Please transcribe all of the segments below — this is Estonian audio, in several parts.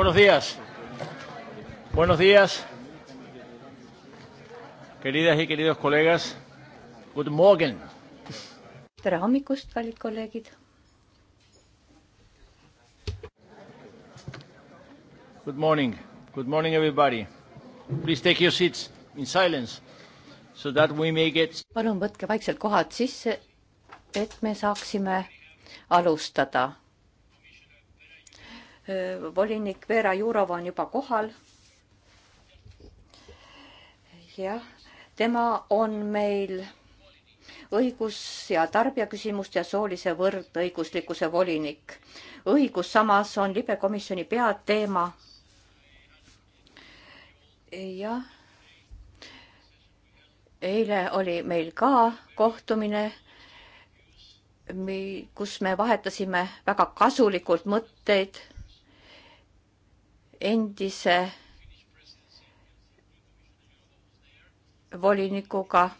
Buenos días. Buenos días. Queridas y queridos colegas. Good morning. tere hommikust, kallid kolleegid. Good morning, good morning everybody. Please take your seats in silence so that we may get. palun võtke vaikselt kohad sisse, et me saaksime alustada Äh, volinik Vera Jurova on juba kohal. jah, tema on meil õigus- ja tarbijaküsimuste ja soolise võrdõiguslikkuse volinik. õigus samas on libekomisjoni peateema. jah, eile oli meil ka kohtumine kus me vahetasime väga kasulikult mõtteid endise volinikuga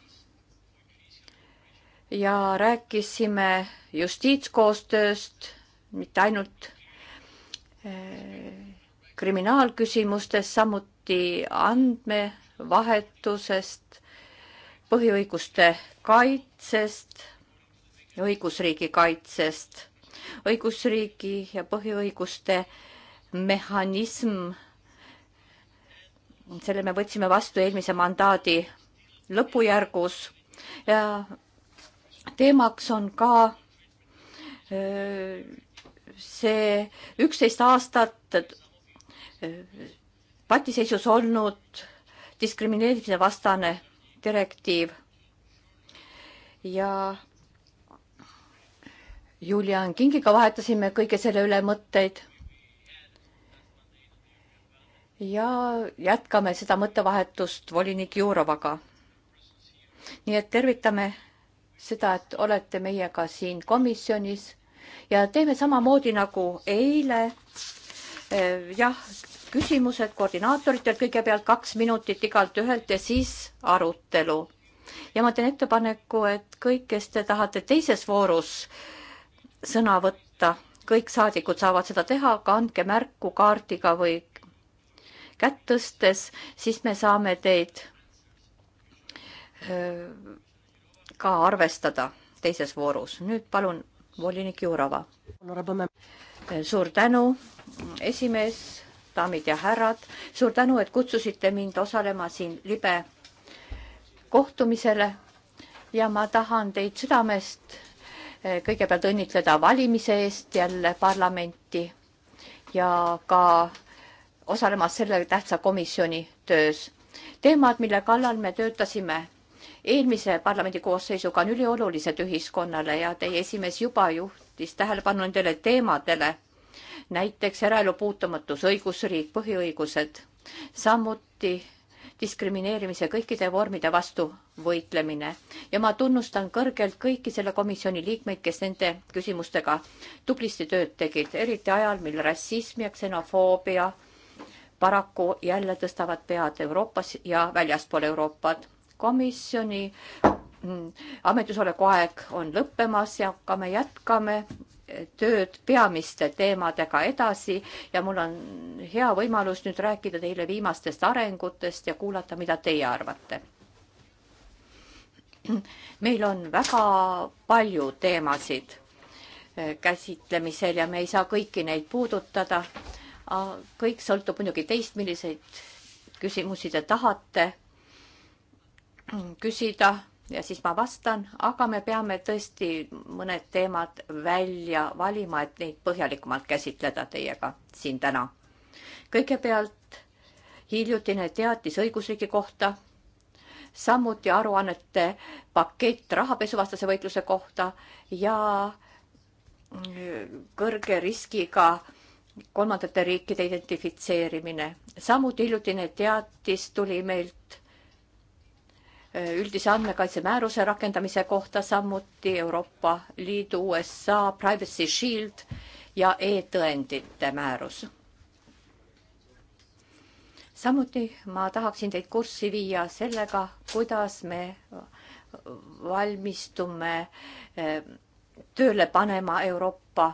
ja rääkisime justiitskoostööst, mitte ainult eh, kriminaalküsimustest, samuti andmevahetusest, põhiõiguste kaitsest, õigusriigi kaitsest, õigusriigi ja põhiõiguste äh, mehhanism, selle me võtsime vastu eelmise mandaadi lõpujärgus ja teemaks on ka see üksteist aastat patiseisus olnud diskrimineerimise vastane direktiiv ja Julian Kingiga vahetasime kõige selle üle mõtteid ja jätkame seda mõttevahetust volinik Jurovaga. nii et tervitame seda, et olete meiega siin komisjonis ja teeme samamoodi nagu eile. Eh, jah, küsimused koordinaatoritelt kõigepealt kaks minutit igalt ühelt ja siis arutelu. ja ma teen ettepaneku, et kõik, kes te tahate teises voorus sõna võtta, kõik saadikud saavad seda teha, kandke märku kaardiga või kätt tõstes, siis me saame teid ka arvestada teises voorus. nüüd palun, volinik Jurova. suur tänu, esimees, daamid ja härrad, suur tänu, et kutsusite mind osalema siin libe kohtumisele ja ma tahan teid südamest kõigepealt õnnitleda valimise eest jälle parlamenti ja ka osalemas selle tähtsa komisjoni töös. teemad, mille kallal me töötasime eelmise parlamendi koosseisuga, on üliolulised ühiskonnale ja teie esimees juba juhtis tähelepanu nendele teemadele, näiteks eraelu puutumatus, õigusriik, põhiõigused, samuti diskrimineerimise kõikide vormide vastu võitlemine ja ma tunnustan kõrgelt kõiki selle komisjoni liikmeid, kes nende küsimustega tublisti tööd tegid, eriti ajal, mil rassism ja ksenofoobia paraku jälle tõstavad pead Euroopas ja väljaspool Euroopat. komisjoni mm, ametisoleku aeg on lõppemas ja ka me jätkame tööd peamiste teemadega edasi ja mul on hea võimalus nüüd rääkida teile viimastest arengutest ja kuulata, mida teie arvate. meil on väga palju teemasid käsitlemisel ja me ei saa kõiki neid puudutada kõik sõltub muidugi teist, milliseid küsimusi te tahate küsida ja siis ma vastan, aga me peame tõesti mõned teemad välja valima, et neid põhjalikumalt käsitleda teiega siin täna. kõigepealt hiljutine teatis õigusriigi kohta, samuti aruannete pakett rahapesuvastase võitluse kohta ja kõrge riskiga äh, kolmandate riikide identifitseerimine. samuti hiljutine teatis tuli meilt äh, üldise andmekaitse määruse rakendamise kohta, samuti Euroopa Liidu USA Privacy Shield ja e-tõendite määrus. samuti ma tahaksin teid kurssi viia sellega, kuidas me valmistume äh, tööle panema Euroopa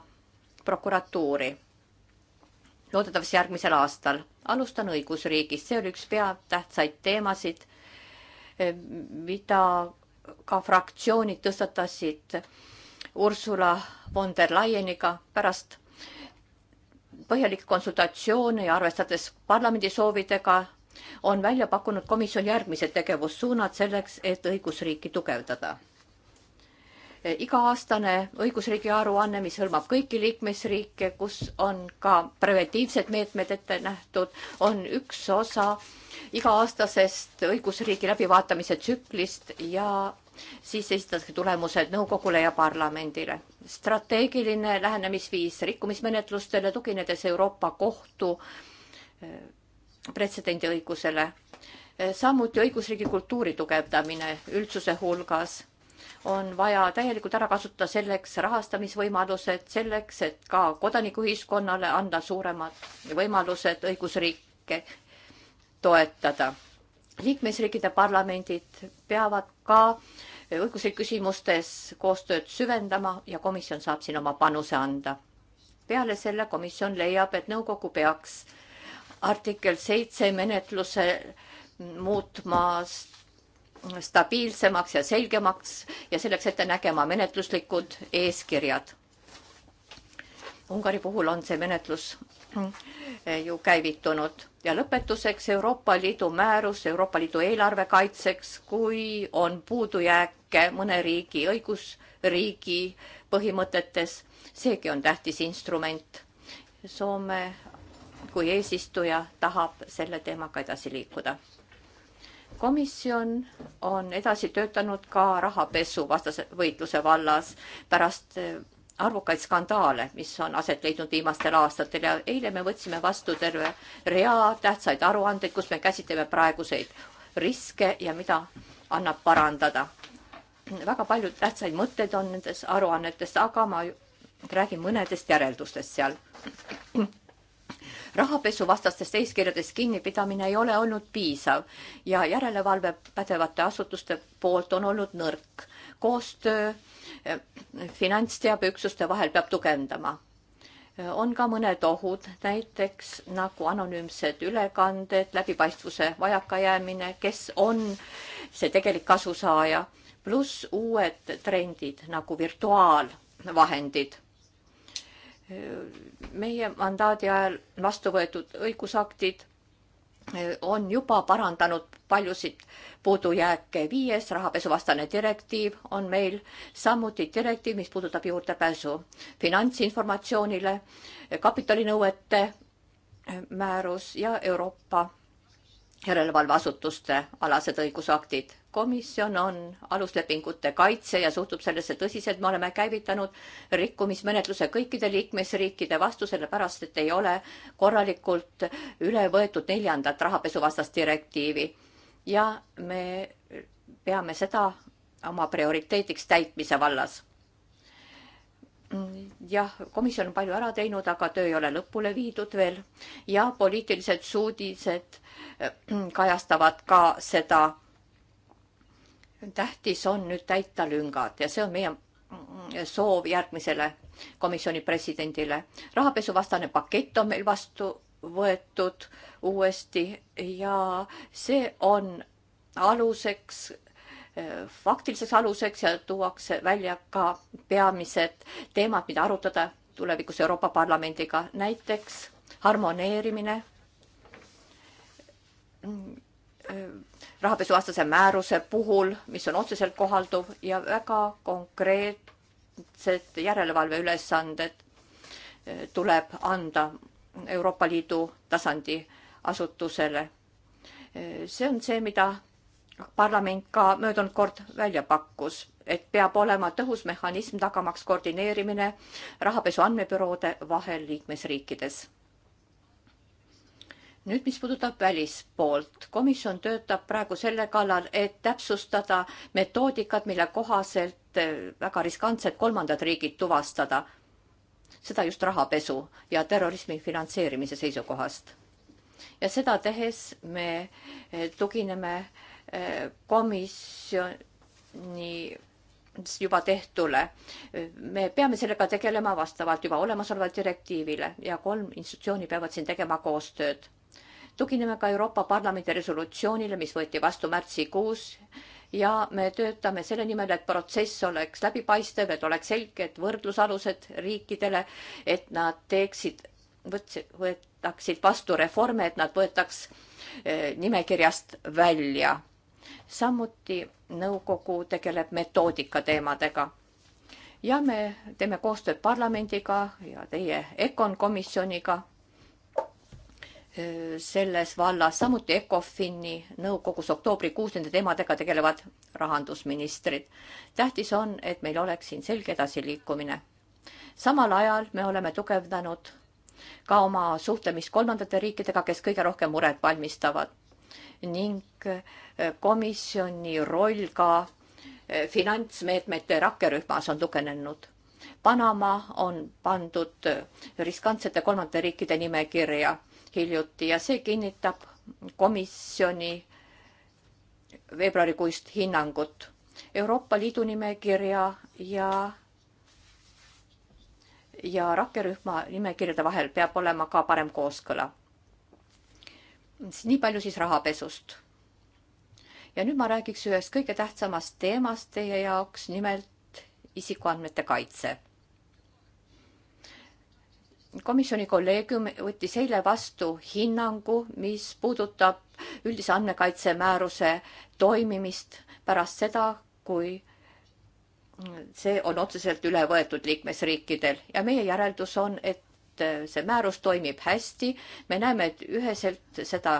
prokuratuuri loodetavasti järgmisel aastal. alustan õigusriigist, see oli üks peatähtsaid teemasid, eh, mida ka fraktsioonid tõstatasid Ursula von der Leyeniga pärast põhjalikke konsultatsioone ja arvestades parlamendi soovidega, on välja pakkunud komisjon järgmised tegevussuunad selleks, et õigusriiki tugevdada Eh, iga-aastane õigusriigi aruanne, mis hõlmab kõiki liikmesriike, kus on ka preventiivsed meetmed ette nähtud, on üks osa iga-aastasest õigusriigi läbivaatamise tsüklist ja siis esitatakse tulemused nõukogule ja parlamendile. strateegiline lähenemisviis rikkumismenetlustele, tuginedes Euroopa Kohtu eh, pretsedendiõigusele, eh, samuti õigusriigi kultuuri tugevdamine üldsuse hulgas on vaja täielikult ära kasutada selleks rahastamisvõimalused, selleks, et ka kodanikuühiskonnale anda suuremad võimalused õigusriike toetada. liikmesriikide parlamendid peavad ka õiguslik küsimustes koostööd süvendama ja komisjon saab siin oma panuse anda. peale selle komisjon leiab, et nõukogu peaks artikkel seitse menetluse muutmast stabiilsemaks ja selgemaks ja selleks ette nägema menetluslikud eeskirjad. Ungari puhul on see menetlus ju käivitunud ja lõpetuseks Euroopa Liidu määrus Euroopa Liidu eelarve kaitseks, kui on puudujääke mõne riigi õigusriigi põhimõtetes, seegi on tähtis instrument. Soome kui eesistuja tahab selle teemaga edasi liikuda komisjon on edasi töötanud ka rahapesu vastase võitluse vallas pärast eh, arvukaid skandaale, mis on aset leidnud viimastel aastatel ja eile me võtsime vastu terve rea tähtsaid aruandeid, kus me käsitleme praeguseid riske ja mida annab parandada. väga palju tähtsaid mõtteid on nendes aruannetes, aga ma räägin mõnedest järeldustest seal rahapesuvastastest eeskirjadest kinnipidamine ei ole olnud piisav ja järelevalve pädevate asutuste poolt on olnud nõrk. koostöö eh, finantsteabeüksuste vahel peab tugevdama. Eh, on ka mõned ohud, näiteks nagu anonüümsed ülekanded, läbipaistvuse vajakajäämine, kes on see tegelik kasusaaja, pluss uued trendid nagu virtuaalvahendid meie mandaadi ajal vastu võetud õigusaktid eh, on juba parandanud paljusid puudujääke. viies rahapesuvastane direktiiv on meil, samuti direktiiv, mis puudutab juurdepääsu finantsinformatsioonile, kapitalinõuete eh, määrus ja Euroopa järelevalveasutuste alased õigusaktid komisjon on aluslepingute kaitse ja suhtub sellesse tõsiselt. me oleme käivitanud rikkumismenetluse kõikide liikmesriikide vastu, sellepärast et ei ole korralikult üle võetud neljandat rahapesuvastast direktiivi. ja me peame seda oma prioriteediks täitmise vallas. jah, komisjon on palju ära teinud, aga töö ei ole lõpule viidud veel ja poliitilised suudised kajastavad ka seda tähtis on nüüd täita lüngad ja see on meie soov järgmisele komisjoni presidendile. rahapesuvastane pakett on meil vastu võetud uuesti ja see on aluseks, faktiliseks aluseks ja tuuakse välja ka peamised teemad, mida arutada tulevikus Euroopa Parlamendiga, näiteks harmoneerimine rahapesuvastase määruse puhul, mis on otseselt kohalduv ja väga konkreetsed järelevalveülesanded eh, tuleb anda Euroopa Liidu tasandi asutusele. Eh, see on see, mida parlament ka möödunud kord välja pakkus, et peab olema tõhus mehhanism tagamaks koordineerimine rahapesu andmebüroode vahel liikmesriikides nüüd, mis puudutab välispoolt, komisjon töötab praegu selle kallal, et täpsustada metoodikat, mille kohaselt eh, väga riskantsed kolmandad riigid tuvastada. seda just rahapesu ja terrorismi finantseerimise seisukohast. ja seda tehes me eh, tugineme eh, komisjoni juba tehtule. me peame sellega tegelema vastavalt juba olemasolevale direktiivile ja kolm institutsiooni peavad siin tegema koostööd tugineme ka Euroopa Parlamendi resolutsioonile, mis võeti vastu märtsikuus ja me töötame selle nimel, et protsess oleks läbipaistev, et oleks selged võrdlusalused riikidele, et nad teeksid, võtsid, võtaksid vastu reforme, et nad võetaks eh, nimekirjast välja. samuti nõukogu tegeleb metoodika teemadega. ja me teeme koostööd parlamendiga ja teie EKON komisjoniga selles vallas, samuti ECOFIN-i nõukogus oktoobrikuus nende teemadega tegelevad rahandusministrid. tähtis on, et meil oleks siin selge edasiliikumine. samal ajal me oleme tugevdanud ka oma suhtlemist kolmandate riikidega, kes kõige rohkem muret valmistavad ning eh, komisjoni roll ka eh, finantsmeetmete rakkerühmas on tugevnenud Panama on pandud eh, riskantsete kolmandate riikide nimekirja hiljuti ja see kinnitab komisjoni veebruarikuist hinnangut Euroopa Liidu nimekirja ja ja rakkerühma nimekirjade vahel peab olema ka parem kooskõla. nii palju siis rahapesust. ja nüüd ma räägiks ühest kõige tähtsamast teemast teie jaoks, nimelt isikuandmete kaitse komisjoni kolleegium võttis eile vastu hinnangu, mis puudutab üldise andmekaitsemääruse toimimist pärast seda, kui see on otseselt üle võetud liikmesriikidel ja meie järeldus on, et see määrus toimib hästi. me näeme, et üheselt seda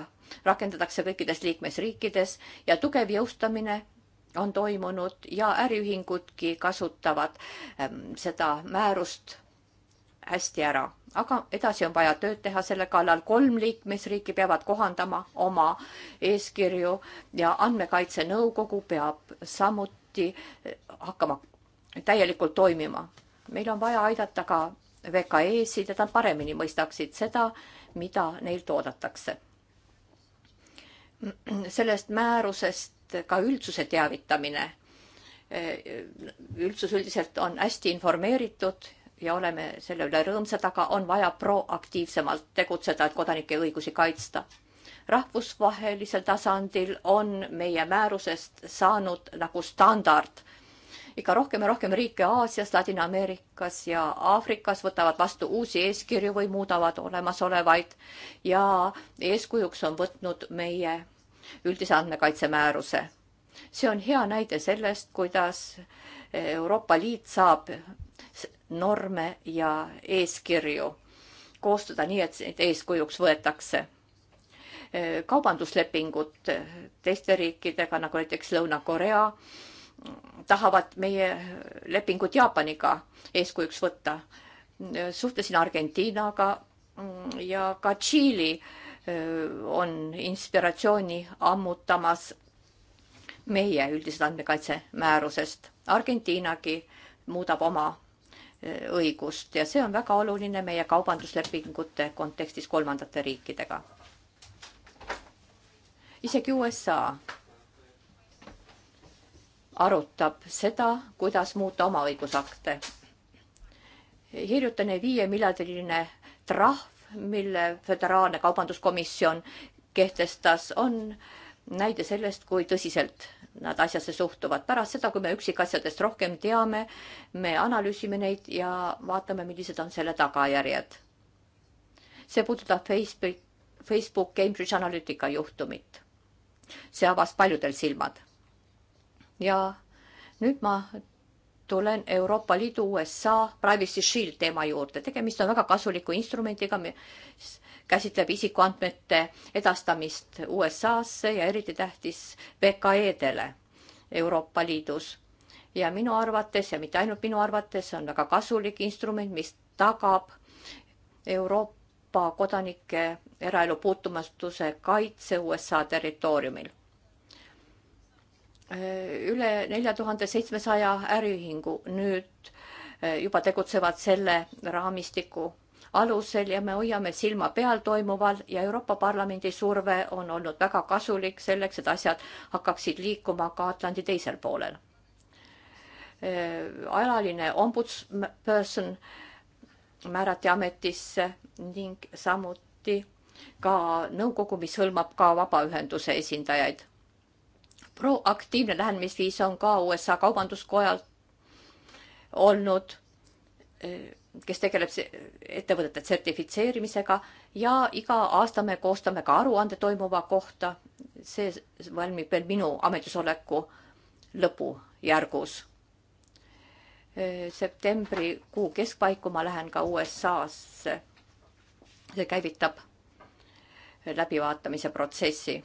rakendatakse kõikides liikmesriikides ja tugev jõustamine on toimunud ja äriühingudki kasutavad ähm, seda määrust hästi ära, aga edasi on vaja tööd teha selle kallal. kolm liikmesriiki peavad kohandama oma eeskirju ja Andmekaitse Nõukogu peab samuti eh, hakkama täielikult toimima. meil on vaja aidata ka VKE-sid, et nad paremini mõistaksid seda, mida neilt oodatakse. sellest määrusest ka üldsuse teavitamine. Eh, üldsus üldiselt on hästi informeeritud ja oleme selle üle rõõmsad, aga on vaja proaktiivsemalt tegutseda, et kodanike õigusi kaitsta. rahvusvahelisel tasandil on meie määrusest saanud nagu standard. ikka rohkem ja rohkem riike Aasias, Ladina-Ameerikas ja Aafrikas võtavad vastu uusi eeskirju või muudavad olemasolevaid ja eeskujuks on võtnud meie üldise andmekaitse määruse. see on hea näide sellest, kuidas Euroopa Liit saab norme ja eeskirju koostada nii, et neid eeskujuks võetakse. kaubanduslepingud teiste riikidega, nagu näiteks Lõuna-Korea, tahavad meie lepingud Jaapaniga eeskujuks võtta. suhtlesin Argentiinaga ja ka Tšiili on inspiratsiooni ammutamas meie üldisest andmekaitse määrusest. Argentiinagi muudab oma õigust ja see on väga oluline meie kaubanduslepingute kontekstis kolmandate riikidega. isegi USA arutab seda, kuidas muuta oma õigusakte. hiljutine viie miljardiline trahv, mille föderaalne kaubanduskomisjon kehtestas, on äh, näide sellest, kui tõsiselt nad asjasse suhtuvad. pärast seda, kui me üksikasjadest rohkem teame, me analüüsime neid ja vaatame, millised on selle tagajärjed. see puudutab Facebook, Facebook Cambridge Analytica juhtumit. see avas paljudel silmad. ja nüüd ma tulen Euroopa Liidu USA Privacy Shield teema juurde. tegemist on väga kasuliku instrumendiga, mis käsitleb isikuandmete edastamist USA-sse ja eriti tähtis VKE-dele Euroopa Liidus. ja minu arvates ja mitte ainult minu arvates, see on väga kasulik instrument, mis tagab Euroopa kodanike eraelu puutumatuse kaitse USA territooriumil üle nelja tuhande seitsmesaja äriühingu nüüd eh, juba tegutsevad selle raamistiku alusel ja me hoiame silma peal toimuval ja Euroopa Parlamendi surve on olnud väga kasulik selleks, et asjad hakkaksid liikuma ka Atlandi teisel poolel. Äh, alaline ombudsperson määrati ametisse ning samuti ka nõukogu, mis hõlmab ka vabaühenduse esindajaid. proaktiivne lähenemisviis on ka USA Kaubanduskojalt olnud äh, kes tegeleb ettevõtete sertifitseerimisega ja iga aasta me koostame ka aruande toimuva kohta. see valmib veel minu ametisoleku lõpujärgus. septembrikuu keskpaiku ma lähen ka USA-sse. see käivitab läbivaatamise protsessi.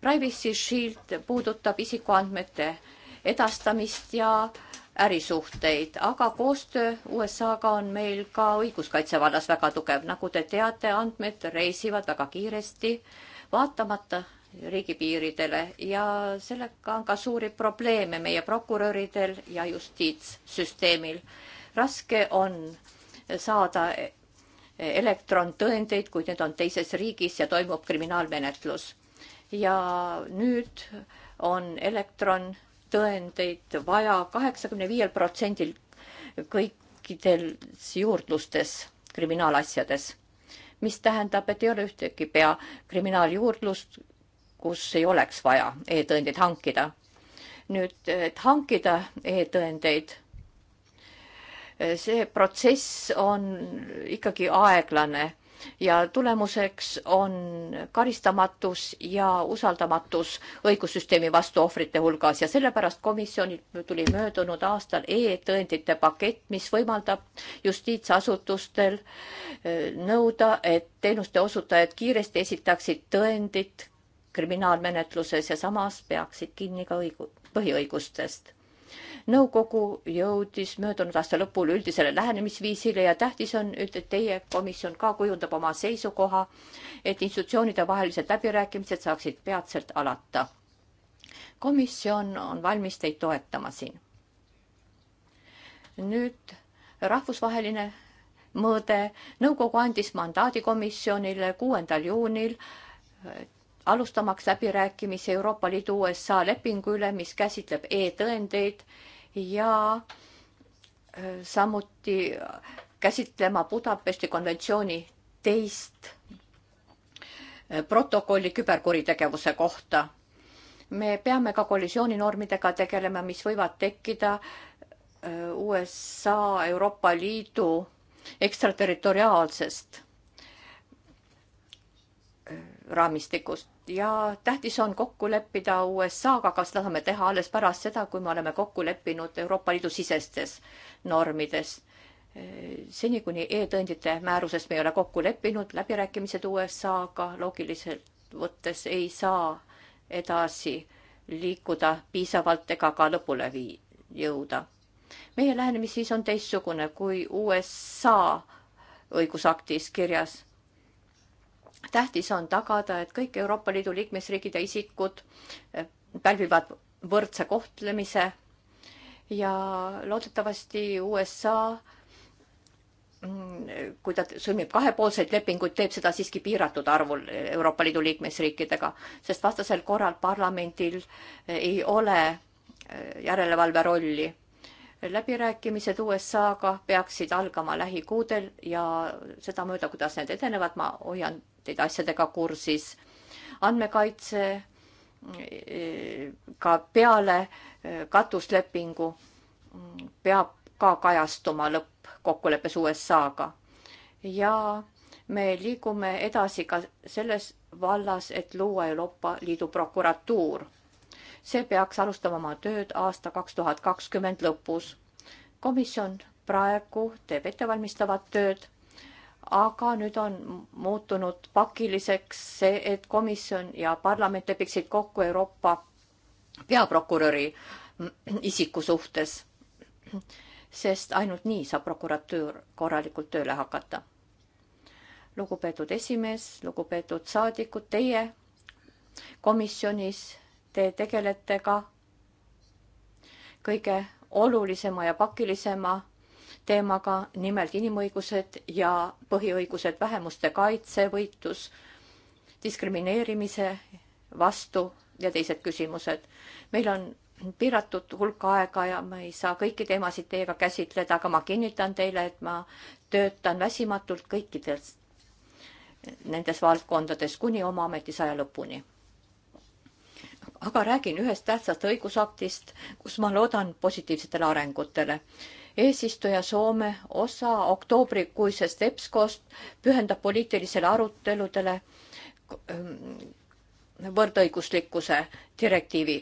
Privacy Shield puudutab isikuandmete edastamist ja äh, ärisuhteid, aga koostöö USA-ga on meil ka õiguskaitse vallas väga tugev. nagu te teate, andmed reisivad väga kiiresti, vaatamata riigipiiridele ja sellega on ka suuri probleeme meie prokuröridel ja justiitssüsteemil. raske on saada elektrontõendeid, kui need on teises riigis ja toimub kriminaalmenetlus. ja nüüd on elektron tõendeid vaja kaheksakümne viiel protsendil kõikides juurdlustes kriminaalasjades, mis tähendab, et ei ole ühtegi pea kriminaaljuurdlust, kus ei oleks vaja e-tõendeid hankida. nüüd, et hankida e-tõendeid, see protsess on ikkagi aeglane ja tulemuseks on karistamatus ja usaldamatus õigussüsteemi vastu ohvrite hulgas ja sellepärast komisjonilt tuli möödunud aastal e-tõendite pakett, mis võimaldab justiitsasutustel eh, nõuda, et teenuste osutajad kiiresti esitaksid tõendid kriminaalmenetluses ja samas peaksid kinni ka õigu-, põhiõigustest nõukogu jõudis möödunud aasta lõpul üldisele lähenemisviisile ja tähtis on, et teie komisjon ka kujundab oma seisukoha, et institutsioonide vahelised läbirääkimised saaksid peatselt alata. komisjon on valmis teid toetama siin. nüüd rahvusvaheline mõõde. nõukogu andis mandaadi komisjonile kuuendal juunil alustamaks läbirääkimisi Euroopa Liidu USA lepingu üle, mis käsitleb e-tõendeid ja äh, samuti käsitlema Budapesti konventsiooni teist äh, protokolli küberkuritegevuse kohta. me peame ka kollisiooninormidega tegelema, mis võivad tekkida äh, USA, Euroopa Liidu ekstraterritoriaalsest raamistikust ja tähtis on kokku leppida USA-ga, aga seda saame teha alles pärast seda, kui me oleme kokku leppinud Euroopa Liidu sisestes normides. seni, kuni e-tõendite määrusest me ei ole kokku leppinud, läbirääkimised USA-ga loogiliselt võttes ei saa edasi liikuda piisavalt ega ka lõpule vii-, jõuda. meie lähenemisviis on teistsugune kui USA õigusaktis kirjas tähtis on tagada, et kõik Euroopa Liidu liikmesriigid ja isikud eh, pälvivad võrdse kohtlemise ja loodetavasti USA mm, kui ta sõlmib kahepoolseid lepinguid, teeb seda siiski piiratud arvul Euroopa Liidu liikmesriikidega, sest vastasel korral parlamendil eh, ei ole eh, järelevalve rolli. läbirääkimised USA-ga peaksid algama lähikuudel ja sedamööda, kuidas need edenevad, ma hoian teid asjadega kursis. andmekaitse eh, ka peale eh, katuslepingu mm, peab ka kajastuma lõppkokkuleppes USA-ga. ja me liigume edasi ka selles vallas, et luua Euroopa Liidu prokuratuur. see peaks alustama oma tööd aasta kaks tuhat kakskümmend lõpus. komisjon praegu teeb ettevalmistavat tööd aga nüüd on muutunud pakiliseks see, et komisjon ja parlament lepiksid kokku Euroopa peaprokuröri isiku suhtes. sest ainult nii saab prokuratuur korralikult tööle hakata. lugupeetud esimees, lugupeetud saadikud, teie komisjonis, te tegelete ka kõige olulisema ja pakilisema teemaga, nimelt inimõigused ja põhiõigused, vähemuste kaitse, võitlus diskrimineerimise vastu ja teised küsimused. meil on piiratud hulk aega ja ma ei saa kõiki teemasid teiega käsitleda, aga ma kinnitan teile, et ma töötan väsimatult kõikides nendes valdkondades kuni oma ametisaja lõpuni. aga räägin ühest tähtsast õigusaktist, kus ma loodan positiivsetele arengutele eesistuja Soome osa oktoobrikuisest EBSCO-st pühendab poliitilisele aruteludele ähm, võrdõiguslikkuse direktiivi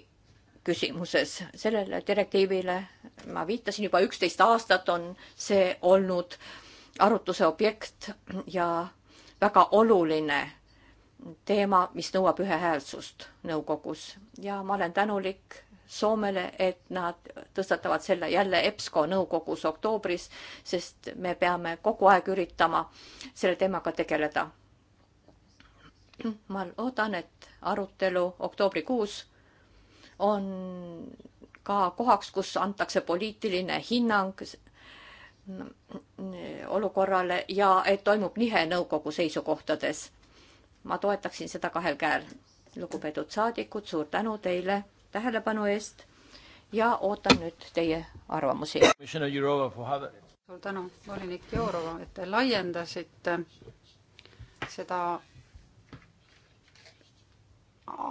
küsimuses. sellele direktiivile ma viitasin juba üksteist aastat on see olnud arutluse objekt ja väga oluline teema, mis nõuab ühehäälsust nõukogus ja ma olen tänulik Soomele, et nad tõstatavad selle jälle EBSCO nõukogus oktoobris, sest me peame kogu aeg üritama selle teemaga tegeleda. ma loodan, et arutelu oktoobrikuus on ka kohaks, kus antakse poliitiline hinnang olukorrale ja et toimub nihe nõukogu seisukohtades. ma toetaksin seda kahel käel. lugupeetud saadikud, suur tänu teile tähelepanu eest ja ootan nüüd teie arvamusi. suur tänu, volinik Jourova, et te laiendasite seda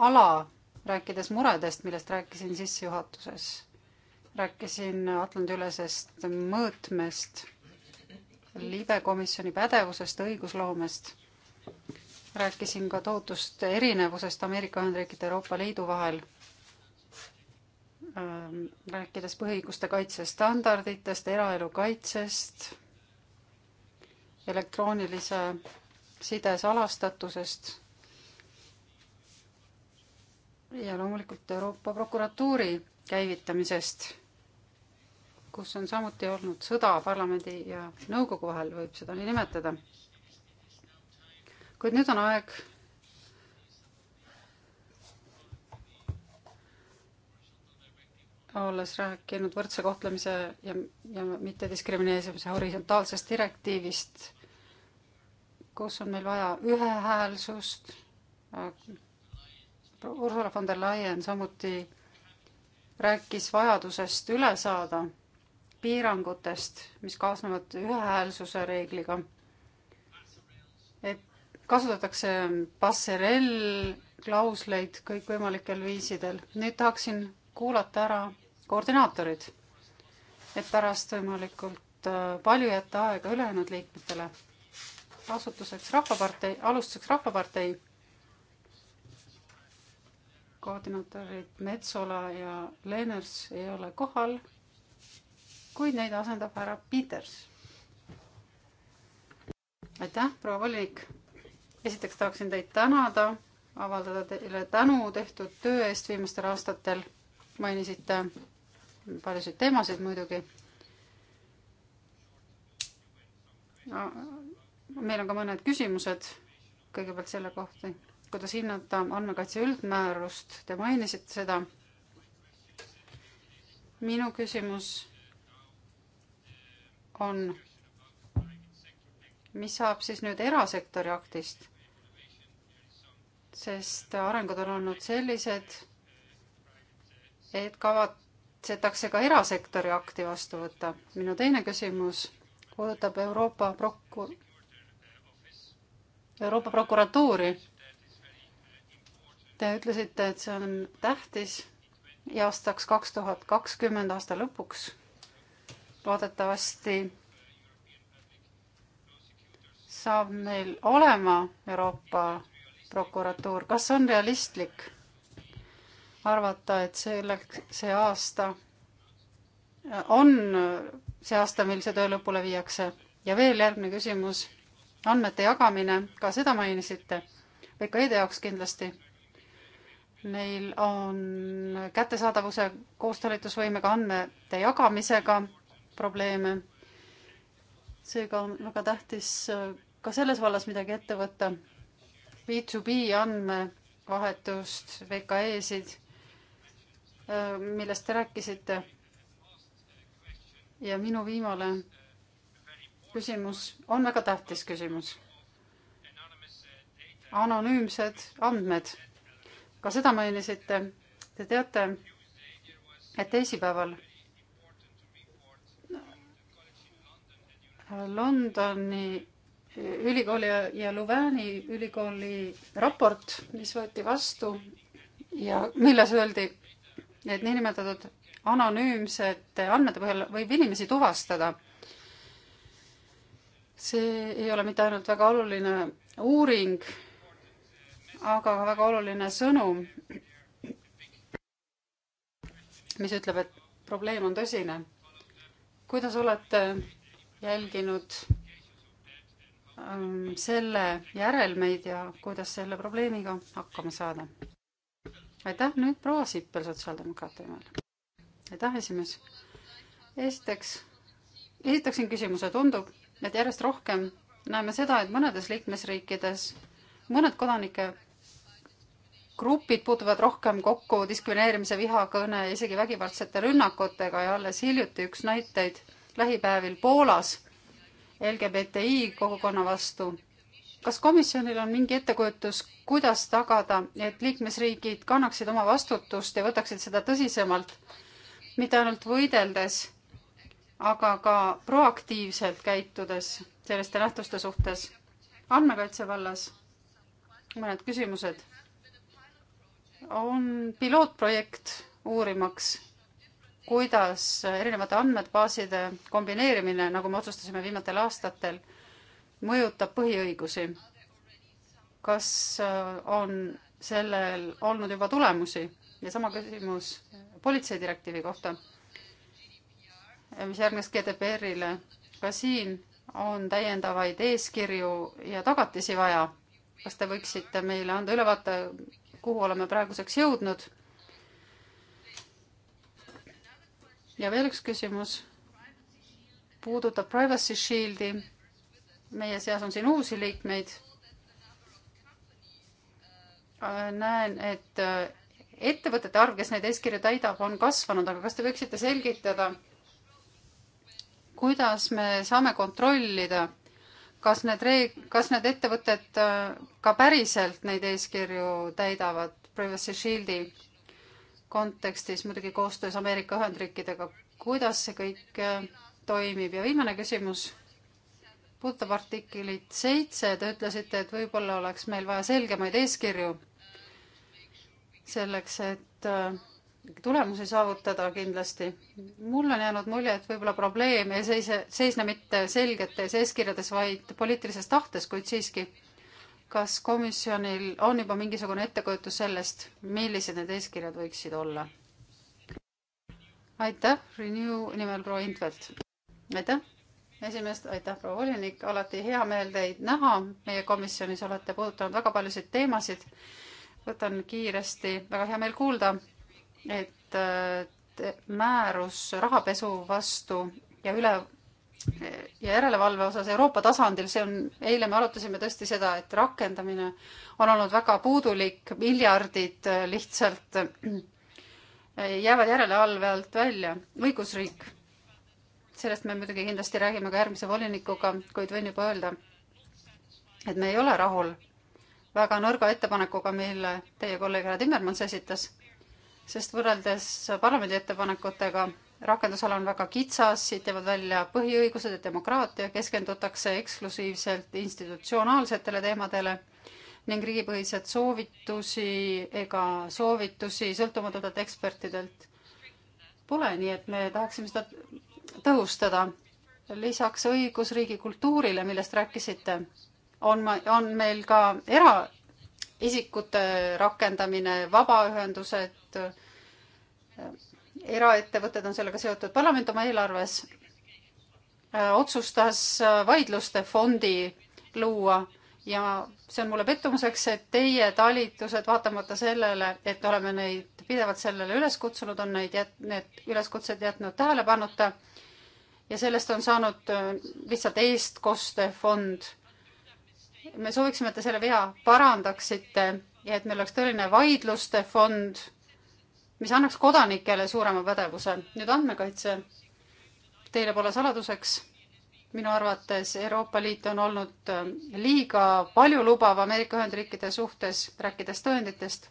ala, rääkides muredest, millest rääkisin sissejuhatuses. rääkisin Atlandi-ülesest mõõtmest, libekomisjoni pädevusest, õigusloomest. rääkisin ka tohutust erinevusest Ameerika Ühendriikide ja Euroopa Liidu vahel Ähm, rääkides põhiõiguste kaitse standarditest, eraelu kaitsest, elektroonilise side salastatusest ja loomulikult Euroopa prokuratuuri käivitamisest, kus on samuti olnud sõda parlamendi ja nõukogu vahel, võib seda nii nimetada. kuid nüüd on aeg olles rääkinud võrdse kohtlemise ja, ja mittediskrimineerimise horisontaalsest direktiivist, kus on meil vaja ühehäälsust. Ursula von der Leyen samuti rääkis vajadusest üle saada piirangutest, mis kaasnevad ühehäälsuse reegliga. et kasutatakse passerell klausleid kõikvõimalikel viisidel. nüüd tahaksin kuulata ära koordinaatorid, et pärast võimalikult äh, palju jätta aega ülejäänud liikmetele. asutuseks Rahvapartei, alustuseks Rahvapartei koordinaatorid Metsola ja Lenners ei ole kohal, kuid neid asendab härra Peters. aitäh, proua volinik. esiteks tahaksin teid tänada, avaldada teile tänu tehtud töö eest viimastel aastatel. mainisite paljusid teemasid muidugi. meil on ka mõned küsimused kõigepealt selle kohta, kuidas hinnata andmekaitse üldmäärust, te mainisite seda. minu küsimus on, mis saab siis nüüd erasektori aktist? sest arengud on olnud sellised, et kavad kavatsetakse ka erasektori akti vastu võtta? minu teine küsimus puudutab Euroopa proku-, Euroopa prokuratuuri. Te ütlesite, et see on tähtis ja aastaks kaks tuhat kakskümmend aasta lõpuks loodetavasti saab meil olema Euroopa prokuratuur, kas on realistlik arvata, et selleks, see aasta on see aasta, mil see töö lõpule viiakse. ja veel järgmine küsimus, andmete jagamine, ka seda mainisite, VKE-de jaoks kindlasti. Neil on kättesaadavuse koostalitusvõimega andmete jagamisega probleeme. seega on väga tähtis äh, ka selles vallas midagi ette võtta. B2B andmevahetust, VKE-sid Äh, millest te rääkisite. ja minu viimane küsimus on väga tähtis küsimus. anonüümsed andmed, ka seda mainisite. Te teate, et teisipäeval Londoni ülikooli ja Louvain'i ülikooli raport, mis võeti vastu ja milles öeldi, need niinimetatud anonüümsete andmete põhjal võib inimesi tuvastada. see ei ole mitte ainult väga oluline uuring, aga ka väga oluline sõnum, mis ütleb, et probleem on tõsine. kuidas olete jälginud ähm, selle järelmeid ja kuidas selle probleemiga hakkama saada? aitäh, nüüd proua Sippel sotsiaaldemokraatia nimel. aitäh, esimees. esiteks, esitaksin küsimuse, tundub, et järjest rohkem näeme seda, et mõnedes liikmesriikides mõned kodanike grupid puutuvad rohkem kokku diskrimineerimise, vihakõne, isegi vägivaldsete rünnakutega ja alles hiljuti üks näiteid lähipäevil Poolas LGBTI kogukonna vastu kas komisjonil on mingi ettekujutus, kuidas tagada, et liikmesriigid kannaksid oma vastutust ja võtaksid seda tõsisemalt, mitte ainult võideldes, aga ka proaktiivselt käitudes selliste nähtuste suhtes? andmekaitse vallas mõned küsimused. on pilootprojekt uurimaks, kuidas erinevate andmebaaside kombineerimine, nagu me otsustasime viimatel aastatel mõjutab põhiõigusi. kas äh, on sellel olnud juba tulemusi? ja sama küsimus politseidirektiivi kohta, mis järgnes GDPR-ile. ka siin on täiendavaid eeskirju ja tagatisi vaja. kas te võiksite meile anda ülevaate, kuhu oleme praeguseks jõudnud? ja veel üks küsimus puudutab Privacy Shieldi meie seas on siin uusi liikmeid. Äh, näen, et äh, ettevõtete arv, kes neid eeskirju täidab, on kasvanud, aga kas te võiksite selgitada, kuidas me saame kontrollida, kas need reeg-, kas need ettevõtted äh, ka päriselt neid eeskirju täidavad Privacy Shieldi kontekstis, muidugi koostöös Ameerika Ühendriikidega, kuidas see kõik toimib ja viimane küsimus puudutab artiklit seitse, te ütlesite, et võib-olla oleks meil vaja selgemaid eeskirju selleks, et äh, tulemusi saavutada kindlasti. mul on jäänud mulje, et võib-olla probleem ei seise, seisne mitte selgetes eeskirjades, vaid poliitilises tahtes, kuid siiski. kas komisjonil on juba mingisugune ettekujutus sellest, millised need eeskirjad võiksid olla? aitäh, Renew nimel proua Intvelt. aitäh esimeest, aitäh, proua volinik, alati hea meel teid näha. meie komisjonis olete puudutanud väga paljusid teemasid. võtan kiiresti, väga hea meel kuulda, et äh, määrus rahapesu vastu ja üle ja järelevalve osas Euroopa tasandil, see on, eile me arutasime tõesti seda, et rakendamine on olnud väga puudulik, miljardid lihtsalt jäävad järelevalve alt välja. õigusriik sellest me muidugi kindlasti räägime ka järgmise volinikuga, kuid võin juba öelda, et me ei ole rahul väga nõrga ettepanekuga, mille teie kolleeg härra Timmermans esitas, sest võrreldes parlamendi ettepanekutega rakendusala on väga kitsas, siit jäävad välja põhiõigused ja demokraatia, keskendutakse eksklusiivselt institutsionaalsetele teemadele ning riigipõhised soovitusi ega soovitusi sõltumatutelt ekspertidelt pole, nii et me tahaksime seda tõhustada. lisaks õigusriigi kultuurile, millest rääkisite, on, on meil ka eraisikute rakendamine, vabaühendused, eraettevõtted on sellega seotud. parlament oma eelarves äh, otsustas äh, vaidluste fondi luua ja see on mulle pettumuseks, et teie talitused, vaatamata sellele, et oleme neid pidevalt sellele üles kutsunud, on neid jät-, need üleskutsed jätnud tähelepanuta. ja sellest on saanud äh, lihtsalt eestkostefond. me sooviksime, et te selle vea parandaksite ja et meil oleks tõeline vaidluste fond, mis annaks kodanikele suurema pädevuse. nüüd andmekaitse. Teile pole saladuseks minu arvates Euroopa Liit on olnud äh, liiga paljulubav Ameerika Ühendriikide suhtes, rääkides tõenditest.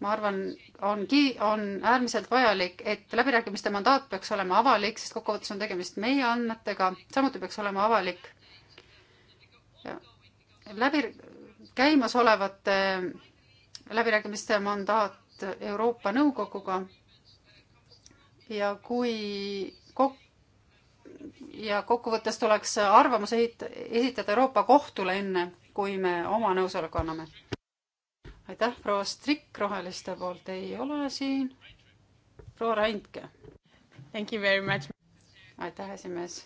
ma arvan, ongi, on äärmiselt vajalik, et läbirääkimiste mandaat peaks olema avalik, sest kokkuvõttes on tegemist meie andmetega, samuti peaks olema avalik. läbi, käimasolevate läbirääkimiste mandaat Euroopa Nõukoguga ja kui kok-, ja kokkuvõttes tuleks arvamus esitada Euroopa Kohtule enne, kui me oma nõusoleku anname. aitäh, proua Strik Roheliste poolt ei ole siin. proua Randke. aitäh, esimees.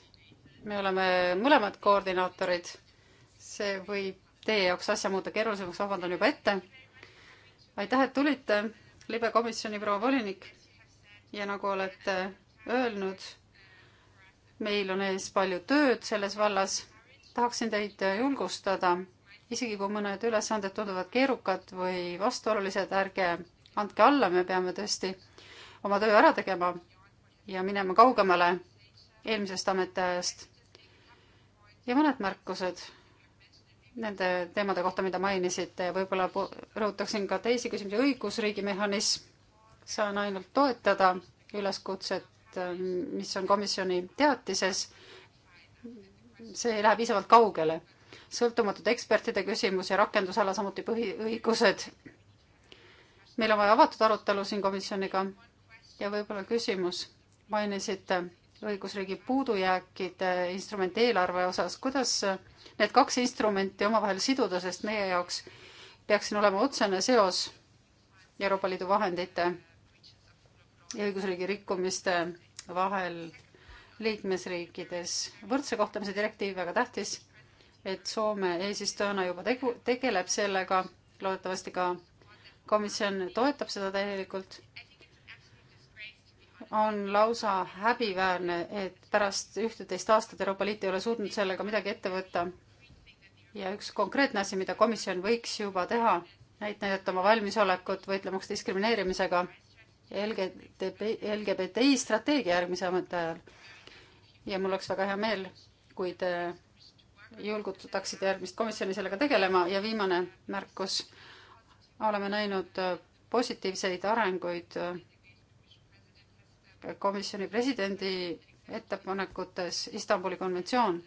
me oleme mõlemad koordinaatorid. see võib teie jaoks asja muuta keerulisemaks, vabandan juba ette. aitäh, et tulite, libekomisjoni proua volinik. ja nagu olete öelnud meil on ees palju tööd selles vallas. tahaksin teid julgustada, isegi kui mõned ülesanded tunduvad keerukad või vastuolulised, ärge andke alla, me peame tõesti oma töö ära tegema ja minema kaugemale eelmisest ametiajast. ja mõned märkused nende teemade kohta, mida mainisite ja võib-olla rõhutaksin ka teisi küsimusi, õigusriigi mehhanism, saan ainult toetada üleskutset Ähm, mis on komisjoni teatises, see ei lähe piisavalt kaugele. sõltumatud ekspertide küsimus ja rakendusala, samuti põhiõigused. meil on vaja avatud arutelu siin komisjoniga ja võib-olla küsimus, mainisite õigusriigi puudujääkide instrument eelarve osas, kuidas need kaks instrumenti omavahel siduda, sest meie jaoks peaks siin olema otsene seos Euroopa Liidu vahendite ja õigusriigi rikkumiste vahel liikmesriikides. võrdse kohtlemise direktiiv väga tähtis, et Soome eesistujana juba tegu, tegeleb sellega, loodetavasti ka komisjon toetab seda täielikult. on lausa häbiväärne, et pärast ühteteist aastat Euroopa Liit ei ole suutnud sellega midagi ette võtta. ja üks konkreetne asi, mida komisjon võiks juba teha, näit-, näidata oma valmisolekut võitlemaks diskrimineerimisega LGBT, LGBTI strateegia järgmise ametiajal. ja mul oleks väga hea meel, kui te julgutaksite järgmist komisjoni sellega tegelema ja viimane märkus, oleme näinud positiivseid arenguid komisjoni presidendi ettepanekutes Istanbuli konventsioon,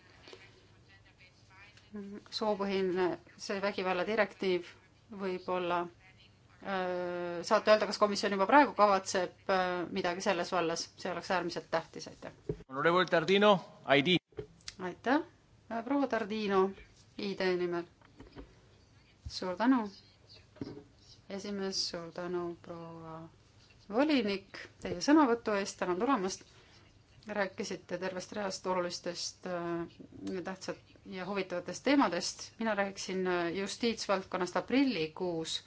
soopõhine see vägivalla direktiiv võib-olla Äh, saate öelda, kas komisjon juba praegu kavatseb äh, midagi selles vallas, see oleks äärmiselt tähtis, aitäh. aitäh, äh, proua Tardino, ID nimel. suur tänu, esimees, suur tänu, proua volinik, teie sõnavõtu eest, tänan tulemast. rääkisite tervest reast olulistest tähtsat ja huvitavatest teemadest, mina rääkisin justiitsvaldkonnast aprillikuus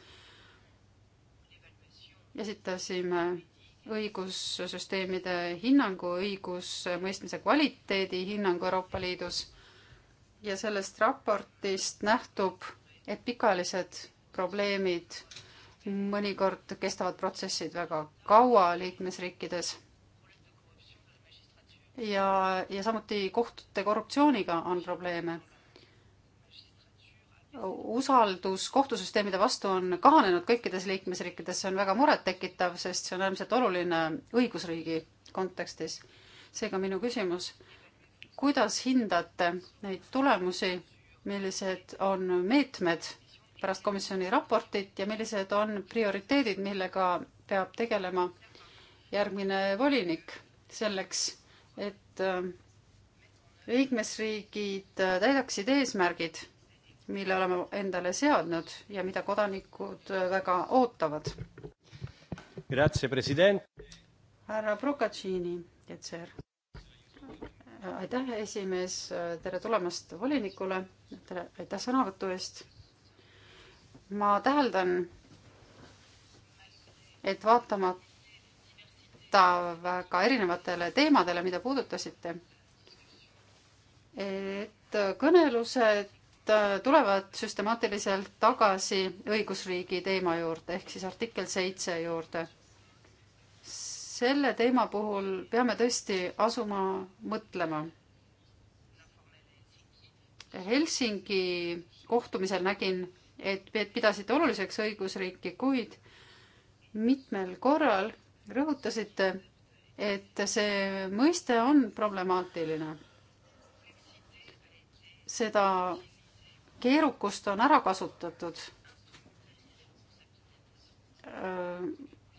esitasime õigussüsteemide hinnangu, õigusmõistmise kvaliteedi hinnangu Euroopa Liidus ja sellest raportist nähtub, et pikaajalised probleemid mõnikord kestavad protsessid väga kaua liikmesriikides. ja, ja samuti kohtute korruptsiooniga on probleeme usaldus kohtusüsteemide vastu on kahanenud kõikides liikmesriikides, see on väga murettekitav, sest see on äärmiselt oluline õigusriigi kontekstis. seega minu küsimus, kuidas hindate neid tulemusi, millised on meetmed pärast komisjoni raportit ja millised on prioriteedid, millega peab tegelema järgmine volinik selleks, et äh, liikmesriigid täidaksid eesmärgid mille oleme endale seadnud ja mida kodanikud väga ootavad. härra Procaccini, Jetser. aitäh, esimees, tere tulemast volinikule, tere, aitäh sõnavõtu eest. ma täheldan, et vaatamata väga erinevatele teemadele, mida puudutasite, et kõnelused Äh, tulevad süstemaatiliselt tagasi õigusriigi teema juurde ehk siis artikkel seitse juurde. selle teema puhul peame tõesti asuma mõtlema. Helsingi kohtumisel nägin, et pidasite oluliseks õigusriiki, kuid mitmel korral rõhutasite, et see mõiste on problemaatiline seda keerukust on ära kasutatud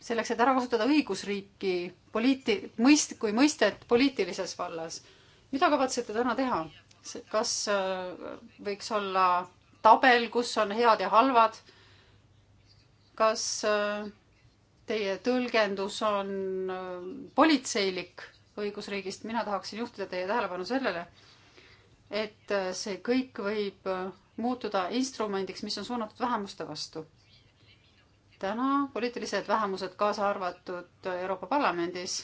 selleks, et ära kasutada õigusriiki poliiti-, mõist-, kui mõistet poliitilises vallas. mida kavatsete täna teha? kas äh, võiks olla tabel, kus on head ja halvad? kas äh, teie tõlgendus on äh, politseilik õigusriigist? mina tahaksin juhtida teie tähelepanu sellele, et see kõik võib muutuda instrumendiks, mis on suunatud vähemuste vastu. täna poliitilised vähemused, kaasa arvatud Euroopa Parlamendis,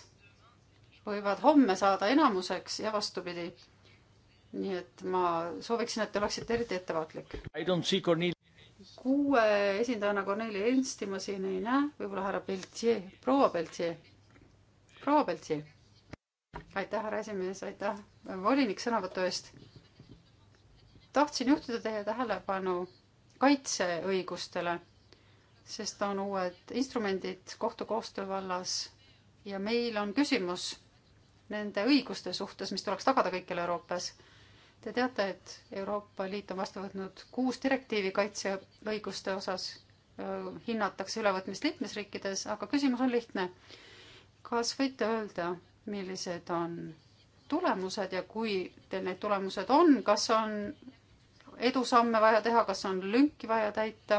võivad homme saada enamuseks ja vastupidi. nii et ma sooviksin, et te oleksite eriti ettevaatlik. kuue esindajana Korneli Ensti ma siin ei näe, võib-olla härra Peltier, proua Peltier, proua Peltier. aitäh, härra esimees, aitäh, volinik, sõnavõtu eest tahtsin juhtida teie tähelepanu kaitseõigustele, sest on uued instrumendid kohtukoostöö vallas ja meil on küsimus nende õiguste suhtes, mis tuleks tagada kõikjal Euroopas. Te teate, et Euroopa Liit on vastu võtnud kuus direktiivi kaitseõiguste osas, hinnatakse ülevõtmist liikmesriikides, aga küsimus on lihtne. kas võite öelda, millised on tulemused ja kui teil need tulemused on, kas on edusamme vaja teha, kas on lünki vaja täita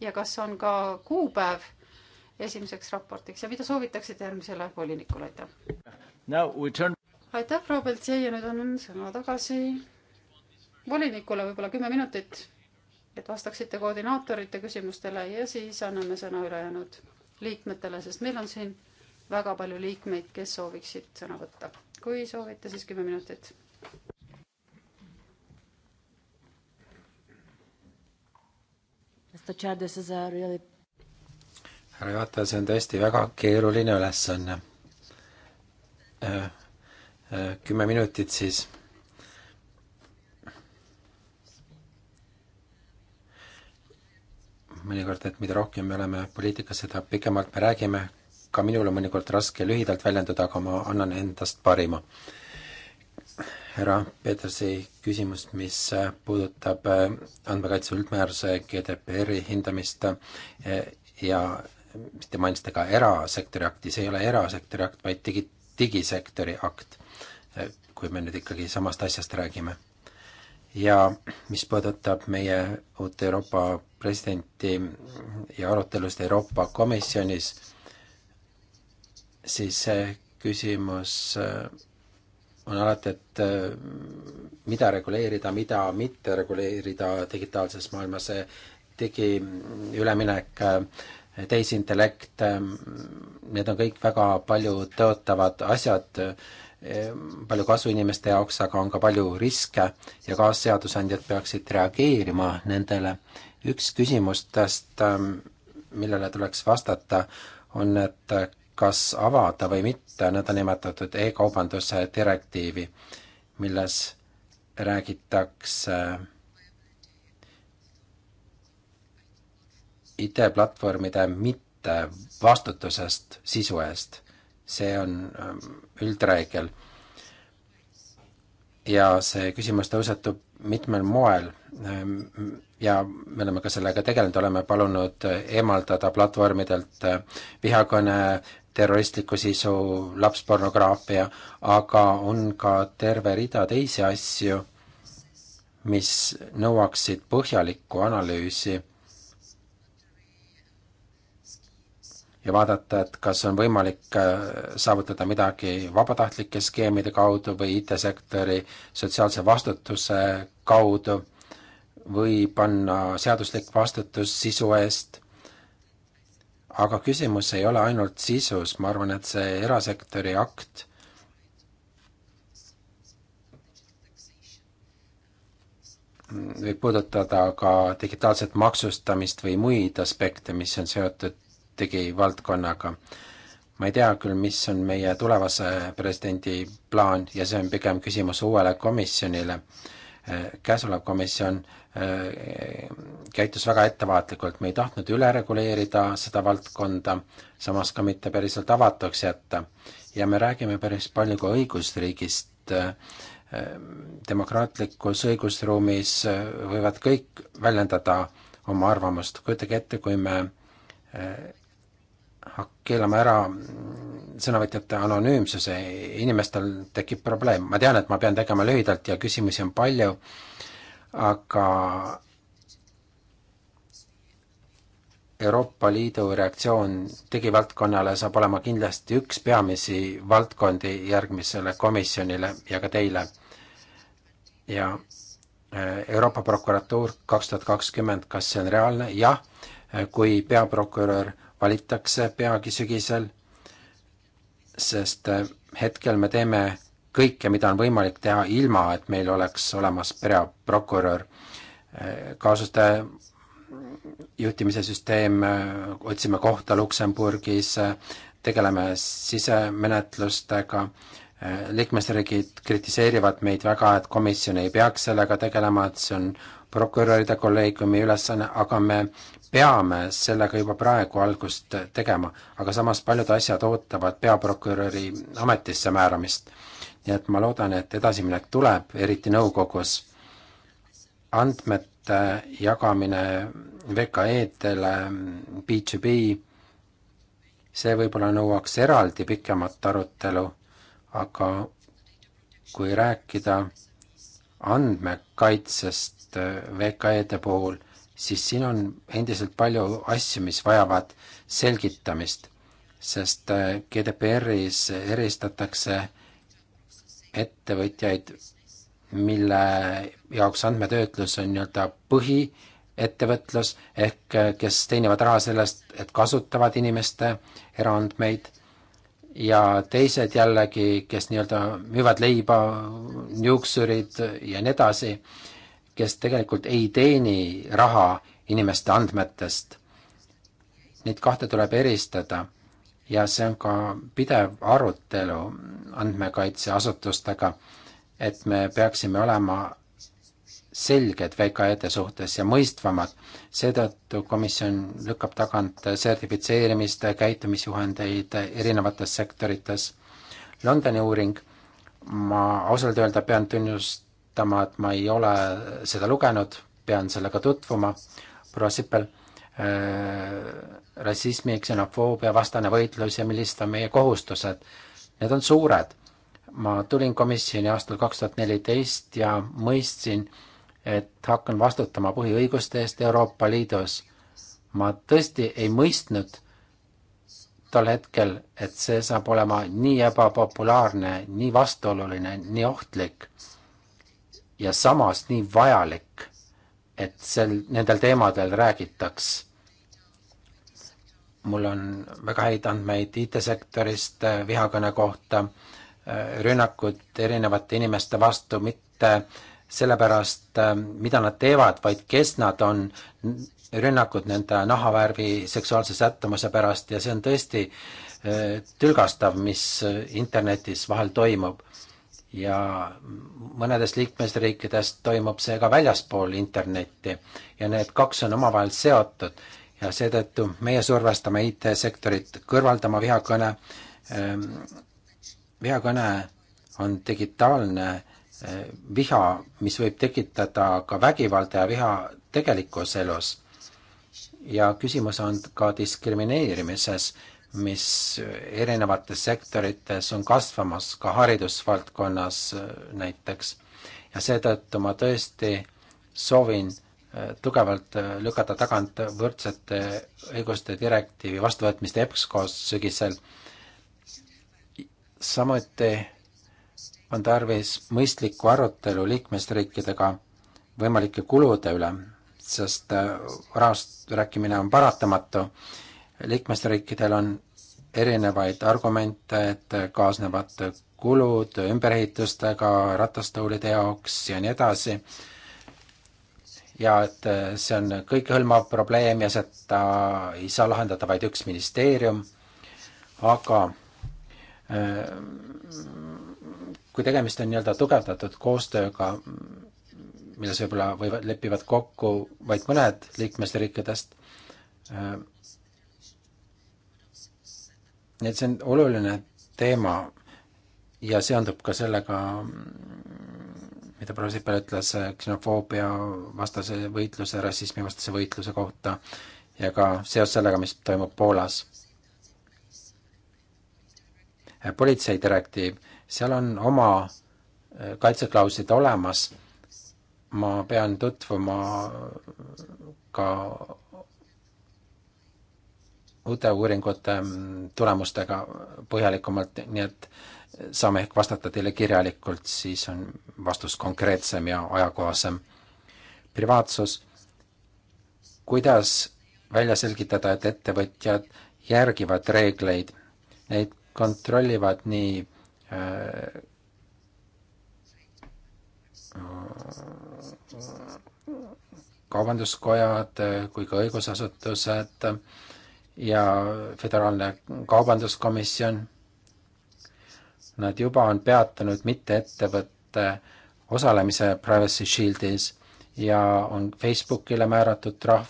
ja kas on ka kuupäev esimeseks raportiks ja mida soovitaksite järgmisele volinikule, aitäh turn...! aitäh, proua Beltsei ja nüüd on sõna tagasi volinikule võib-olla kümme minutit, et vastaksite koordinaatorite küsimustele ja siis anname sõna ülejäänud liikmetele, sest meil on siin väga palju liikmeid, kes sooviksid sõna võtta. kui soovite, siis kümme minutit. really... härra juhataja, see on tõesti väga keeruline ülesanne. Äh, äh, kümme minutit siis. mõnikord, et mida rohkem me oleme poliitikas, seda pikemalt me räägime, ka minul on mõnikord raske lühidalt väljenduda, aga ma annan endast parima härra Petersi küsimust, mis puudutab äh, andmekaitse üldmääruse GDPR-i hindamist äh, ja te mainisite ka erasektori akti, see ei ole erasektori akt, vaid digi, digisektori akt, äh, kui me nüüd ikkagi samast asjast räägime. ja mis puudutab meie uut Euroopa presidenti ja arutelust Euroopa Komisjonis, siis see küsimus äh, on alati, et äh, mida reguleerida, mida mitte reguleerida digitaalses maailmas, see digiüleminek, äh, tehisintellekt, äh, need on kõik väga palju tõotavad asjad, palju kasu inimeste jaoks, aga on ka palju riske ja kaasseadusandjad peaksid reageerima nendele. üks küsimustest, millele tuleks vastata, on, et kas avada või mitte nõndanimetatud e-kaubanduse direktiivi, milles räägitakse IT-platvormide mitte vastutusest sisu eest. see on ähm, üldreegel. ja see küsimus tõusetub mitmel moel ähm, ja me oleme ka sellega tegelenud, oleme palunud eemaldada platvormidelt äh, vihakõne, terroristliku sisu, lapspornograafia, aga on ka terve rida teisi asju, mis nõuaksid põhjalikku analüüsi ja vaadata, et kas on võimalik äh, saavutada midagi vabatahtlike skeemide kaudu või IT-sektori sotsiaalse vastutuse kaudu või panna seaduslik vastutus sisu eest aga küsimus ei ole ainult sisus, ma arvan, et see erasektori akt võib puudutada ka digitaalset maksustamist või muid aspekte, mis on seotud digivaldkonnaga. ma ei tea küll, mis on meie tulevase presidendi plaan ja see on pigem küsimus uuele komisjonile käesolev komisjon äh, käitus väga ettevaatlikult, me ei tahtnud üle reguleerida seda valdkonda, samas ka mitte päriselt avatuks jätta. ja me räägime päris palju ka õigusriigist, äh, demokraatlikus õigusruumis äh, võivad kõik väljendada oma arvamust, kujutage ette, kui me keelame ära sõnavõtjate anonüümsuse, inimestel tekib probleem, ma tean, et ma pean tegema lühidalt ja küsimusi on palju, aga Euroopa Liidu reaktsioon digivaldkonnale saab olema kindlasti üks peamisi valdkondi järgmisele komisjonile ja ka teile. ja äh, Euroopa Prokuratuur kaks tuhat kakskümmend, kas see on reaalne? jah, äh, kui peaprokurör valitakse peagi sügisel sest äh, hetkel me teeme kõike, mida on võimalik teha, ilma et meil oleks olemas pereprokurör. Äh, kaasuste juhtimise süsteem, äh, otsime kohta Luksemburgis, tegeleme sisemenetlustega, liikmesriigid kritiseerivad meid väga, et komisjon ei peaks sellega tegelema, et see on prokuröride kolleegiumi ülesanne, aga me peame sellega juba praegu algust tegema, aga samas paljud asjad ootavad peaprokuröri ametisse määramist. nii et ma loodan, et edasiminek tuleb, eriti nõukogus. andmete jagamine VKE-dele, B2B, see võib-olla nõuaks eraldi pikemat arutelu, aga kui rääkida andmekaitsest VKE-de puhul siis siin on endiselt palju asju, mis vajavad selgitamist, sest äh, GDPR-is eristatakse ettevõtjaid, mille jaoks andmetöötlus on nii-öelda põhiettevõtlus, ehk äh, kes teenivad raha sellest, et kasutavad inimeste eraandmeid ja teised jällegi, kes nii-öelda müüvad leiba, juuksurid ja nii edasi kes tegelikult ei teeni raha inimeste andmetest. Neid kahte tuleb eristada ja see on ka pidev arutelu andmekaitseasutustega, et me peaksime olema selged VKE-de suhtes ja mõistvamad. seetõttu komisjon lükkab tagant sertifitseerimist, käitumisjuhendeid erinevates sektorites. Londoni uuring, ma ausalt öelda pean tunnust tunnistama, et ma ei ole seda lugenud, pean sellega tutvuma, proua Sippel äh,, rassismi, ksenofoobia vastane võitlus ja millised on meie kohustused, need on suured. ma tulin komisjoni aastal kaks tuhat neliteist ja mõistsin, et hakkan vastutama põhiõiguste eest Euroopa Liidus. ma tõesti ei mõistnud tol hetkel, et see saab olema nii ebapopulaarne, nii vastuoluline, nii ohtlik ja samas nii vajalik, et sel, nendel teemadel räägitaks. mul on väga häid andmeid IT-sektorist äh, vihakõne kohta, äh, rünnakud erinevate inimeste vastu, mitte sellepärast, äh, mida nad teevad, vaid kes nad on, rünnakud nende nahavärvi, seksuaalse sättumuse pärast ja see on tõesti tülgastav, mis internetis vahel toimub ja mõnedest liikmesriikidest toimub see ka väljaspool internetti ja need kaks on omavahel seotud ja seetõttu meie survestame IT-sektorit kõrvaldama vihakõne. Ehm, vihakõne on digitaalne eh, viha, mis võib tekitada ka vägivalda ja viha tegelikus elus. ja küsimus on ka diskrimineerimises mis erinevates sektorites on kasvamas, ka haridusvaldkonnas äh, näiteks. ja seetõttu ma tõesti soovin äh, tugevalt äh, lükata tagant võrdsete õiguste direktiivi vastuvõtmist EBSCO-s sügisel. samuti on tarvis mõistlikku arutelu liikmesriikidega võimalike kulude üle, sest rahast rääkimine on paratamatu liikmesriikidel on erinevaid argumente, et kaasnevad kulud ümberehitustega ratastoolide jaoks ja nii edasi, ja et see on kõikehõlmav probleem ja seda ei saa lahendada vaid üks ministeerium, aga äh, kui tegemist on nii-öelda tugevdatud koostööga, milles võib-olla võivad, lepivad kokku vaid mõned liikmesriikidest, äh, nii et see on oluline teema ja seondub ka sellega, mida proua Sipel ütles äh, ksenofoobia vastase võitluse, rassismi vastase võitluse kohta ja ka seos sellega, mis toimub Poolas. Äh, politseidirektiiv, seal on oma äh, kaitseklauslid olemas, ma pean tutvuma ka uute uuringute mm, tulemustega põhjalikumalt, nii et saame ehk vastata teile kirjalikult, siis on vastus konkreetsem ja ajakohasem. privaatsus, kuidas välja selgitada, et ettevõtjad järgivad reegleid, neid kontrollivad nii äh, kaubanduskojad kui ka õigusasutused äh,, ja Föderaalne Kaubanduskomisjon. Nad juba on peatanud mitteettevõtte osalemise Privacy Shieldis ja on Facebookile määratud trahv.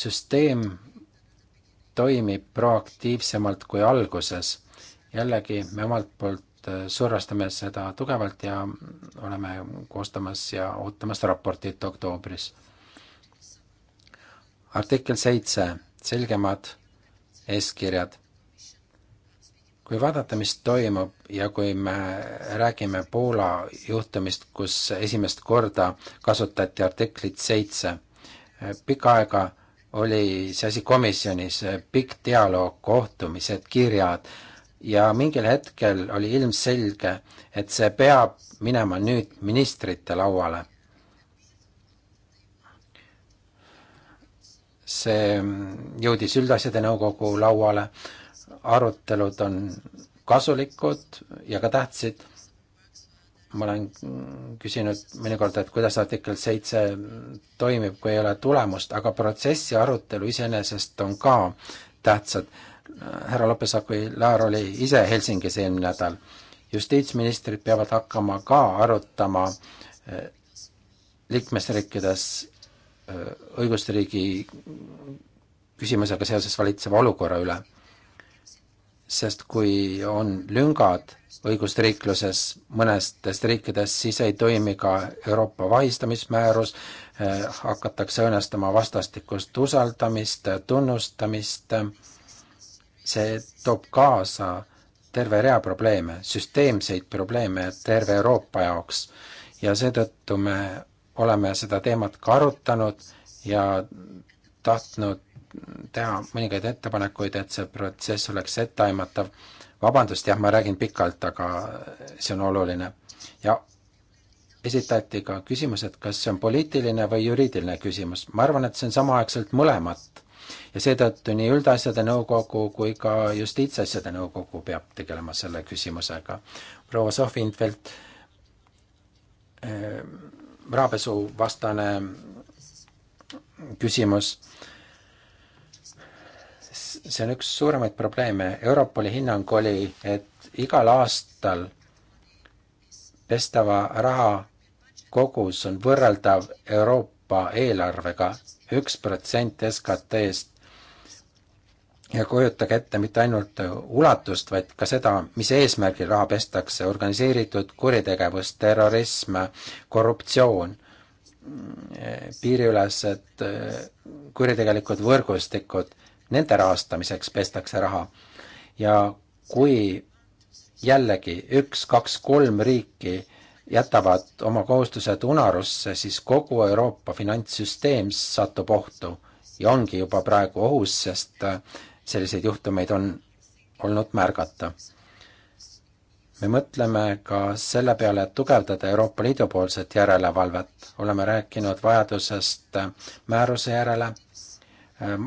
süsteem toimib proaktiivsemalt kui alguses. jällegi me omalt poolt äh, survestame seda tugevalt ja oleme koostamas ja ootamas raportit oktoobris. artikkel seitse selgemad eeskirjad. kui vaadata, mis toimub ja kui me räägime Poola juhtumist, kus esimest korda kasutati artiklit seitse, pikka aega oli see asi komisjonis, pikk dialoog, kohtumised, kirjad ja mingil hetkel oli ilmselge, et see peab minema nüüd ministrite lauale see jõudis üldasjade nõukogu lauale, arutelud on kasulikud ja ka tähtsid. ma olen küsinud mõnikord, et kuidas artikkel seitse toimib, kui ei ole tulemust, aga protsess ja arutelu iseenesest on ka tähtsad. härra Lopes-Aguilar oli ise Helsingis eelmine nädal. justiitsministrid peavad hakkama ka arutama eh, liikmesriikides Äh, õigusriigi küsimusega seoses valitseva olukorra üle. sest kui on lüngad õigusriikluses mõnestest riikidest, siis ei toimi ka Euroopa vahistamismäärus, äh, hakatakse õõnestama vastastikust usaldamist, tunnustamist, see toob kaasa terve rea probleeme, süsteemseid probleeme terve Euroopa jaoks ja seetõttu me oleme seda teemat ka arutanud ja tahtnud teha mõningaid ettepanekuid, et see protsess oleks etteaimatav. vabandust, jah, ma räägin pikalt, aga see on oluline. ja esitati ka küsimus, et kas see on poliitiline või juriidiline küsimus. ma arvan, et see on samaaegselt mõlemat. ja seetõttu nii üldasjade nõukogu kui ka justiitsasjade nõukogu peab tegelema selle küsimusega. proua Sofi Intvelt äh, rahapesuvastane küsimus. see on üks suuremaid probleeme, Europoli hinnang oli, et igal aastal pestava raha kogus on võrreldav Euroopa eelarvega, üks protsent SKT-st ja kujutage ette mitte ainult ulatust, vaid ka seda, mis eesmärgil raha pestakse, organiseeritud kuritegevus, terrorism, korruptsioon, piiriülesed kuritegelikud võrgustikud, nende rahastamiseks pestakse raha. ja kui jällegi üks, kaks, kolm riiki jätavad oma kohustused unarusse, siis kogu Euroopa finantssüsteem satub ohtu ja ongi juba praegu ohus, sest äh, selliseid juhtumeid on olnud märgata. me mõtleme ka selle peale, et tugevdada Euroopa Liidu poolset järelevalvet, oleme rääkinud vajadusest määruse järele,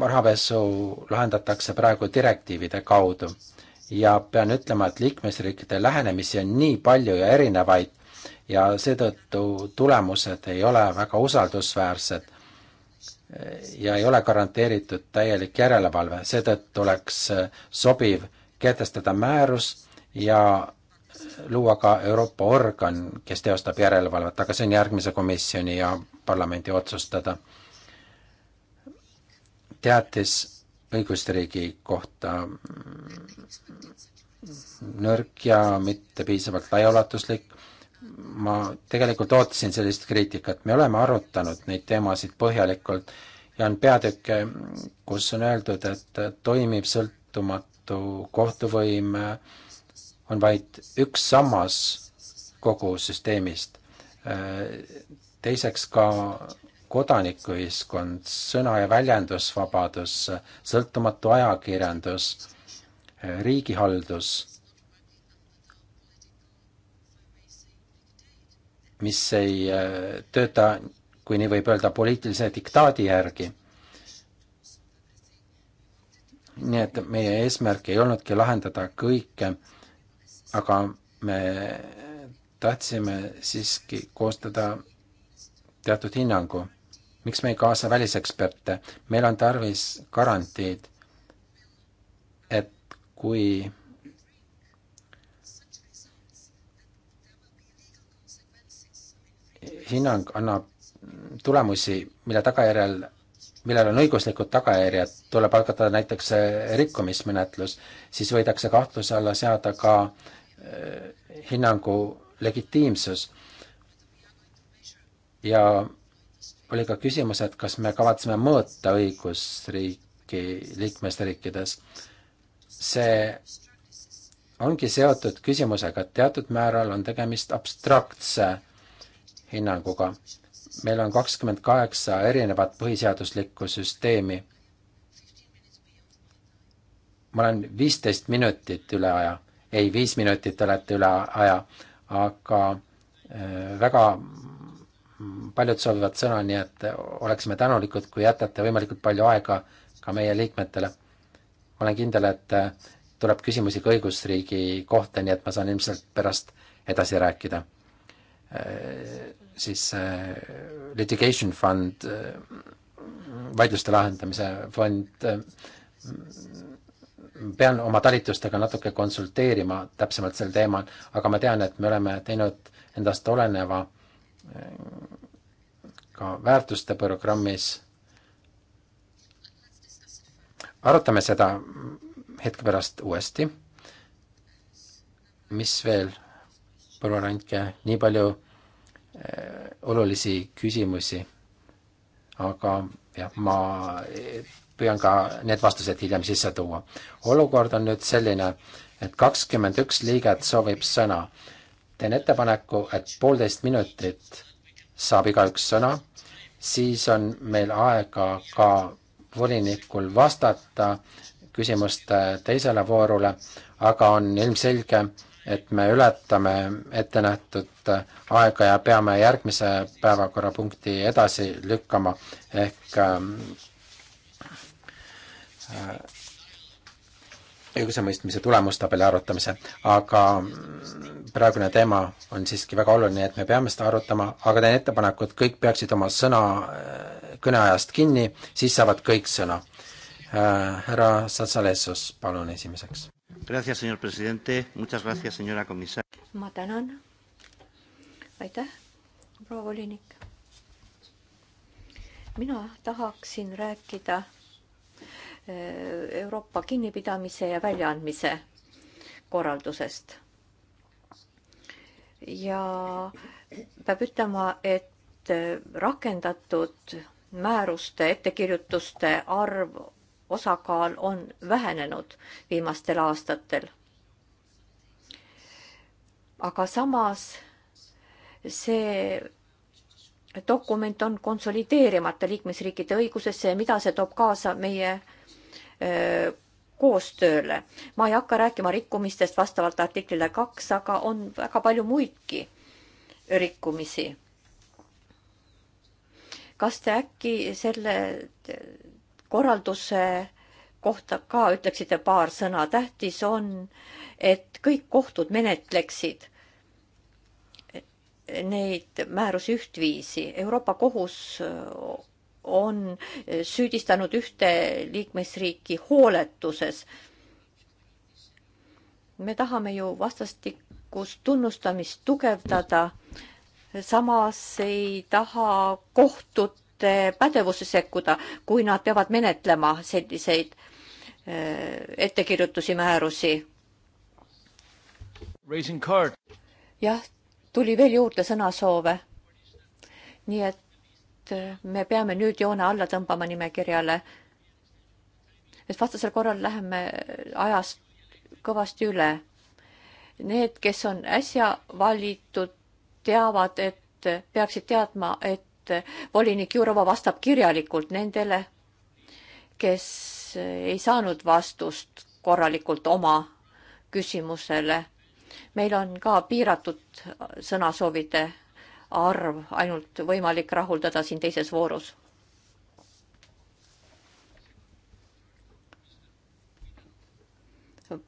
rahapesu lahendatakse praegu direktiivide kaudu ja pean ütlema, et liikmesriikide lähenemisi on nii palju ja erinevaid ja seetõttu tulemused ei ole väga usaldusväärsed ja ei ole garanteeritud täielik järelevalve, seetõttu oleks äh, sobiv kehtestada määrus ja luua ka Euroopa organ, kes teostab järelevalvet, aga see on järgmise komisjoni ja parlamendi otsustada. teatis õigusriigi kohta nõrk ja mitte piisavalt laiaulatuslik ma tegelikult ootasin sellist kriitikat, me oleme arutanud neid teemasid põhjalikult ja on peatükk, kus on öeldud, et toimib sõltumatu kohtuvõim, on vaid üks sammas kogu süsteemist. Teiseks ka kodanikuühiskond, sõna- ja väljendusvabadus, sõltumatu ajakirjandus, riigihaldus mis ei äh, tööta, kui nii võib öelda, poliitilise diktaadi järgi. nii et meie eesmärk ei olnudki lahendada kõike, aga me tahtsime siiski koostada teatud hinnangu. miks me ei kaasa väliseksperte? meil on tarvis garantiid, et kui hinnang annab tulemusi, mille tagajärjel, millel on õiguslikud tagajärjed, tuleb algatada näiteks rikkumismenetlus, siis võidakse kahtluse alla seada ka äh, hinnangu legitiimsus. ja oli ka küsimus, et kas me kavatseme mõõta õigusriiki liikmesriikides. see ongi seotud küsimusega, et teatud määral on tegemist abstraktse hinnanguga. meil on kakskümmend kaheksa erinevat põhiseaduslikku süsteemi. ma olen viisteist minutit üle aja, ei, viis minutit olete üle aja, aga äh, väga paljud soovivad sõna, nii et oleksime tänulikud, kui jätate võimalikult palju aega ka meie liikmetele. ma olen kindel, et äh, tuleb küsimusi ka õigusriigi kohta, nii et ma saan ilmselt pärast edasi rääkida. Äh, siis äh, litigation fund, äh, vaidluste lahendamise fond, pean oma talitustega natuke konsulteerima täpsemalt sel teemal, aga ma tean, et me oleme teinud endast oleneva ka väärtuste programmis. arutame seda hetke pärast uuesti. mis veel palun andke nii palju äh, olulisi küsimusi. aga jah, ma eh, püüan ka need vastused hiljem sisse tuua. olukord on nüüd selline, et kakskümmend üks liiget soovib sõna. teen ettepaneku, et poolteist minutit saab igaüks sõna, siis on meil aega ka volinikul vastata küsimuste teisele voorule, aga on ilmselge, et me ületame ettenähtud aega ja peame järgmise päevakorrapunkti edasi lükkama, ehk ähm, äh, õigusemõistmise tulemustabeli arutamise, aga mm, praegune teema on siiski väga oluline, et me peame seda arutama, aga teen ettepaneku, et kõik peaksid oma sõna äh, kõneajast kinni, siis saavad kõik sõna. Äh, härra Satsalessus, palun esimeseks. Gracias, señor presidente, muchas gracias, señora komissar. ma tänan. aitäh, proua volinik. mina tahaksin rääkida eh, Euroopa kinnipidamise ja väljaandmise korraldusest. ja peab ütlema, et eh, rakendatud määruste ettekirjutuste arv osakaal on vähenenud viimastel aastatel. aga samas see dokument on konsolideerimata liikmesriikide õigusesse ja mida see toob kaasa meie öö, koostööle. ma ei hakka rääkima rikkumistest vastavalt artiklile kaks, aga on väga palju muidki rikkumisi. kas te äkki selle korralduse kohta ka ütleksite paar sõna. tähtis on, et kõik kohtud menetleksid neid määrusi ühtviisi. Euroopa Kohus on süüdistanud ühte liikmesriiki hooletuses. me tahame ju vastastikust tunnustamist tugevdada. samas ei taha kohtud asutuste pädevusse sekkuda, kui nad peavad menetlema selliseid eh, ettekirjutusi, määrusi. jah, tuli veel juurde sõnasoove. nii et eh, me peame nüüd joone alla tõmbama nimekirjale. et vastasel korral läheme ajast kõvasti üle. Need, kes on äsja valitud, teavad, et peaksid teadma, et volinik Jurova vastab kirjalikult nendele, kes ei saanud vastust korralikult oma küsimusele. meil on ka piiratud sõnasoovide arv, ainult võimalik rahuldada siin teises voorus.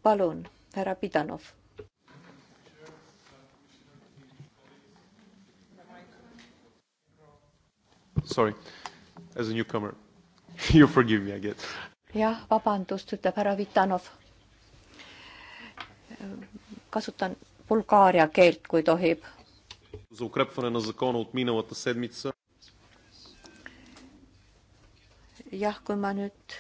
palun, härra Pidanov sorry, as a newcomer. You forgive me, I guess. jah, vabandust, ütleb härra Vitanov. kasutan bulgaaria keelt, kui tohib. jah, kui ma nüüd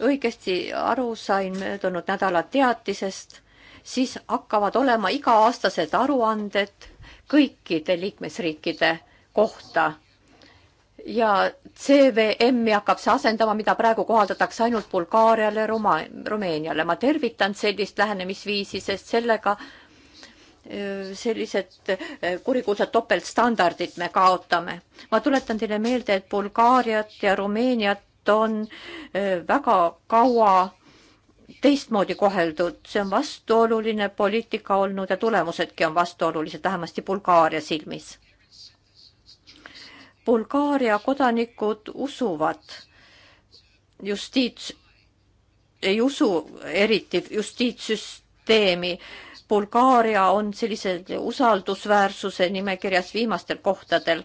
õigesti aru sain möödunud nädala teatisest, siis hakkavad olema iga-aastased aruanded kõikide liikmesriikide kohta ja CVM-i hakkab see asendama, mida praegu kohaldatakse ainult Bulgaariale, Ruma-, Rumeeniale. ma tervitan sellist lähenemisviisi, sest sellega sellised kurikuulsad topeltstandardid me kaotame. ma tuletan teile meelde, et Bulgaariat ja Rumeeniat on väga kaua teistmoodi koheldud, see on vastuoluline poliitika olnud ja tulemusedki on vastuolulised, vähemasti Bulgaaria silmis Bulgaaria kodanikud usuvad justiits, ei usu eriti justiitssüsteemi. Bulgaaria on sellise usaldusväärsuse nimekirjas viimastel kohtadel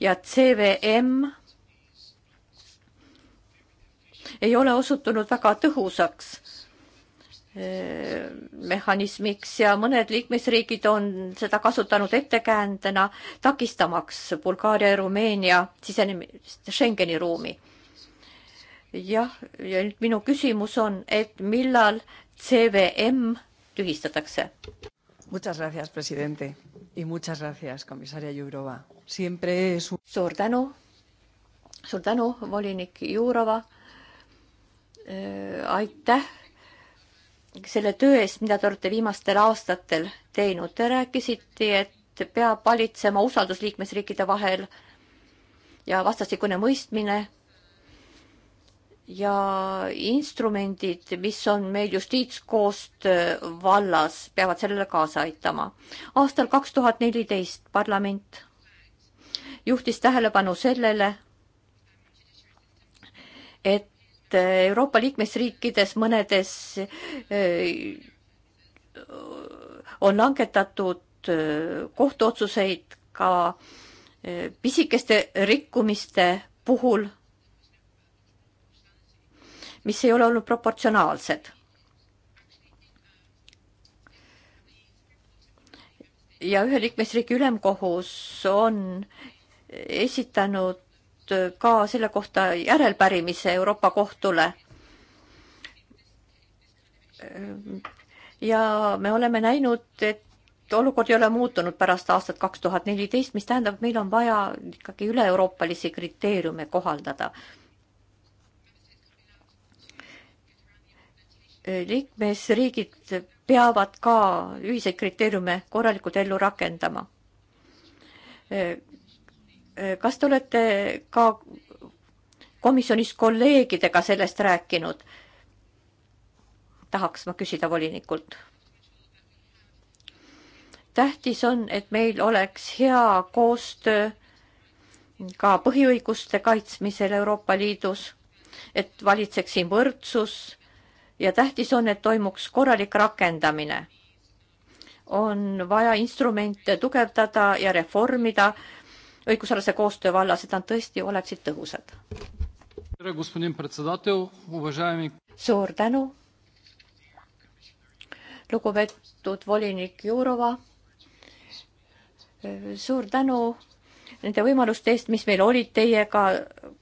ja CVM ei ole osutunud väga tõhusaks Eh, mehhanismiks ja mõned liikmesriigid on seda kasutanud ettekäändena, takistamaks Bulgaaria ja Rumeenia sisenemist Schengeni ruumi. jah, ja nüüd minu küsimus on, et millal CVM tühistatakse? Muchas gracias, presidente y muchas gracias, komissaria Jurova. Siempre es un... suur tänu, suur tänu, volinik Jurova äh,. Eh, aitäh selle töö eest, mida te olete viimastel aastatel teinud. Te rääkisite, et peab valitsema usaldus liikmesriikide vahel ja vastastikune mõistmine ja instrumendid, mis on meil justiitskoostöö vallas, peavad sellele kaasa aitama. aastal kaks tuhat neliteist parlament juhtis tähelepanu sellele, et Äh, Euroopa liikmesriikides mõnedes äh, on langetatud äh, kohtuotsuseid ka pisikeste rikkumiste puhul, mis ei ole olnud proportsionaalsed. ja ühe liikmesriigi ülemkohus on esitanud Äh, ka selle kohta järelpärimise Euroopa Kohtule. ja me oleme näinud, et olukord ei ole muutunud pärast aastat kaks tuhat neliteist, mis tähendab, meil on vaja ikkagi üle-euroopalisi kriteeriume kohaldada. liikmesriigid peavad ka ühiseid kriteeriume korralikult ellu rakendama. Äh, kas te olete ka komisjonis kolleegidega sellest rääkinud? tahaks ma küsida volinikult. tähtis on, et meil oleks hea koostöö ka põhiõiguste kaitsmisel Euroopa Liidus, et valitseks siin võrdsus ja tähtis on, et toimuks korralik rakendamine on vaja instrumente tugevdada ja reformida õigusalase koostöö vallas, et nad tõesti oleksid tõhusad. suur tänu, lugupeetud volinik Jurova. suur tänu nende võimaluste eest, mis meil olid teiega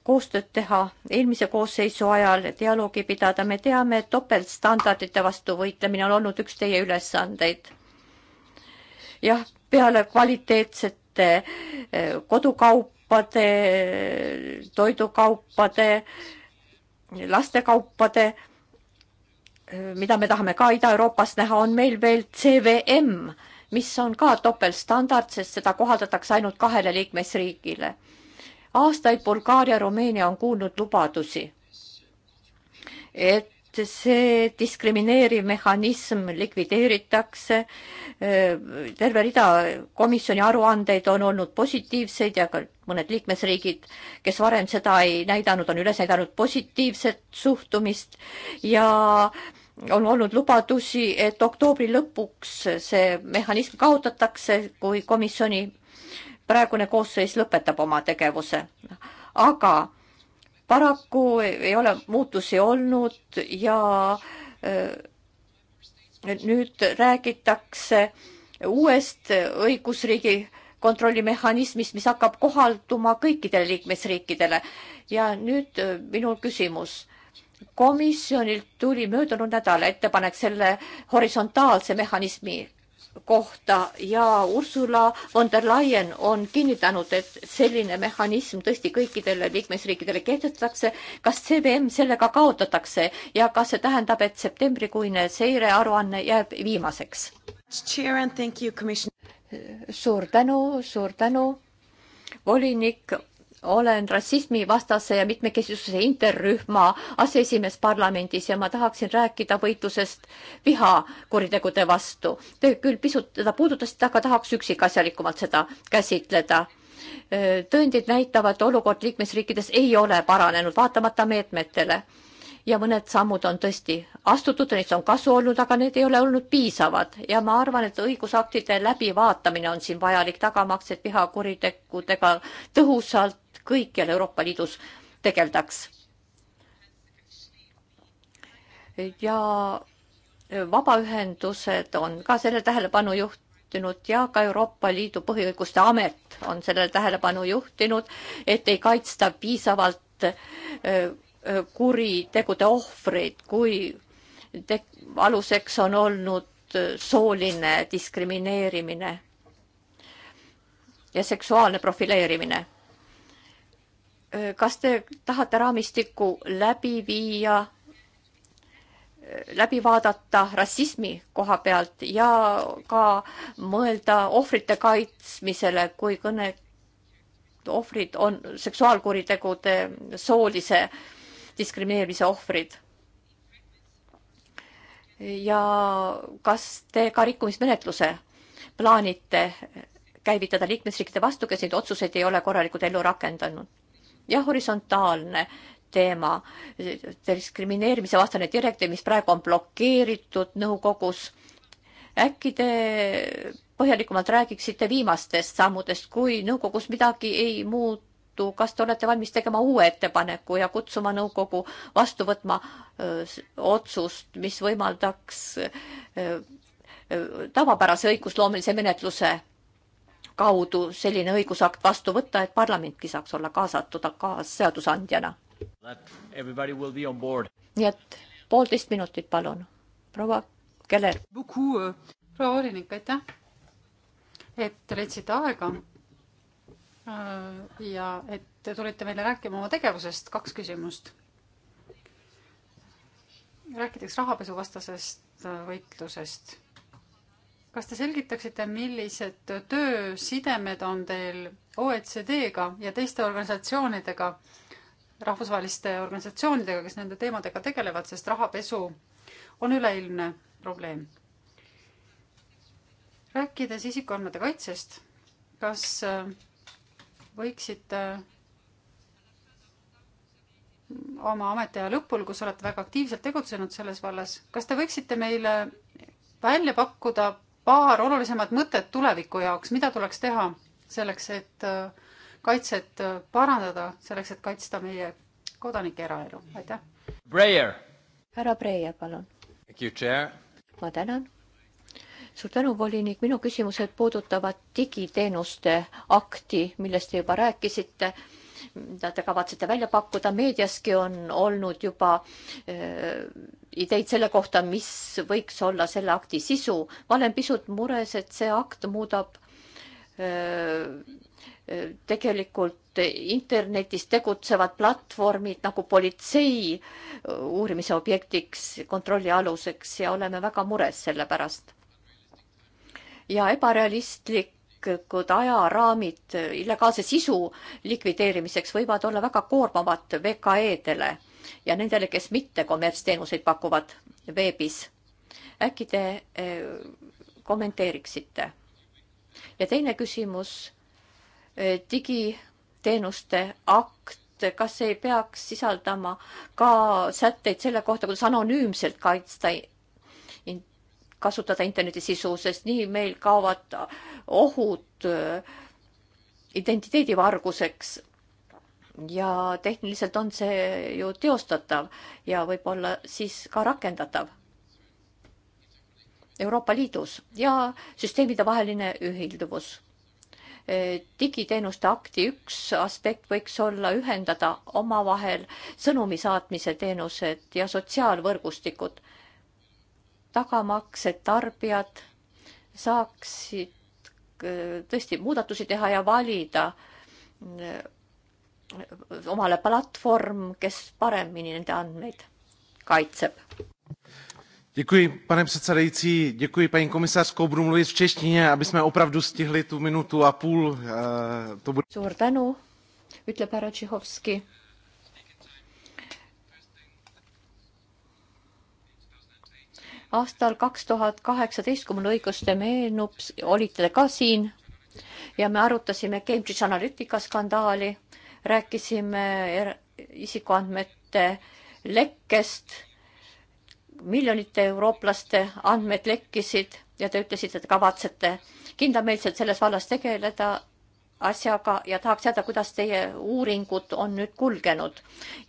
koostööd teha eelmise koosseisu ajal, dialoogi pidada. me teame, et topeltstandardite vastu võitlemine on olnud üks teie ülesandeid. jah, peale kvaliteetset mitte eh, kodukaupade, toidukaupade, lastekaupade, eh, mida me tahame ka Ida-Euroopas näha, on meil veel CVM, mis on ka topeltstandard, sest seda kohaldatakse ainult kahele liikmesriigile. aastaid Bulgaaria, Rumeenia on kuulnud lubadusi, et see diskrimineeriv mehhanism likvideeritakse. terve rida komisjoni aruandeid on olnud positiivseid ja ka mõned liikmesriigid, kes varem seda ei näidanud, on üles näidanud positiivset suhtumist ja on olnud lubadusi, et oktoobri lõpuks see mehhanism kaotatakse, kui komisjoni praegune koosseis lõpetab oma tegevuse. aga paraku ei ole muutusi olnud ja äh, nüüd räägitakse uuest õigusriigi kontrollimehhanismist, mis hakkab kohalduma kõikidele liikmesriikidele. ja nüüd äh, minul küsimus. komisjonilt tuli möödunud nädal ettepanek selle horisontaalse mehhanismi kohta ja Ursula von der Leyen on kinnitanud, et selline mehhanism tõesti kõikidele liikmesriikidele kehtestatakse. kas CBM sellega kaotatakse ja kas see tähendab, et septembrikuine seirearuanne jääb viimaseks? suur tänu, suur tänu, volinik olen rassismivastase ja mitmekesisuse interrühma aseesimees parlamendis ja ma tahaksin rääkida võitlusest vihakuritegude vastu. Te küll pisut seda puudutasite, aga tahaks üksikasjalikumalt seda käsitleda. tõendid näitavad, olukord liikmesriikides ei ole paranenud, vaatamata meetmetele. ja mõned sammud on tõesti astutud, neist on kasu olnud, aga need ei ole olnud piisavad ja ma arvan, et õigusaktide läbivaatamine on siin vajalik, tagamaks, et vihakuritegudega tõhusalt kõikjal Euroopa Liidus tegeldaks. ja vabaühendused on ka selle tähelepanu juhtinud ja ka Euroopa Liidu põhiõiguste amet on sellele tähelepanu juhtinud, et ei kaitsta piisavalt äh, äh, kuritegude ohvreid, kui te-, aluseks on olnud sooline diskrimineerimine ja seksuaalne profileerimine kas te tahate raamistikku läbi viia, läbi vaadata rassismi koha pealt ja ka mõelda ohvrite kaitsmisele, kui kõne ohvrid on seksuaalkuritegude soolise diskrimineerimise ohvrid? ja kas te ka rikkumismenetluse plaanite käivitada liikmesriikide vastu, kes neid otsuseid ei ole korralikult ellu rakendanud? jah, horisontaalne teema, diskrimineerimise vastane direktiiv, mis praegu on blokeeritud nõukogus. äkki te põhjalikumalt räägiksite viimastest sammudest, kui nõukogus midagi ei muutu, kas te olete valmis tegema uue ettepaneku ja kutsuma nõukogu vastu võtma öö, otsust, mis võimaldaks öö, tavapärase õigusloomelise menetluse kaudu selline õigusakt vastu võtta, et parlamentki saaks olla kaasatud kaasseadusandjana. nii et poolteist minutit, palun. proua Keller. Euh, proua Oorinik, aitäh, et leidsite aega. Äh, ja et te tulite meile rääkima oma tegevusest, kaks küsimust. rääkides rahapesuvastasest äh, võitlusest kas te selgitaksite, millised töösidemed on teil OECD-ga ja teiste organisatsioonidega, rahvusvaheliste organisatsioonidega, kes nende teemadega tegelevad, sest rahapesu on üleilmne probleem. rääkides isikuandmete kaitsest, kas äh, võiksite oma ametiaja lõpul, kus olete väga aktiivselt tegutsenud selles vallas, kas te võiksite meile välja pakkuda paar olulisemat mõtet tuleviku jaoks, mida tuleks teha selleks, et äh, kaitset äh, parandada, selleks, et kaitsta meie kodanike eraelu, aitäh. Breyer. härra Breyer, palun. ma tänan. suur tänu, volinik, minu küsimused puudutavad digiteenuste akti, millest te juba rääkisite mida te kavatsete välja pakkuda. meediaski on olnud juba äh, ideid selle kohta, mis võiks olla selle akti sisu. ma olen pisut mures, et see akt muudab äh, äh tegelikult internetis tegutsevad platvormid nagu politsei äh, uurimise objektiks, kontrolli aluseks ja oleme väga mures selle pärast. ja ebarealistlik riiklikud ajaraamid illegaalse sisu likvideerimiseks võivad olla väga koormavad VKE-dele ja nendele, kes mitte kommertsteenuseid pakuvad veebis. äkki te eh, kommenteeriksite? ja teine küsimus, eh, digiteenuste akt, kas ei peaks sisaldama ka sätteid selle kohta, kuidas anonüümselt kaitsta kasutada internetisisu, sest nii meil kaovad ohud äh, identiteedivarguseks. ja tehniliselt on see ju teostatav ja võib-olla siis ka rakendatav Euroopa Liidus ja süsteemide vaheline ühilduvus äh, digiteenuste akti üks aspekt võiks olla ühendada omavahel sõnumi saatmise teenused ja sotsiaalvõrgustikud tagamaks, et tarbijad saaksid äh, tõesti muudatusi teha ja valida äh, omale platvorm, kes paremini nende andmeid kaitseb. Děkuji, pane předsedající, děkuji paní komisařko, budu mluvit v češtině, aby jsme opravdu stihli tu minutu a půl. Uh, to bude... Suur tänu, ütleb härra Tšihovski aastal kaks tuhat kaheksateist, kui mul õigusti meenub, olite te ka siin ja me arutasime Cambridge Analytica skandaali, rääkisime er-, isikuandmete lekkest, miljonite eurooplaste andmed lekkisid ja te ütlesite, et kavatsete kindlameelselt selles vallas tegeleda asjaga ja tahaks teada, kuidas teie uuringud on nüüd kulgenud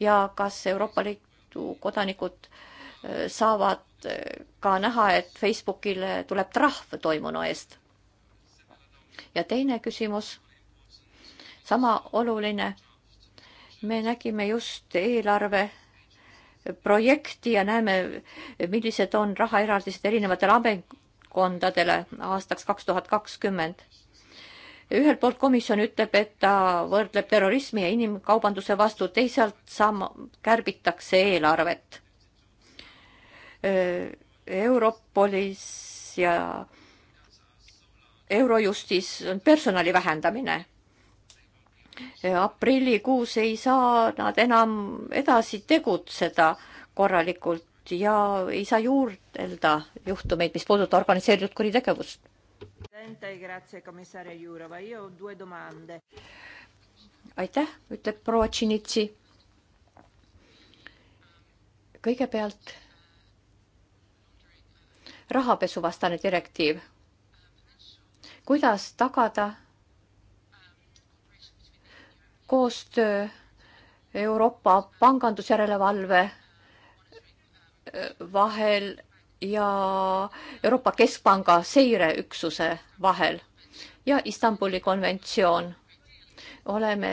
ja kas Euroopa Liidu kodanikud äh, saavad Äh, ka näha, et Facebookile tuleb trahv toimunu eest. ja teine küsimus, sama oluline. me nägime just eelarve projekti ja näeme, millised on rahaeraldised erinevatele ametkondadele aastaks kaks tuhat kakskümmend ühelt poolt komisjon ütleb, et ta võrdleb terrorismi ja inimkaubanduse vastu, teisalt sam-, kärbitakse eelarvet. Europolis ja Eurojustis on personali vähendamine. aprillikuus ei saa nad enam edasi tegutseda korralikult ja ei saa juurdelda juhtumeid, mis puudutab organiseeritud kuritegevust. aitäh, ütleb proua Tšinitsi. kõigepealt rahapesuvastane direktiiv. kuidas tagada koostöö Euroopa pangandusjärelevalve äh, vahel ja Euroopa Keskpanga seireüksuse vahel ja Istanbuli konventsioon. oleme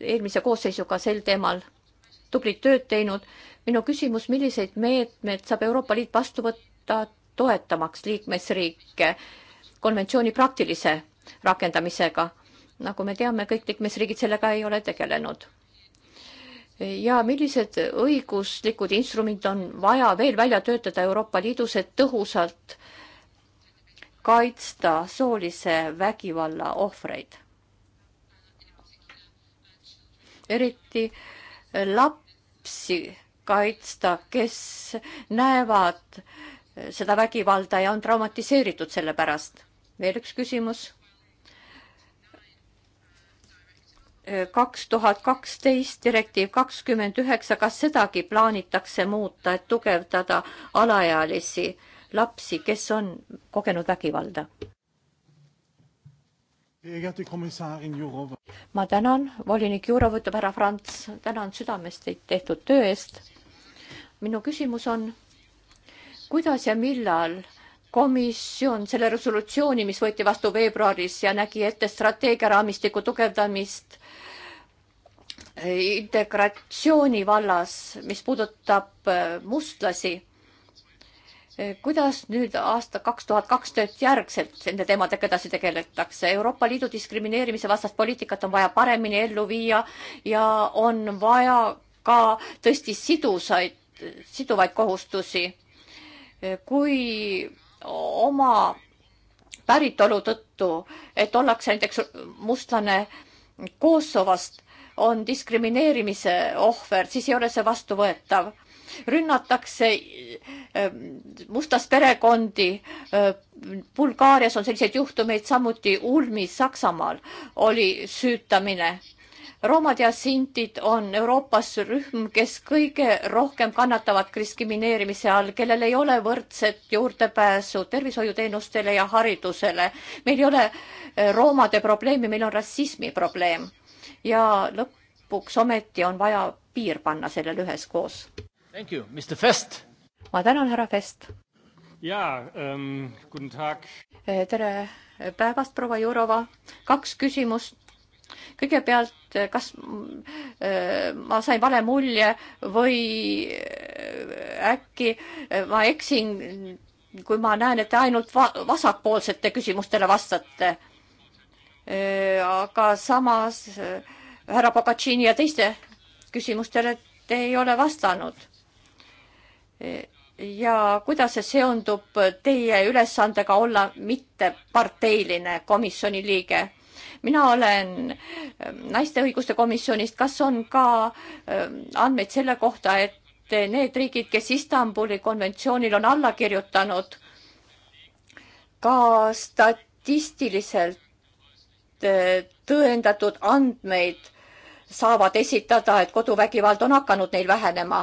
eelmise koosseisuga sel teemal tublit tööd teinud. minu küsimus, milliseid meetmeid saab Euroopa Liit vastu võtta, ta toetamaks liikmesriike konventsiooni praktilise rakendamisega. nagu me teame, kõik liikmesriigid sellega ei ole tegelenud. ja millised õiguslikud instrumendid on vaja veel välja töötada Euroopa Liidus, et tõhusalt kaitsta soolise vägivalla ohvreid? eriti lapsi kaitsta, kes näevad seda vägivalda ja on traumatiseeritud selle pärast. veel üks küsimus. kaks tuhat kaksteist direktiiv kakskümmend üheksa, kas sedagi plaanitakse muuta, et tugevdada alaealisi lapsi, kes on kogenud vägivalda? ma tänan, volinik Jurov ütleb härra Franz, tänan südamest teid tehtud töö eest. minu küsimus on kuidas ja millal komisjon selle resolutsiooni, mis võeti vastu veebruaris ja nägi ette strateegiaraamistiku tugevdamist eh, integratsiooni vallas, mis puudutab eh, mustlasi. Eh, kuidas nüüd aasta kaks tuhat kaksteist järgselt nende teemadega edasi tegeletakse? Euroopa Liidu diskrimineerimise vastast poliitikat on vaja paremini ellu viia ja on vaja ka tõesti sidusaid, siduvaid kohustusi kui oma päritolu tõttu, et ollakse näiteks mustlane Kosovost, on diskrimineerimise ohver, siis ei ole see vastuvõetav. rünnatakse ähm, mustast perekondi. Äh, Bulgaarias on selliseid juhtumeid, samuti ulmis Saksamaal oli süütamine roomad ja sintid on Euroopas rühm, kes kõige rohkem kannatavad diskrimineerimise all, kellel ei ole võrdset juurdepääsu tervishoiuteenustele ja haridusele. meil ei ole eh, roomade probleemi, meil on rassismi probleem. ja lõpuks ometi on vaja piir panna sellele üheskoos. ma tänan, härra Fest. jaa ähm,, guten tag. Eh, tere päevast, proua Jurova. kaks küsimust kõigepealt, kas äh, ma sain vale mulje või äh, äkki äh, ma eksin, kui ma näen, et te ainult va vasakpoolsete küsimustele vastate. aga samas härra Pogacini ja teiste küsimustele te ei ole vastanud. ja kuidas see seondub teie ülesandega olla mitteparteiline komisjoni liige? mina olen ähm, naiste õiguste komisjonist, kas on ka ähm, andmeid selle kohta, et need riigid, kes Istanbuli konventsioonil on alla kirjutanud, ka statistiliselt äh, tõendatud andmeid saavad esitada, et koduvägivald on hakanud neil vähenema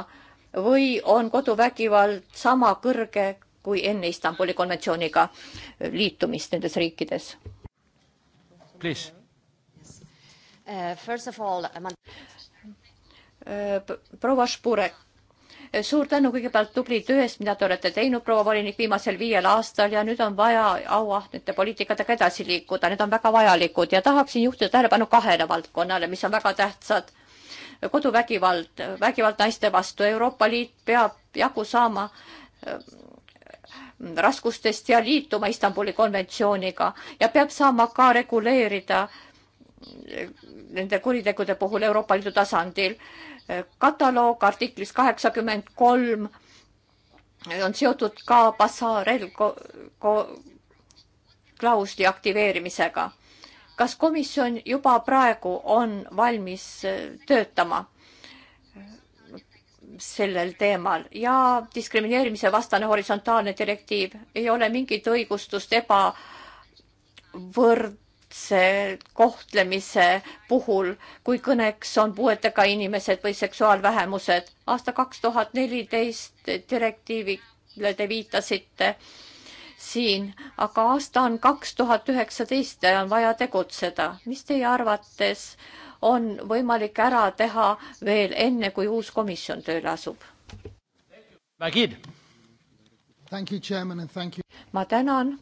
või on koduvägivald sama kõrge kui enne Istanbuli konventsiooniga liitumist nendes riikides? please. Uh, first of all ma..., äh, proua Špurek, suur tänu kõigepealt tubli töö eest, mida te olete teinud, proua volinik, viimasel viiel aastal ja nüüd on vaja auahnete poliitikatega edasi liikuda, need on väga vajalikud ja tahaksin juhtida tähelepanu kahele valdkonnale, mis on väga tähtsad koduvägivald, vägivald naiste vastu, Euroopa Liit peab jagu saama äh, raskustest ja liituma Istanbuli konventsiooniga ja peab saama ka reguleerida nende kuritegude puhul Euroopa Liidu tasandil. kataloog artiklis kaheksakümmend kolm on seotud ka Bassarel klausli aktiveerimisega. kas komisjon juba praegu on valmis töötama sellel teemal ja diskrimineerimise vastane horisontaalne direktiiv ei ole mingit õigustust ebavõrdse kohtlemise puhul, kui kõneks on puuetega inimesed või seksuaalvähemused. aasta kaks tuhat neliteist direktiivile te viitasite siin, aga aasta on kaks tuhat üheksateist ja on vaja tegutseda. mis teie arvates äh, on võimalik ära teha veel enne, kui uus komisjon tööle asub. ma tänan,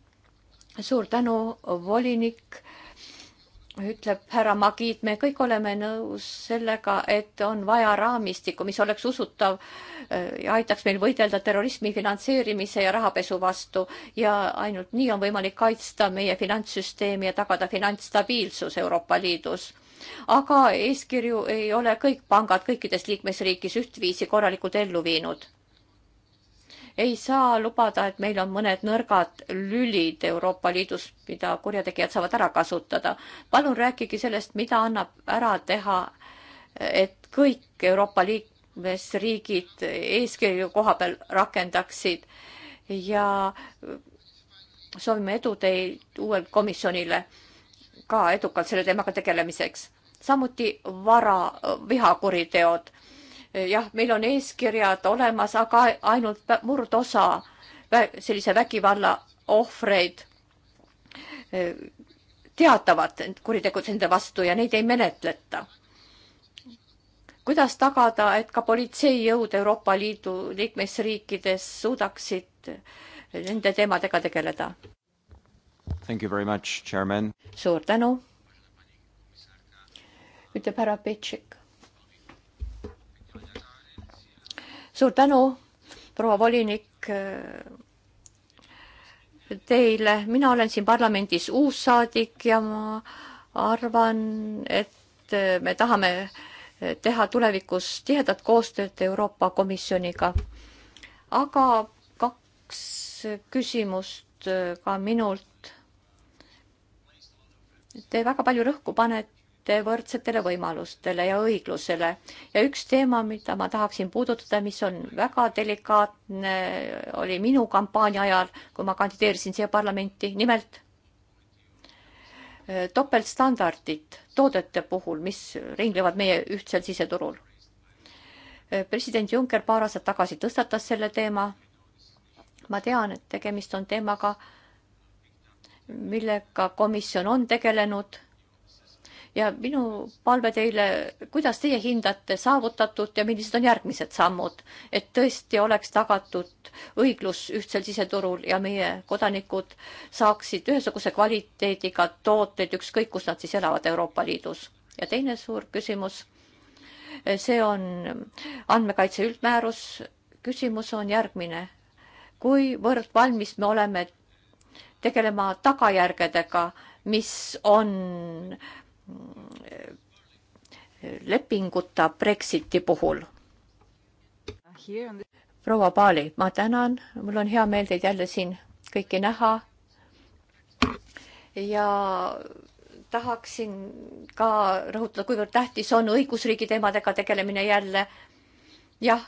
suur tänu, volinik, ütleb härra Magid, me kõik oleme nõus sellega, et on vaja raamistikku, mis oleks usutav eh, ja aitaks meil võidelda terrorismi finantseerimise ja rahapesu vastu ja ainult nii on võimalik kaitsta meie finantssüsteemi ja tagada finantsstabiilsus Euroopa Liidus aga eeskirju ei ole kõik pangad kõikides liikmesriigis ühtviisi korralikult ellu viinud. ei saa lubada, et meil on mõned nõrgad lülid Euroopa Liidus, mida kurjategijad saavad ära kasutada. palun rääkige sellest, mida annab ära teha, et kõik Euroopa liikmesriigid eeskirju koha peal rakendaksid ja soovime edu teil uuel komisjonile ka edukalt selle teemaga tegelemiseks. samuti vara, vihakuriteod. jah, meil on eeskirjad olemas, aga ainult murdosa sellise vägivalla ohvreid e, teatavad kuritegudes enda vastu ja neid ei menetleta. kuidas tagada, et ka politseijõud Euroopa Liidu liikmesriikides suudaksid nende teemadega tegeleda? Much, suur tänu, ütleb härra Pitšik. suur tänu, proua volinik teile, mina olen siin parlamendis uus saadik ja ma arvan, et me tahame teha tulevikus tihedat koostööd Euroopa Komisjoniga. aga kaks küsimust ka minult Te väga palju rõhku panete võrdsetele võimalustele ja õiglusele ja üks teema, mida ma tahaksin puudutada, mis on väga delikaatne, oli minu kampaania ajal, kui ma kandideerisin siia parlamenti, nimelt äh, topeltstandardid toodete puhul, mis ringlevad meie ühtsel siseturul. Äh, president Juncker paar aastat tagasi tõstatas selle teema. ma tean, et tegemist on teemaga, millega komisjon on tegelenud. ja minu palve teile, kuidas teie hindate saavutatut ja millised on järgmised sammud, et tõesti oleks tagatud õiglus ühtsel siseturul ja meie kodanikud saaksid ühesuguse kvaliteediga tooteid, ükskõik kus nad siis elavad Euroopa Liidus. ja teine suur küsimus, see on andmekaitse üldmäärus, küsimus on järgmine kuivõrd valmis me oleme tegelema tagajärgedega, mis on mm, lepinguta Brexiti puhul. proua Paali, ma tänan, mul on hea meel teid jälle siin kõiki näha. ja tahaksin ka rõhutada, kuivõrd tähtis on õigusriigi teemadega tegelemine jälle. jah,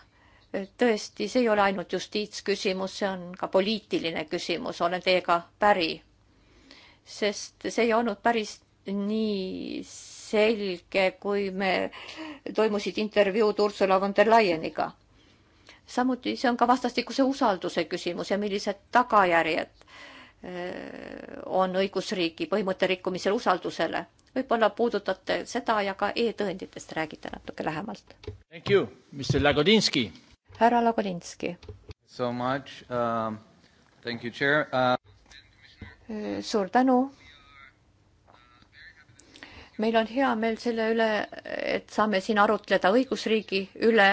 tõesti, see ei ole ainult justiitsküsimus, see on ka poliitiline küsimus, olen teiega päri. sest see ei olnud päris nii selge, kui me, toimusid intervjuud Ursula von der Leyeniga. samuti see on ka vastastikuse usalduse küsimus ja millised tagajärjed äh, on õigusriigi põhimõtte rikkumisel usaldusele. võib-olla puudutate seda ja ka e-tõenditest räägite natuke lähemalt. Thank you, Mr Lagodinski härra Lagolinski. So much um,, thank you, chair uh.... suur tänu. meil on hea meel selle üle, et saame siin arutleda õigusriigi üle,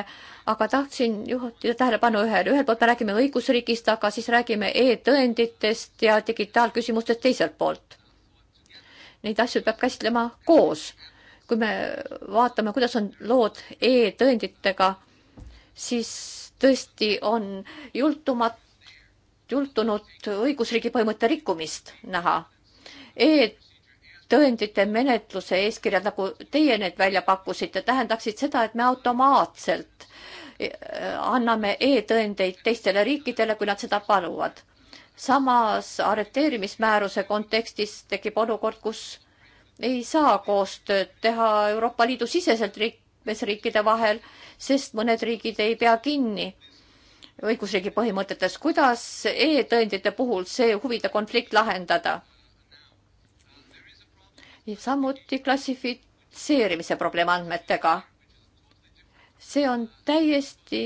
aga tahtsin juhtida tähelepanu ühele, ühelt poolt me räägime õigusriigist, aga siis räägime e-tõenditest ja digitaalküsimustest teiselt poolt. Neid asju peab käsitlema koos. kui me vaatame, kuidas on lood e-tõenditega siis tõesti on jultumat, jultunud õigusriigi põhimõtte rikkumist näha e. E-tõendite menetluse eeskirjad, nagu teie need välja pakkusite, tähendaksid seda, et me automaatselt e, anname e-tõendeid teistele riikidele, kui nad seda paluvad. samas arreteerimismääruse kontekstis tekib olukord, kus ei saa koostööd teha Euroopa Liidu siseselt riik, liikmesriikide vahel, sest mõned riigid ei pea kinni õigusriigi põhimõtetes. kuidas e-tõendite puhul see huvide konflikt lahendada? samuti klassifitseerimise probleem andmetega. see on täiesti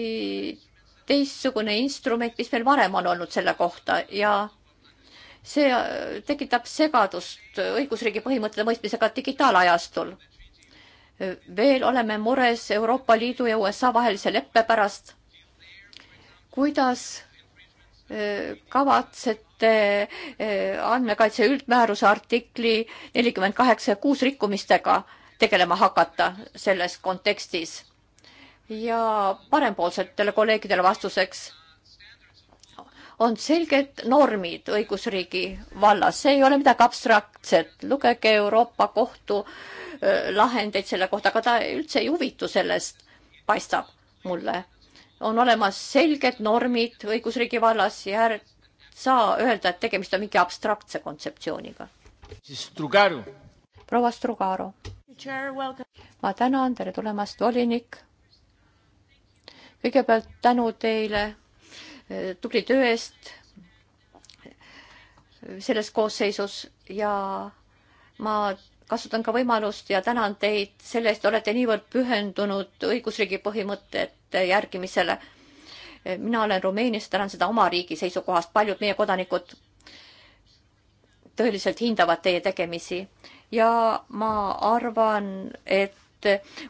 teistsugune instrument, mis meil varem on olnud selle kohta ja see tekitab segadust õigusriigi põhimõtete mõistmisega digitaalajastul veel oleme mures Euroopa Liidu ja USA vahelise leppe pärast. kuidas äh, kavatsete äh, andmekaitse üldmääruse artikli nelikümmend kaheksa ja kuus rikkumistega tegelema hakata selles kontekstis? ja parempoolsetele kolleegidele vastuseks on selged normid õigusriigi vallas, see ei ole midagi abstraktset, lugege Euroopa Kohtu lahendeid selle kohta, aga ta üldse ei huvitu sellest, paistab mulle. on olemas selged normid õigusriigi vallas ja ärge saa öelda, et tegemist on mingi abstraktse kontseptsiooniga. proua Strugaro. ma tänan, tere tulemast, volinik. kõigepealt tänu teile tubli töö eest selles koosseisus ja ma kasutan ka võimalust ja tänan teid selle eest, olete niivõrd pühendunud õigusriigi põhimõtete järgimisele. mina olen Rumeeniast, tänan seda oma riigi seisukohast, paljud meie kodanikud tõeliselt hindavad teie tegemisi ja ma arvan, et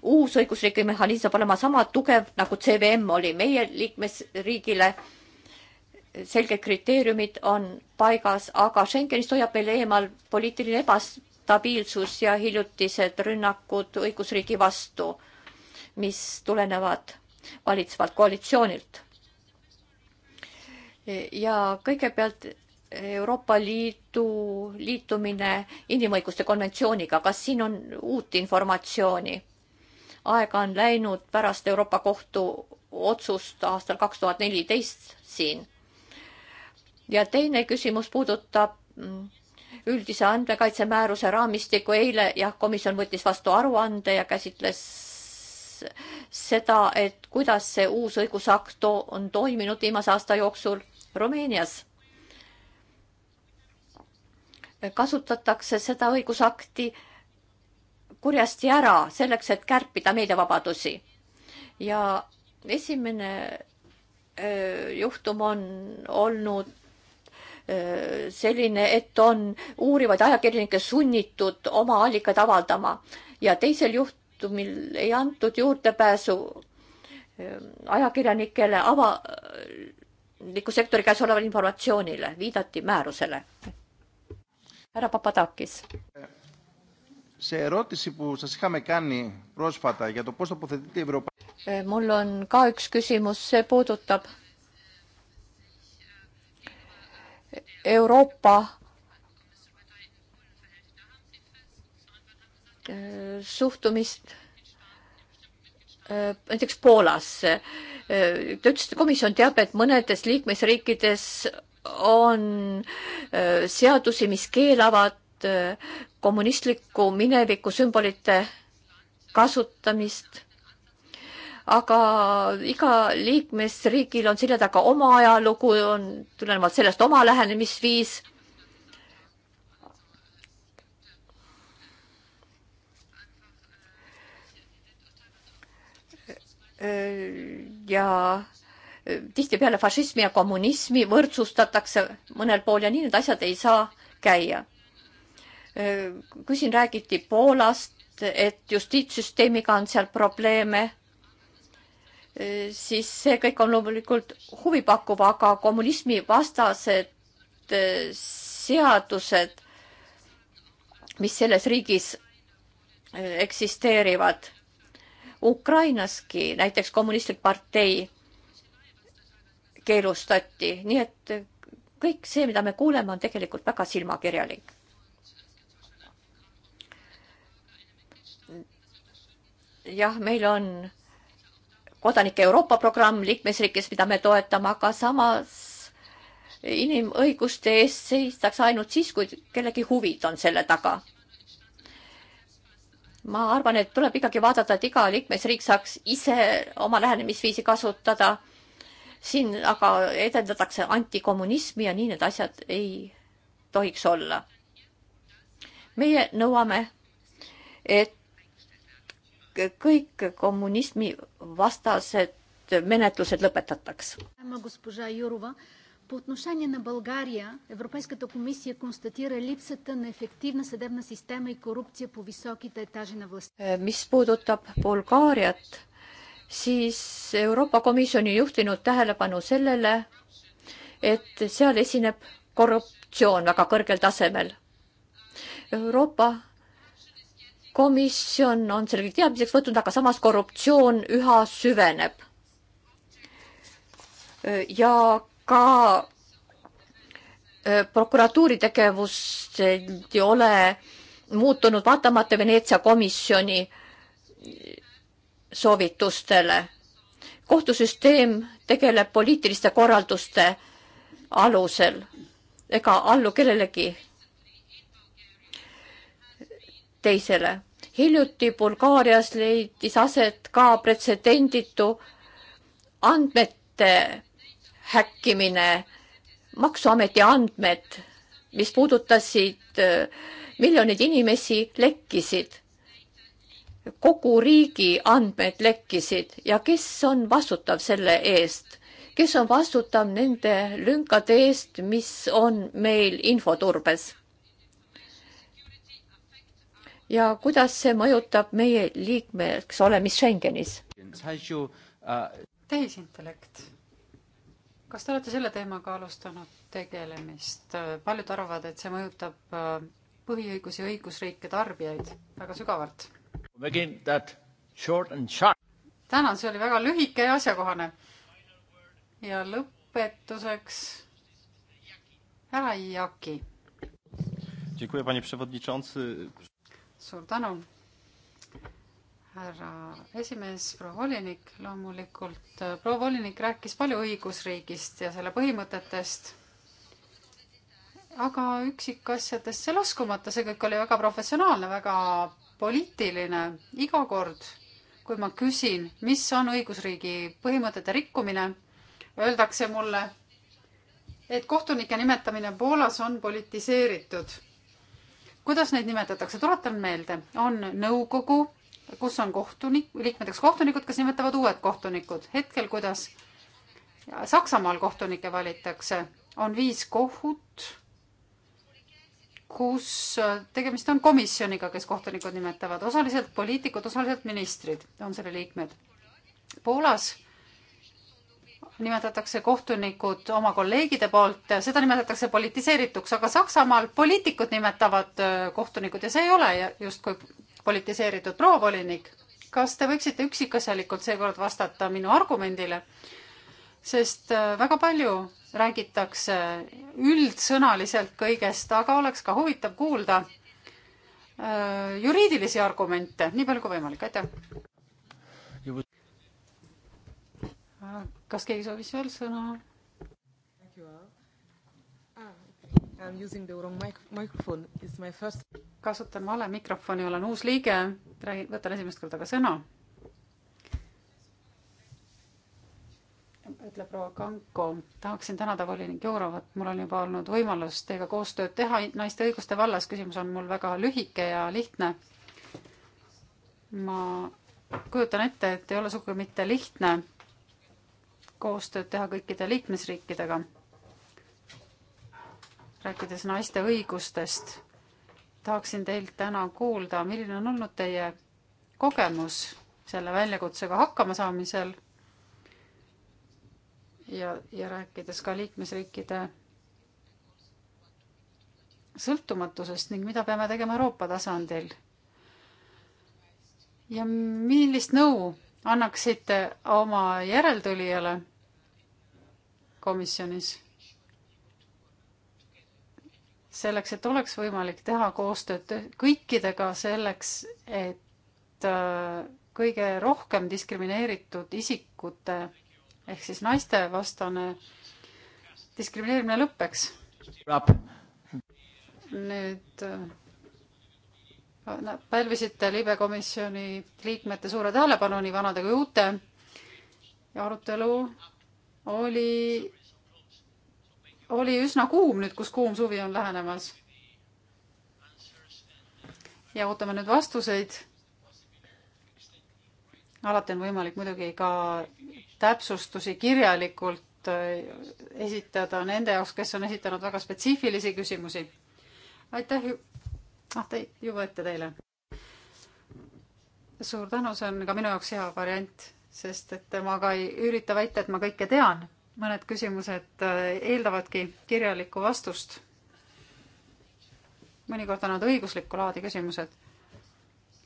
uus õigusriigi mehhanism saab olema sama tugev nagu CVM oli meie liikmesriigile selged kriteeriumid on paigas, aga Schengenist hoiab meil eemal poliitiline ebastabiilsus ja hiljutised rünnakud õigusriigi vastu, mis tulenevad valitsevalt koalitsioonilt. ja kõigepealt Euroopa Liidu liitumine inimõiguste konventsiooniga, kas siin on uut informatsiooni? aega on läinud pärast Euroopa Kohtu otsust aastal kaks tuhat neliteist siin ja teine küsimus puudutab mm, üldise andmekaitsemääruse raamistiku. eile jah, komisjon võttis vastu aruande ja käsitles seda, et kuidas see uus õigusakt on toiminud viimase aasta jooksul Rumeenias. kasutatakse seda õigusakti kurjasti ära selleks, et kärpida meediavabadusi. ja esimene öö, juhtum on olnud selline, et on uurivaid ajakirjanikke sunnitud oma allikaid avaldama ja teisel juhtumil ei antud juurdepääsu ähm, ajakirjanikele avaliku sektori käes olevale informatsioonile, viidati määrusele. härra Papadakis. Äh, mul on ka üks küsimus, see puudutab Euroopa äh, suhtumist äh, näiteks Poolas. Äh, te ütlesite, komisjon teab, et mõnedes liikmesriikides on seadusi, mis keelavad kommunistliku mineviku sümbolite kasutamist aga iga liikmesriigil on selja taga oma ajalugu, on tulenevalt sellest oma lähenemisviis. ja tihtipeale fašismi ja kommunismi võrdsustatakse mõnel pool ja nii need asjad ei saa käia. kui siin räägiti Poolast, et justiitssüsteemiga on seal probleeme siis see kõik on loomulikult huvipakkuv, aga kommunismi vastased eh, seadused, mis selles riigis eh, eksisteerivad. Ukrainaski näiteks kommunistlik partei keelustati, nii et kõik see, mida me kuuleme, on tegelikult väga silmakirjalik. jah, meil on kodanike Euroopa programm liikmesriikides, mida me toetame, aga samas inimõiguste eest seistakse ainult siis, kui kellegi huvid on selle taga. ma arvan, et tuleb ikkagi vaadata, et iga liikmesriik saaks ise oma lähenemisviisi kasutada. siin aga edendatakse antikommunismi ja nii need asjad ei tohiks olla. meie nõuame, et kõik kommunismi vastased menetlused lõpetataks. По отношение на България, Европейската комисия констатира липсата на ефективна съдебна система и корупция по високите етажи на властта. Mis puudutab Bulgaariat, siis Euroopa Komisjon on juhtinud tähelepanu sellele, et seal esineb korruptsioon väga kõrgel tasemel. Euroopa komisjon on selle kõik teadmiseks võtnud, aga samas korruptsioon üha süveneb. ja ka äh, prokuratuuri tegevust ei ole muutunud vaatamata Veneetsia komisjoni soovitustele. kohtusüsteem tegeleb poliitiliste korralduste alusel ega allu kellelegi teisele hiljuti Bulgaarias leidis aset ka pretsedenditu andmete häkkimine, maksuameti andmed, mis puudutasid äh, miljoneid inimesi, lekkisid. kogu riigi andmed lekkisid ja kes on vastutav selle eest? kes on vastutav nende lünkade eest, mis on meil infoturbes? ja kuidas see mõjutab meie liikmeks olemist Schengenis? tehisintellekt. kas te olete selle teemaga alustanud tegelemist? paljud arvavad, et see mõjutab äh, põhiõigusi, õigusriike, tarbijaid väga sügavalt. tänan, see oli väga lühike ja asjakohane. ja lõpetuseks härra Jaki suur tänu, härra esimees, proua volinik, loomulikult äh, proua volinik rääkis palju õigusriigist ja selle põhimõtetest, aga üksikasjadesse laskumata, see kõik oli väga professionaalne, väga poliitiline, iga kord, kui ma küsin, mis on õigusriigi põhimõtete rikkumine, öeldakse mulle, et kohtunike nimetamine Poolas on politiseeritud kuidas neid nimetatakse, tuletan meelde, on nõukogu, kus on kohtunik, liikmeteks kohtunikud, kes nimetavad uued kohtunikud. hetkel, kuidas Saksamaal kohtunikke valitakse, on viis kohut, kus tegemist on komisjoniga, kes kohtunikud nimetavad, osaliselt poliitikud, osaliselt ministrid on selle liikmed. Poolas nimetatakse kohtunikud oma kolleegide poolt, seda nimetatakse politiseerituks, aga Saksamaal poliitikud nimetavad äh, kohtunikud ja see ei ole justkui politiseeritud. proua volinik, kas te võiksite üksikasjalikult seekord vastata minu argumendile? sest äh, väga palju räägitakse üldsõnaliselt kõigest, aga oleks ka huvitav kuulda äh, juriidilisi argumente, nii palju kui võimalik, aitäh! kas keegi soovis veel sõna? Ah, kasutan vale mikrofoni, olen uus liige, räägin, võtan esimest korda ka sõna. ütleb proua Kanko, tahaksin tänada volinik Jourovat, mul on juba olnud võimalus teiega koostööd teha naiste õiguste vallas, küsimus on mul väga lühike ja lihtne. ma kujutan ette, et ei ole sugugi mitte lihtne koostööd teha kõikide liikmesriikidega. rääkides naiste õigustest, tahaksin teilt täna kuulda, milline on olnud teie kogemus selle väljakutsega hakkama saamisel ja, ja rääkides ka liikmesriikide sõltumatusest ning mida peame tegema Euroopa tasandil. ja millist nõu annaksite oma järeltulijale komisjonis selleks, et oleks võimalik teha koostööd kõikidega selleks, et äh, kõige rohkem diskrimineeritud isikute ehk siis naiste vastane diskrimineerimine lõpeks. nüüd äh, Nad pälvisid libekomisjoni liikmete suure tähelepanu nii vanade kui uute ja arutelu oli, oli üsna kuum nüüd, kus kuum suvi on lähenemas. ja ootame nüüd vastuseid. alati on võimalik muidugi ka täpsustusi kirjalikult äh, esitada nende jaoks, kes on esitanud väga spetsiifilisi küsimusi. aitäh ah, te juba ette teile. suur tänu, see on ka minu jaoks hea variant, sest et ma ka ei ürita väita, et ma kõike tean. mõned küsimused äh, eeldavadki kirjalikku vastust. mõnikord on nad õiguslikku laadi küsimused.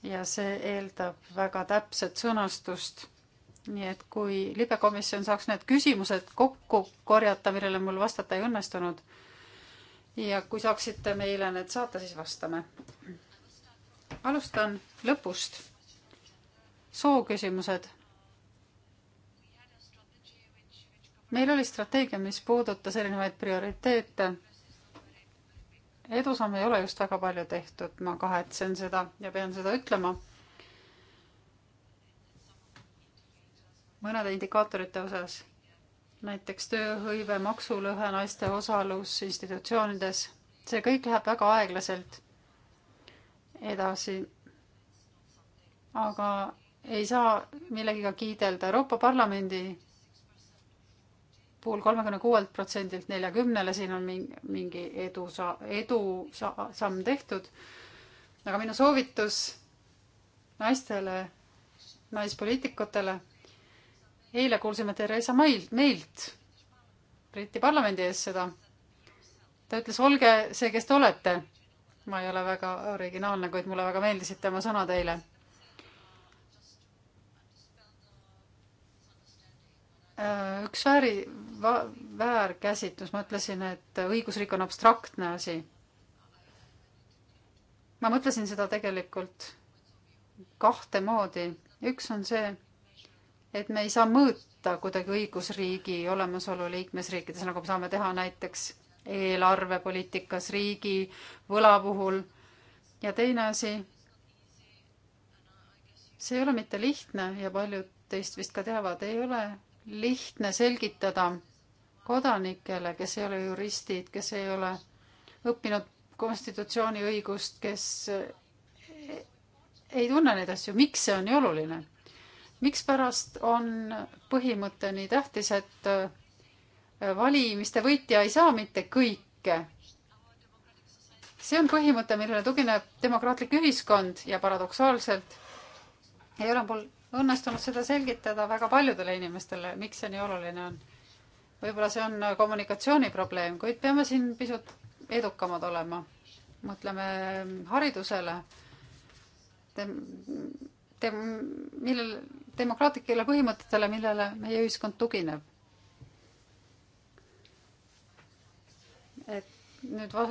ja see eeldab väga täpset sõnastust nii et kui libekomisjon saaks need küsimused kokku korjata, millele mul vastata ei õnnestunud, ja kui saaksite meile need saata, siis vastame. alustan lõpust. sooküsimused. meil oli strateegia, mis puudutas erinevaid prioriteete. edusamme ei ole just väga palju tehtud, ma kahetsen seda ja pean seda ütlema. mõnede indikaatorite osas näiteks tööhõive, maksulõhe, naiste osalus institutsioonides, see kõik läheb väga aeglaselt edasi. aga ei saa millegiga kiidelda Euroopa Parlamendi puhul kolmekümne kuuelt protsendilt neljakümnele, siin on mingi edu, edu samm tehtud. aga minu soovitus naistele, naispoliitikutele eile kuulsime Theresa Mailt, Briti parlamendi ees seda. ta ütles, olge see, kes te olete. ma ei ole väga originaalne, kuid mulle väga meeldisid tema sõnad eile. Äh, üks vääri, väärkäsitlus, ma ütlesin, et õigusriik on abstraktne asi. ma mõtlesin seda tegelikult kahte moodi. üks on see et me ei saa mõõta kuidagi õigusriigi olemasolu liikmesriikides, nagu me saame teha näiteks eelarvepoliitikas riigi võla puhul. ja teine asi, see ei ole mitte lihtne ja paljud teist vist ka teavad, ei ole lihtne selgitada kodanikele, kes ei ole juristid, kes ei ole õppinud konstitutsiooniõigust, kes ei tunne neid asju, miks see on nii oluline mikspärast on põhimõte nii tähtis, et äh, valimiste võitja ei saa mitte kõike? see on põhimõte, millele tugineb demokraatlik ühiskond ja paradoksaalselt ei ole mul õnnestunud seda selgitada väga paljudele inimestele, miks see nii oluline on. võib-olla see on äh, kommunikatsiooniprobleem, kuid peame siin pisut edukamad olema. mõtleme ähm, haridusele dem-, millele, demokraatlikele põhimõtetele, millele meie ühiskond tugineb. et nüüd va-,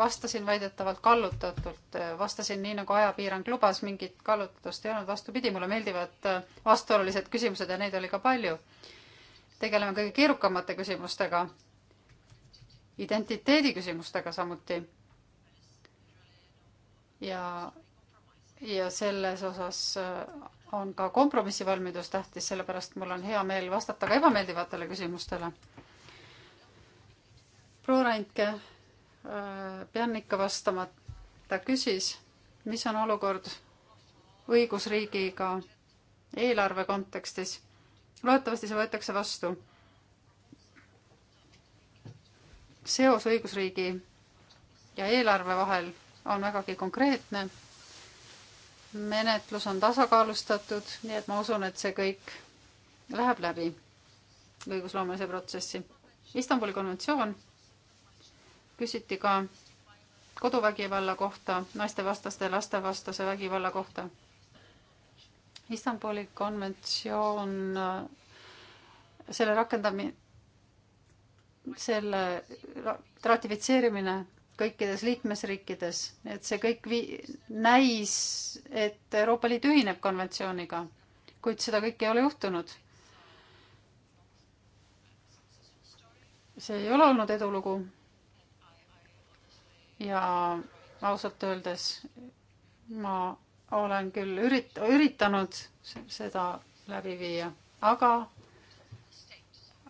vastasin väidetavalt kallutatult, vastasin nii, nagu ajapiirang lubas, mingit kallutatust ei olnud, vastupidi, mulle meeldivad äh, vastuolulised küsimused ja neid oli ka palju. tegeleme kõige keerukamate küsimustega, identiteedi küsimustega samuti. ja ja selles osas äh, on ka kompromissivalmidus tähtis, sellepärast mul on hea meel vastata ka ebameeldivatele küsimustele. proua Randke, äh, pean ikka vastama, ta küsis, mis on olukord õigusriigiga eelarve kontekstis. loodetavasti see võetakse vastu. seos õigusriigi ja eelarve vahel on vägagi konkreetne menetlus on tasakaalustatud, nii et ma usun, et see kõik läheb läbi õigusloomelise protsessi. Istanbuli konventsioon küsiti ka koduvägivalla kohta, naistevastaste ja lastevastase vägivalla kohta. Istanbuli konventsioon, selle rakendamine, selle ratifitseerimine kõikides liikmesriikides, et see kõik vii-, näis, et Euroopa Liit ühineb konventsiooniga, kuid seda kõike ei ole juhtunud. see ei ole olnud edulugu. ja ausalt öeldes ma olen küll ürit-, üritanud seda läbi viia, aga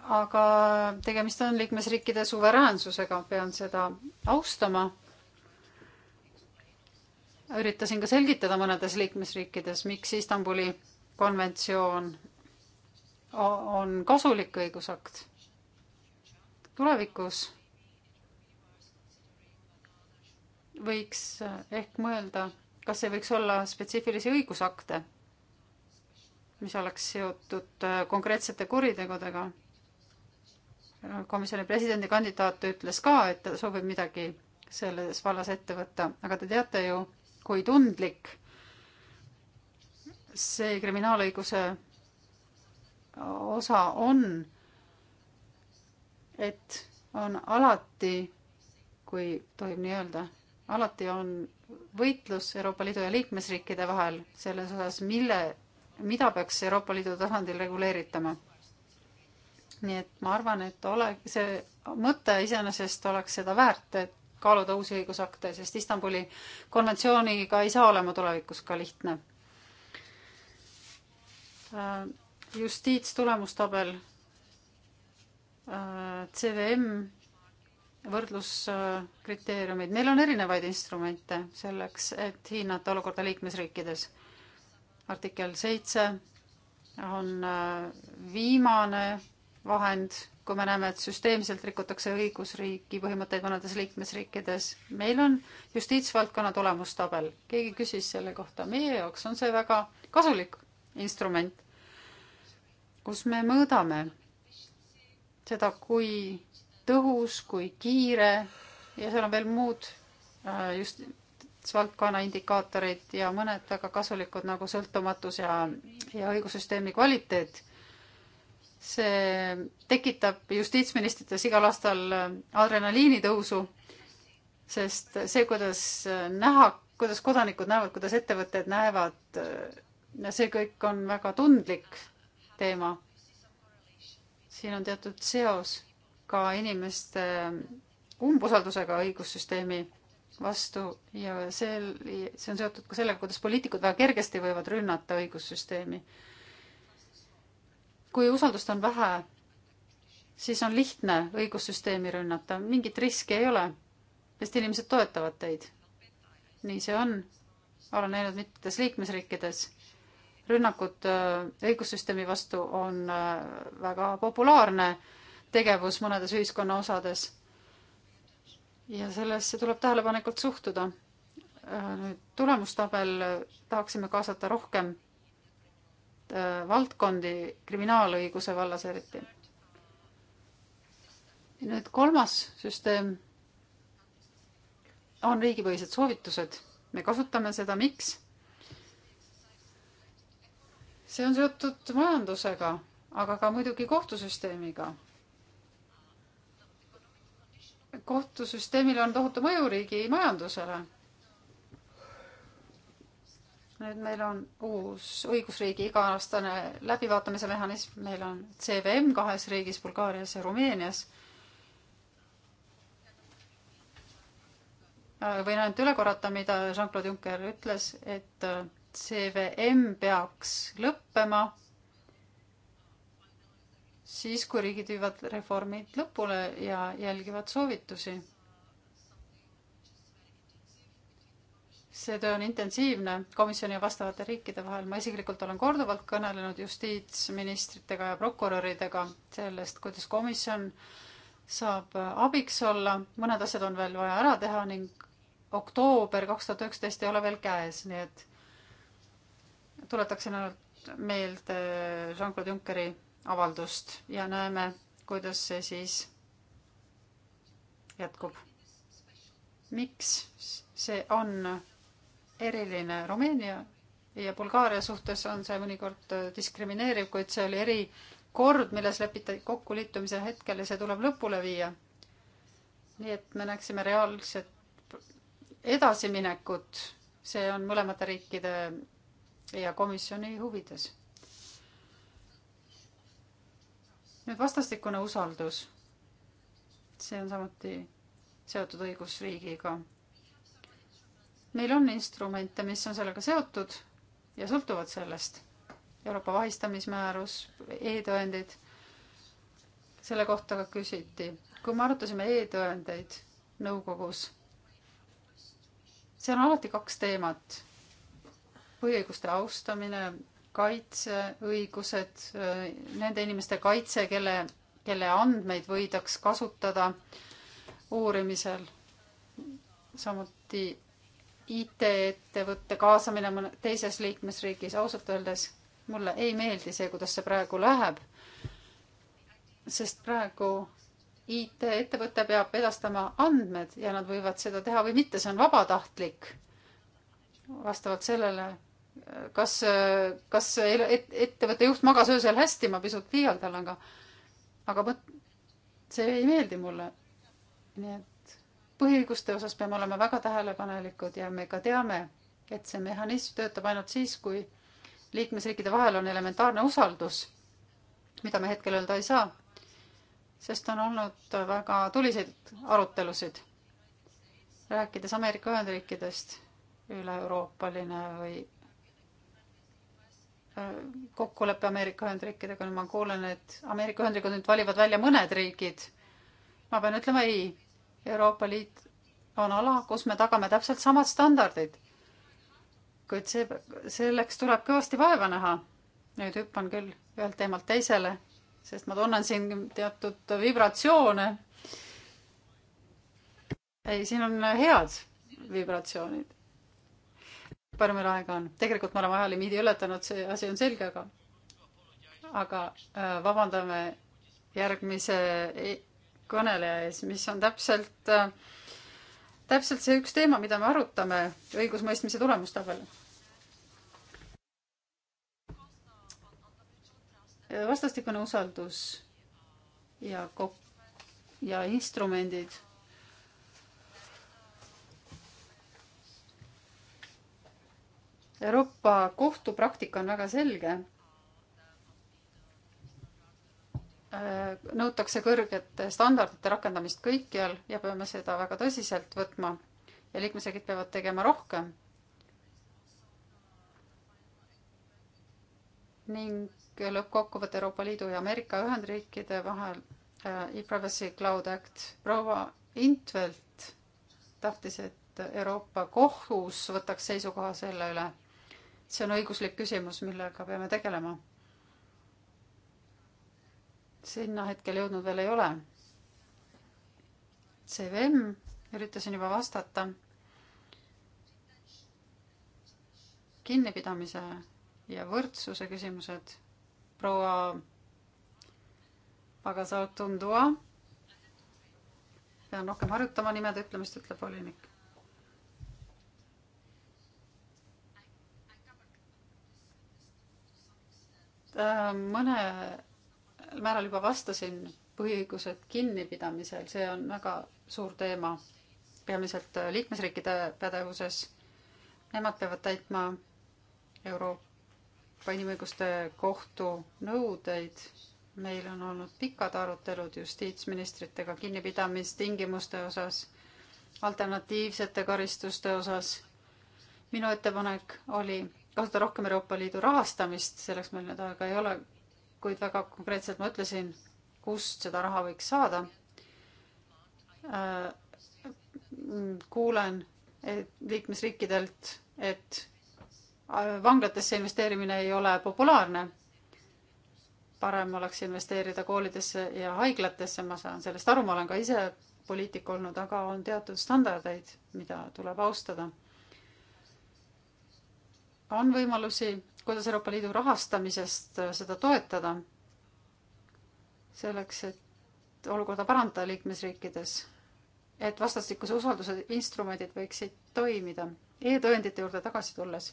aga tegemist on liikmesriikide suveräänsusega, pean seda austama. üritasin ka selgitada mõnedes liikmesriikides, miks Istanbuli konventsioon on kasulik õigusakt tulevikus võiks ehk mõelda, kas ei võiks olla spetsiifilisi õigusakte, mis oleks seotud äh, konkreetsete kuritegudega komisjoni presidendikandidaat ütles ka, et ta soovib midagi selles vallas ette võtta, aga te teate ju, kui tundlik see kriminaalõiguse osa on, et on alati, kui tohib nii öelda, alati on võitlus Euroopa Liidu ja liikmesriikide vahel selles osas, mille, mida peaks Euroopa Liidu tasandil reguleeritama nii et ma arvan, et ole, see mõte iseenesest oleks seda väärt, et kaaluda uusi õigusakte, sest Istanbuli konventsiooniga ei saa olema tulevikus ka lihtne. Äh, justiitstulemustabel, äh, CVM, võrdluskriteeriumid, neil on erinevaid instrumente selleks, et hinnata olukorda liikmesriikides. artikkel seitse on äh, viimane vahend, kui me näeme, et süsteemselt rikutakse õigusriigi põhimõtteid vanades liikmesriikides. meil on justiitsvaldkonna tulemustabel, keegi küsis selle kohta, meie jaoks on see väga kasulik instrument, kus me mõõdame seda, kui tõhus, kui kiire ja seal on veel muud äh, just valdkonna indikaatorid ja mõned väga kasulikud nagu sõltumatus ja, ja õigussüsteemi kvaliteet see tekitab justiitsministrites igal aastal äh, adrenaliini tõusu, sest see, kuidas äh, näha, kuidas kodanikud näevad, kuidas ettevõtted näevad, äh, see kõik on väga tundlik teema. siin on teatud seos ka inimeste umbusaldusega õigussüsteemi vastu ja see, see on seotud ka sellega, kuidas poliitikud väga kergesti võivad rünnata õigussüsteemi kui usaldust on vähe, siis on lihtne õigussüsteemi rünnata, mingit riski ei ole, sest inimesed toetavad teid. nii see on, olen näinud mitmetes liikmesriikides. rünnakud äh, õigussüsteemi vastu on äh, väga populaarne tegevus mõnedes ühiskonna osades. ja sellesse tuleb tähelepanelikult suhtuda. Äh, nüüd tulemustabel tahaksime kaasata rohkem Äh, valdkondi kriminaalõiguse vallas eriti. nüüd kolmas süsteem on riigipõhised soovitused. me kasutame seda, miks? see on seotud majandusega, aga ka muidugi kohtusüsteemiga. kohtusüsteemil on tohutu mõju riigi majandusele nüüd meil on uus õigusriigi iga-aastane läbivaatamise mehhanism, meil on CVM kahes riigis, Bulgaarias ja Rumeenias. Äh, võin ainult üle korrata, mida Jean-Claude Juncker ütles, et äh, CVM peaks lõppema siis, kui riigid viivad reformid lõpule ja jälgivad soovitusi see töö on intensiivne komisjoni ja vastavate riikide vahel. ma isiklikult olen korduvalt kõnelenud justiitsministritega ja prokuröridega sellest, kuidas komisjon saab abiks olla, mõned asjad on veel vaja ära teha ning oktoober kaks tuhat üheksateist ei ole veel käes, nii et tuletaksin ainult meelde Jean-Claude Junckeri avaldust ja näeme, kuidas see siis jätkub. miks see on eriline. Rumeenia ja Bulgaaria suhtes on see mõnikord äh, diskrimineeriv, kuid see oli erikord, milles lepiti kokku liitumise hetkel ja see tuleb lõpule viia. nii et me näeksime reaalset edasiminekut, see on mõlemate riikide ja komisjoni huvides. nüüd vastastikune usaldus. see on samuti seotud õigusriigiga meil on instrumente, mis on sellega seotud ja sõltuvad sellest. Euroopa vahistamismäärus e, e-tõendid. selle kohta ka küsiti, kui me arutasime e-tõendeid nõukogus. see on alati kaks teemat. põhiõiguste austamine, kaitseõigused, nende inimeste kaitse, kelle, kelle andmeid võidaks kasutada uurimisel. samuti IT-ettevõtte kaasamine mõne teises liikmesriigis, ausalt öeldes mulle ei meeldi see, kuidas see praegu läheb. sest praegu IT-ettevõte peab edastama andmed ja nad võivad seda teha või mitte, see on vabatahtlik. vastavalt sellele, kas, kas ettevõtte juht magas öösel hästi, ma pisut liialdan, aga, aga mõt-, see ei meeldi mulle. nii et põhiõiguste osas peame olema väga tähelepanelikud ja me ka teame, et see mehhanism töötab ainult siis, kui liikmesriikide vahel on elementaarne usaldus, mida me hetkel öelda ei saa, sest on olnud väga tuliseid arutelusid. rääkides Ameerika Ühendriikidest, üle-euroopaline või äh, kokkulepe Ameerika Ühendriikidega, nüüd ma kuulen, et Ameerika Ühendriigid nüüd valivad välja mõned riigid. ma pean ütlema ei Euroopa Liit on ala, kus me tagame täpselt samad standardid. kuid see, selleks tuleb kõvasti vaeva näha. nüüd hüppan küll ühelt teemalt teisele, sest ma tunnen siin teatud vibratsioone. ei, siin on head vibratsioonid. palju meil aega on? tegelikult me oleme ajalimiidi ületanud, see asi on selge, aga aga äh, vabandame järgmise e- kõneleja ees, mis on täpselt, täpselt see üks teema, mida me arutame õigusmõistmise tulemustabel. vastastikune usaldus ja kok-, ja instrumendid. Euroopa kohtupraktika on väga selge Äh, nõutakse kõrgete standardite rakendamist kõikjal ja peame seda väga tõsiselt võtma ja liikmesriigid peavad tegema rohkem. ning lõppkokkuvõte Euroopa Liidu ja Ameerika Ühendriikide vahel äh, e-privacy cloud act. proua Intvelt tahtis, et Euroopa Kohus võtaks seisukoha selle üle. see on õiguslik küsimus, millega peame tegelema sinna hetkel jõudnud veel ei ole. CVM, üritasin juba vastata. kinnipidamise ja võrdsuse küsimused. proua Pagasaur Tundua. pean rohkem harjutama nimede ütlemist, ütleb volinik äh, mõne määral juba vastasin põhiõigused kinnipidamisel, see on väga suur teema, peamiselt liikmesriikide pädevuses. Nemad peavad täitma Euroopa Inimõiguste Kohtu nõudeid. meil on olnud pikad arutelud justiitsministritega kinnipidamistingimuste osas, alternatiivsete karistuste osas. minu ettepanek oli kasutada rohkem Euroopa Liidu rahastamist, selleks meil nüüd aega ei ole kuid väga konkreetselt ma ütlesin, kust seda raha võiks saada. Äh, kuulen et liikmesriikidelt, et äh, vanglatesse investeerimine ei ole populaarne. parem oleks investeerida koolidesse ja haiglatesse, ma saan sellest aru, ma olen ka ise poliitik olnud, aga on teatud standardeid, mida tuleb austada. on võimalusi kuidas Euroopa Liidu rahastamisest äh, seda toetada, selleks et olukorda parandada liikmesriikides, et vastastikuse usalduse instrumendid võiksid toimida e. e-tõendite juurde tagasi tulles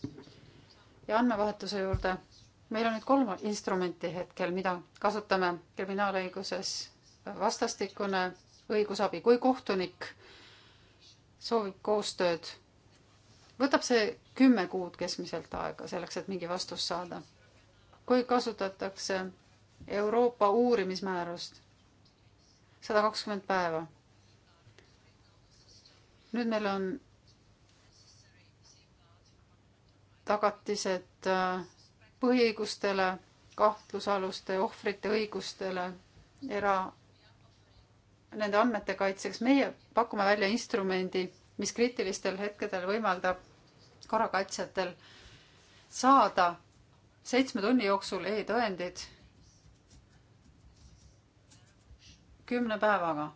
ja andmevahetuse juurde, meil on nüüd kolm instrumenti hetkel, mida kasutame kriminaalõiguses, vastastikune õigusabi, kui kohtunik soovib koostööd võtab see kümme kuud keskmiselt aega selleks, et mingi vastus saada. kui kasutatakse Euroopa uurimismäärust, sada kakskümmend päeva. nüüd meil on tagatised äh, põhiõigustele, kahtlusaluste ohvrite õigustele, era, nende andmete kaitseks. meie pakume välja instrumendi mis kriitilistel hetkedel võimaldab korrakaitsjatel saada seitsme tunni jooksul e-tõendid kümne päevaga.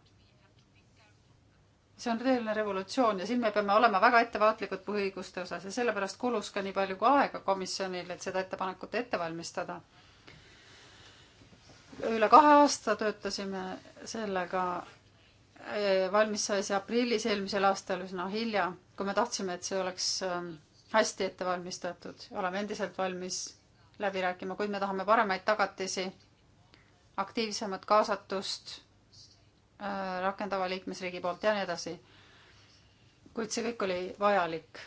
see on tõeline revolutsioon ja siin me peame olema väga ettevaatlikud põhiõiguste osas ja sellepärast kulus ka nii palju kui aega komisjonil, et seda ettepanekut ette valmistada. üle kahe aasta töötasime sellega Äh, valmis sai see aprillis eelmisel aastal üsna hilja, kui me tahtsime, et see oleks ähm, hästi ette valmistatud, oleme endiselt valmis läbi rääkima, kuid me tahame paremaid tagatisi, aktiivsemat kaasatust äh, rakendava liikmesriigi poolt ja nii edasi. kuid see kõik oli vajalik.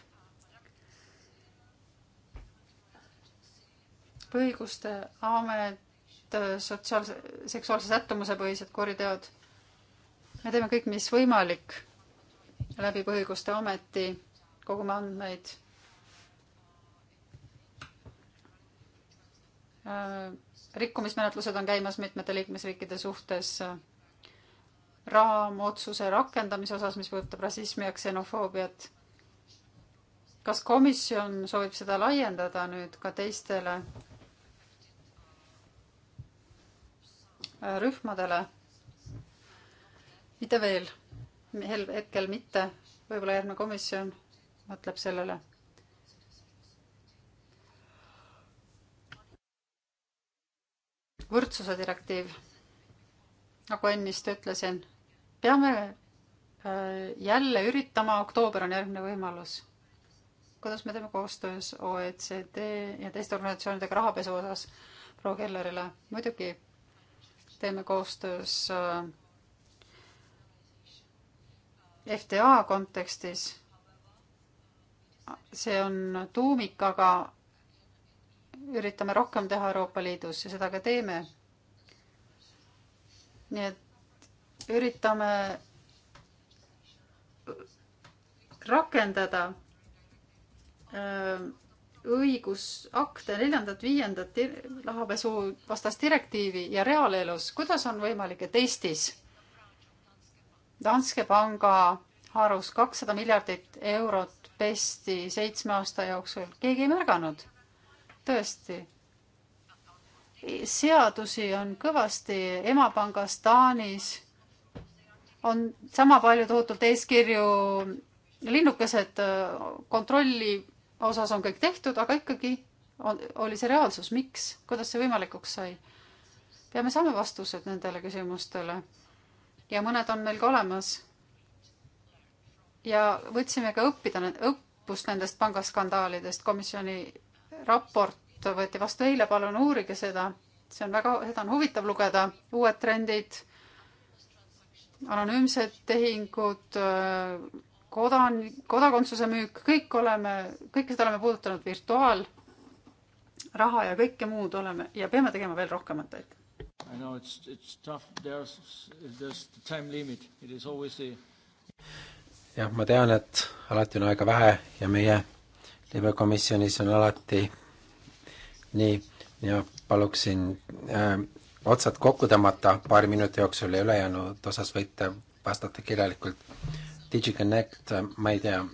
põhiõiguste amet, äh, sotsiaalse, seksuaalse sättumuse põhised kuriteod me teeme kõik, mis võimalik läbi Põhiõiguste Ameti, kogume andmeid. Äh, rikkumismenetlused on käimas mitmete liikmesriikide suhtes äh, raamotsuse rakendamise osas, mis puudutab rassismi ja ksenofoobiat. kas komisjon soovib seda laiendada nüüd ka teistele äh, rühmadele? mitte veel, hetkel mitte, võib-olla järgmine komisjon mõtleb sellele. võrdsuse direktiiv, nagu ennist ütlesin, peame äh, jälle üritama, oktoober on järgmine võimalus. kuidas me teeme koostöös OECD ja teiste organisatsioonidega rahapesu osas proua Kellerile? muidugi teeme koostöös äh, FTA kontekstis see on tuumik, aga üritame rohkem teha Euroopa Liidus ja seda ka teeme. nii et üritame rakendada äh, õigusakte, neljandat, viiendat rahapesu vastast direktiivi ja reaalelus, kuidas on võimalik, et Eestis Danske panga harus kakssada miljardit eurot pesti seitsme aasta jooksul, keegi ei märganud. tõesti. seadusi on kõvasti emapangas Taanis on sama palju tohutult eeskirju, linnukesed äh, kontrolli osas on kõik tehtud, aga ikkagi on, oli see reaalsus, miks, kuidas see võimalikuks sai? peame saama vastused nendele küsimustele ja mõned on meil ka olemas. ja võtsime ka õppida, õppust nendest pangaskandaalidest, komisjoni raport võeti vastu eile, palun uurige seda, see on väga, seda on huvitav lugeda, uued trendid, anonüümsed tehingud, kodan-, kodakondsuse müük, kõik oleme, kõike seda oleme puudutanud, virtuaalraha ja kõike muud oleme ja peame tegema veel rohkemat, aitäh! I know it's, it's tough, there's, there's the time limit, it is always the jah, ma tean, et alati on aega vähe ja meie libekomisjonis on alati nii ja paluksin äh, otsad kokku tõmmata paari minuti jooksul ja ülejäänud osas võite vastata kirjalikult. DigiConnect, äh, ma ei tea,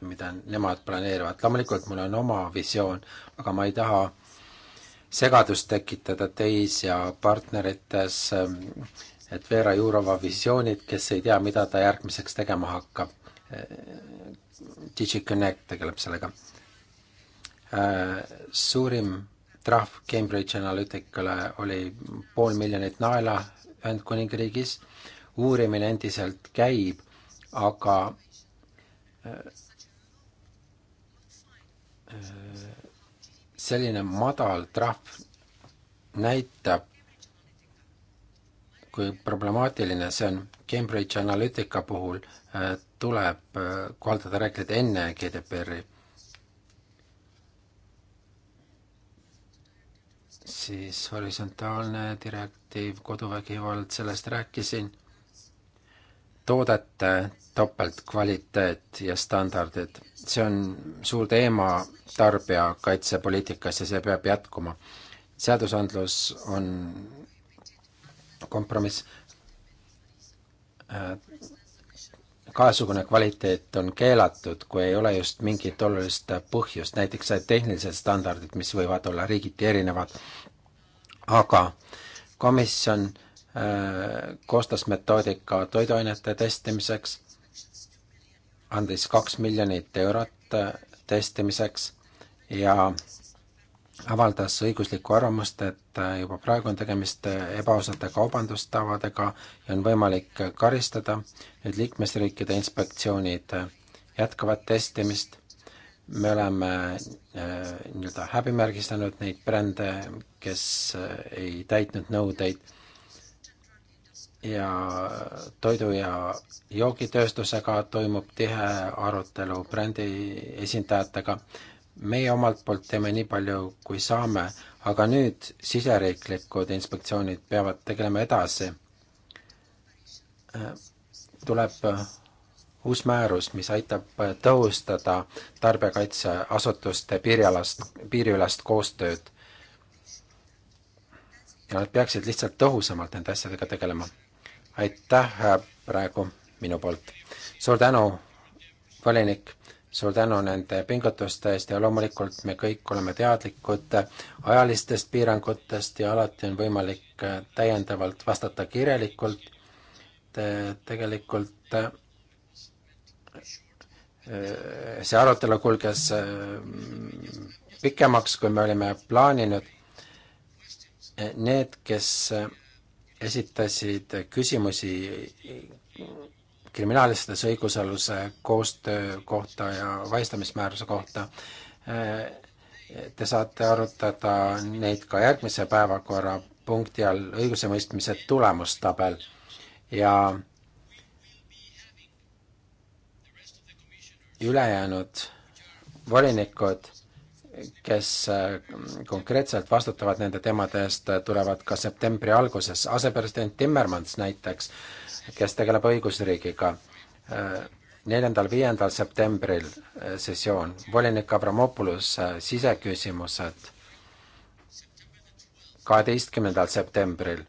mida nemad planeerivad, loomulikult mul on oma visioon, aga ma ei taha äh, segadust tekitada teis ja partnerites, ähm, et Vera Jurova visioonid, kes ei tea, mida ta järgmiseks tegema hakkab. DigiConnect tegeleb sellega. Äh, suurim trahv Cambridge Analyticale oli pool miljonit naela Ühendkuningriigis, uurimine endiselt käib, aga äh, äh, selline madal trahv näitab, kui problemaatiline see on. Cambridge Analytica puhul äh, tuleb äh, kohaldada reegleid enne GDPR-i. siis horisontaalne direktiiv, koduvägivald, sellest rääkisin toodete topeltkvaliteet ja standardid. see on suur teema tarbijakaitsepoliitikas ja see peab jätkuma. seadusandlus on kompromiss. Äh, kahesugune kvaliteet on keelatud, kui ei ole just mingit olulist põhjust, näiteks tehnilised standardid, mis võivad olla riigiti erinevad, aga komisjon koostas metoodika toiduainete testimiseks, andis kaks miljonit eurot testimiseks ja avaldas õiguslikku arvamust, et juba praegu on tegemist ebaausate kaubandustavadega ja on võimalik karistada. nüüd liikmesriikide inspektsioonid jätkavad testimist. me oleme äh, nii-öelda häbimärgistanud neid brände, kes äh, ei täitnud nõudeid ja toidu- ja joogitööstusega toimub tihe arutelu brändi esindajatega. meie omalt poolt teeme nii palju, kui saame, aga nüüd siseriiklikud inspektsioonid peavad tegelema edasi. tuleb uus määrus, mis aitab tõhustada tarbijakaitseasutuste piirialast, piiriülast koostööd. ja nad peaksid lihtsalt tõhusamalt nende asjadega tegelema aitäh äh, praegu minu poolt. suur tänu, volinik, suur tänu nende pingutuste eest ja loomulikult me kõik oleme teadlikud äh, ajalistest piirangutest ja alati on võimalik äh, täiendavalt vastata kirjalikult. Te tegelikult see arutelu kulges pikemaks, kui me olime plaaninud. Need, kes esitasid küsimusi kriminaalasjades õigusaluse koostöö kohta ja vahistamismääruse kohta. Te saate arutada neid ka järgmise päevakorrapunkti all, õigusemõistmise tulemustabel ja ülejäänud volinikud kes äh, konkreetselt vastutavad nende teemade eest, tulevad ka septembri alguses. asepresident Timmermans näiteks, kes tegeleb õigusriigiga, äh, neljandal-viiendal septembril äh, sessioon, volinik Abramopoulos, siseküsimused kaheteistkümnendal septembril.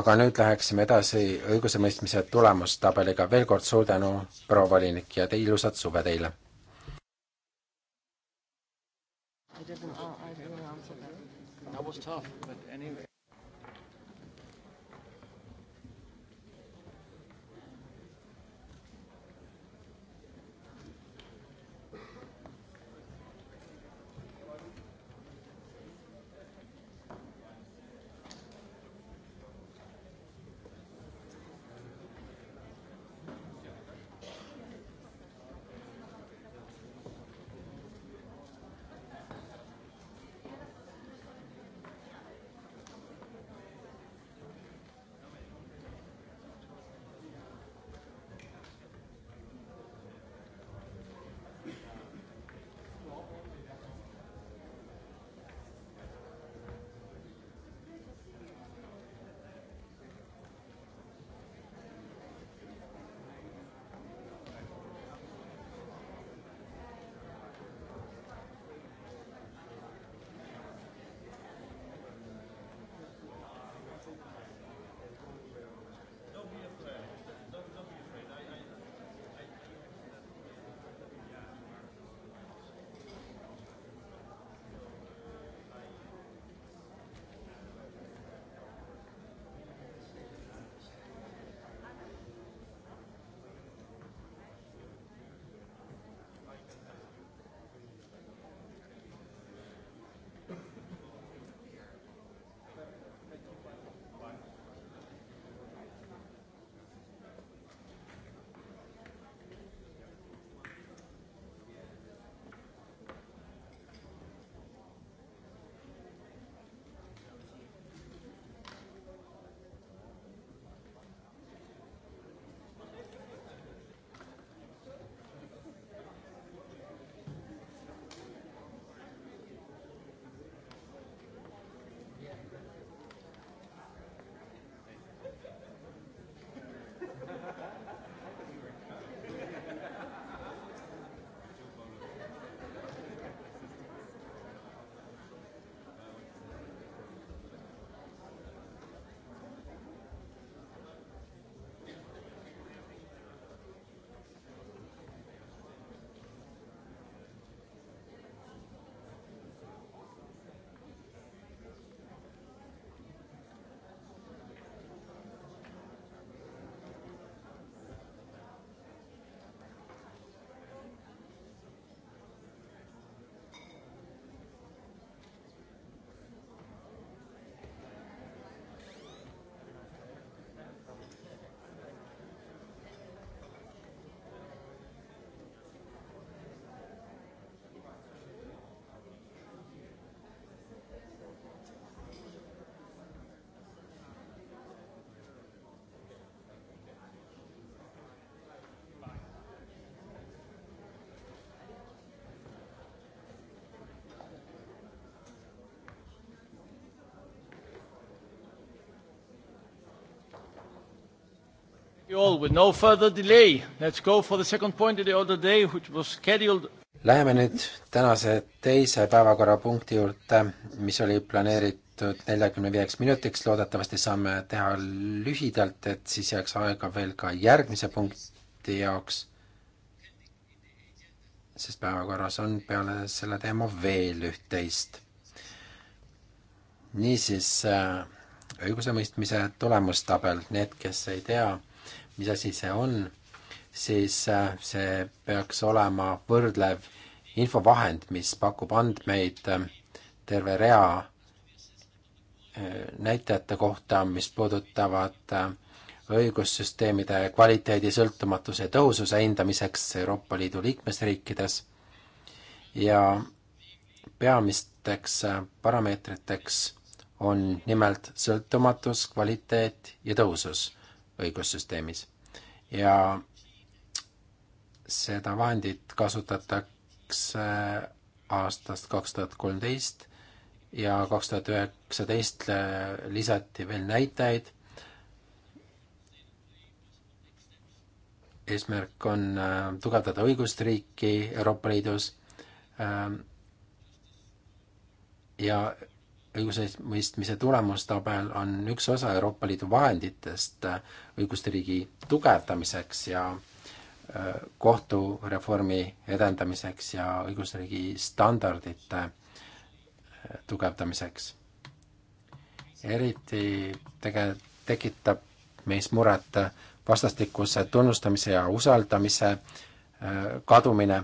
aga nüüd läheksime edasi õigusemõistmise tulemustabeliga, veel kord suur tänu, proua volinik, ja te ilusat suve teile! I didn't, I didn't answer that. That was tough, but Läheme nüüd tänase teise päevakorrapunkti juurde, mis oli planeeritud neljakümne viieks minutiks, loodetavasti saame teha lühidalt, et siis jääks aega veel ka järgmise punkti jaoks, sest päevakorras on peale selle teema veel üht-teist. niisiis, äh, õigusemõistmise tulemustabel, need, kes ei tea, mis asi see on, siis äh, see peaks olema võrdlev infovahend, mis pakub andmeid äh, terve rea äh, näitajate kohta, mis puudutavad õigussüsteemide kvaliteedi sõltumatuse tõhususe hindamiseks Euroopa Liidu liikmesriikides ja peamisteks parameetriteks on nimelt sõltumatus, kvaliteet ja tõhusus õigussüsteemis. ja seda vahendit kasutatakse aastast kaks tuhat kolmteist ja kaks tuhat üheksateist lisati veel näitajaid. eesmärk on äh, tugevdada õigust riiki Euroopa Liidus ähm, ja õigusemõistmise tulemustabel on üks osa Euroopa Liidu vahenditest äh, õiguste riigi tugevdamiseks ja äh, kohtureformi edendamiseks ja õigusriigi standardite äh, tugevdamiseks. eriti tege-, tekitab meis muret vastastikuse tunnustamise ja usaldamise kadumine,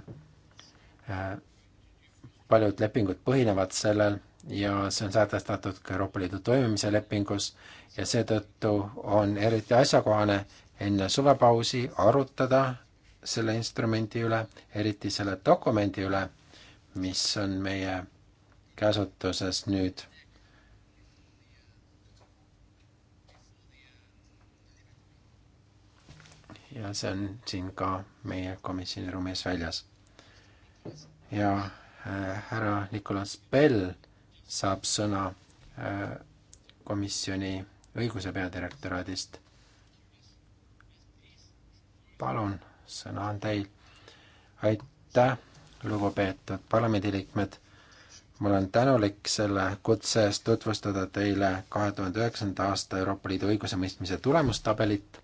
paljud lepingud põhinevad sellel ja see on sätestatud ka Euroopa Liidu toimimise lepingus ja seetõttu on eriti asjakohane enne suvepausi arutada selle instrumendi üle, eriti selle dokumendi üle, mis on meie käsutuses nüüd. ja see on siin ka meie komisjoni ruumis väljas. ja äh, härra Nicolas Bell saab sõna äh, komisjoni õiguse peadirektoraadist. palun, sõna on teil. aitäh, lugupeetud parlamendiliikmed. ma olen tänulik selle kutse eest tutvustada teile kahe tuhande üheksanda aasta Euroopa Liidu õigusemõistmise tulemustabelit.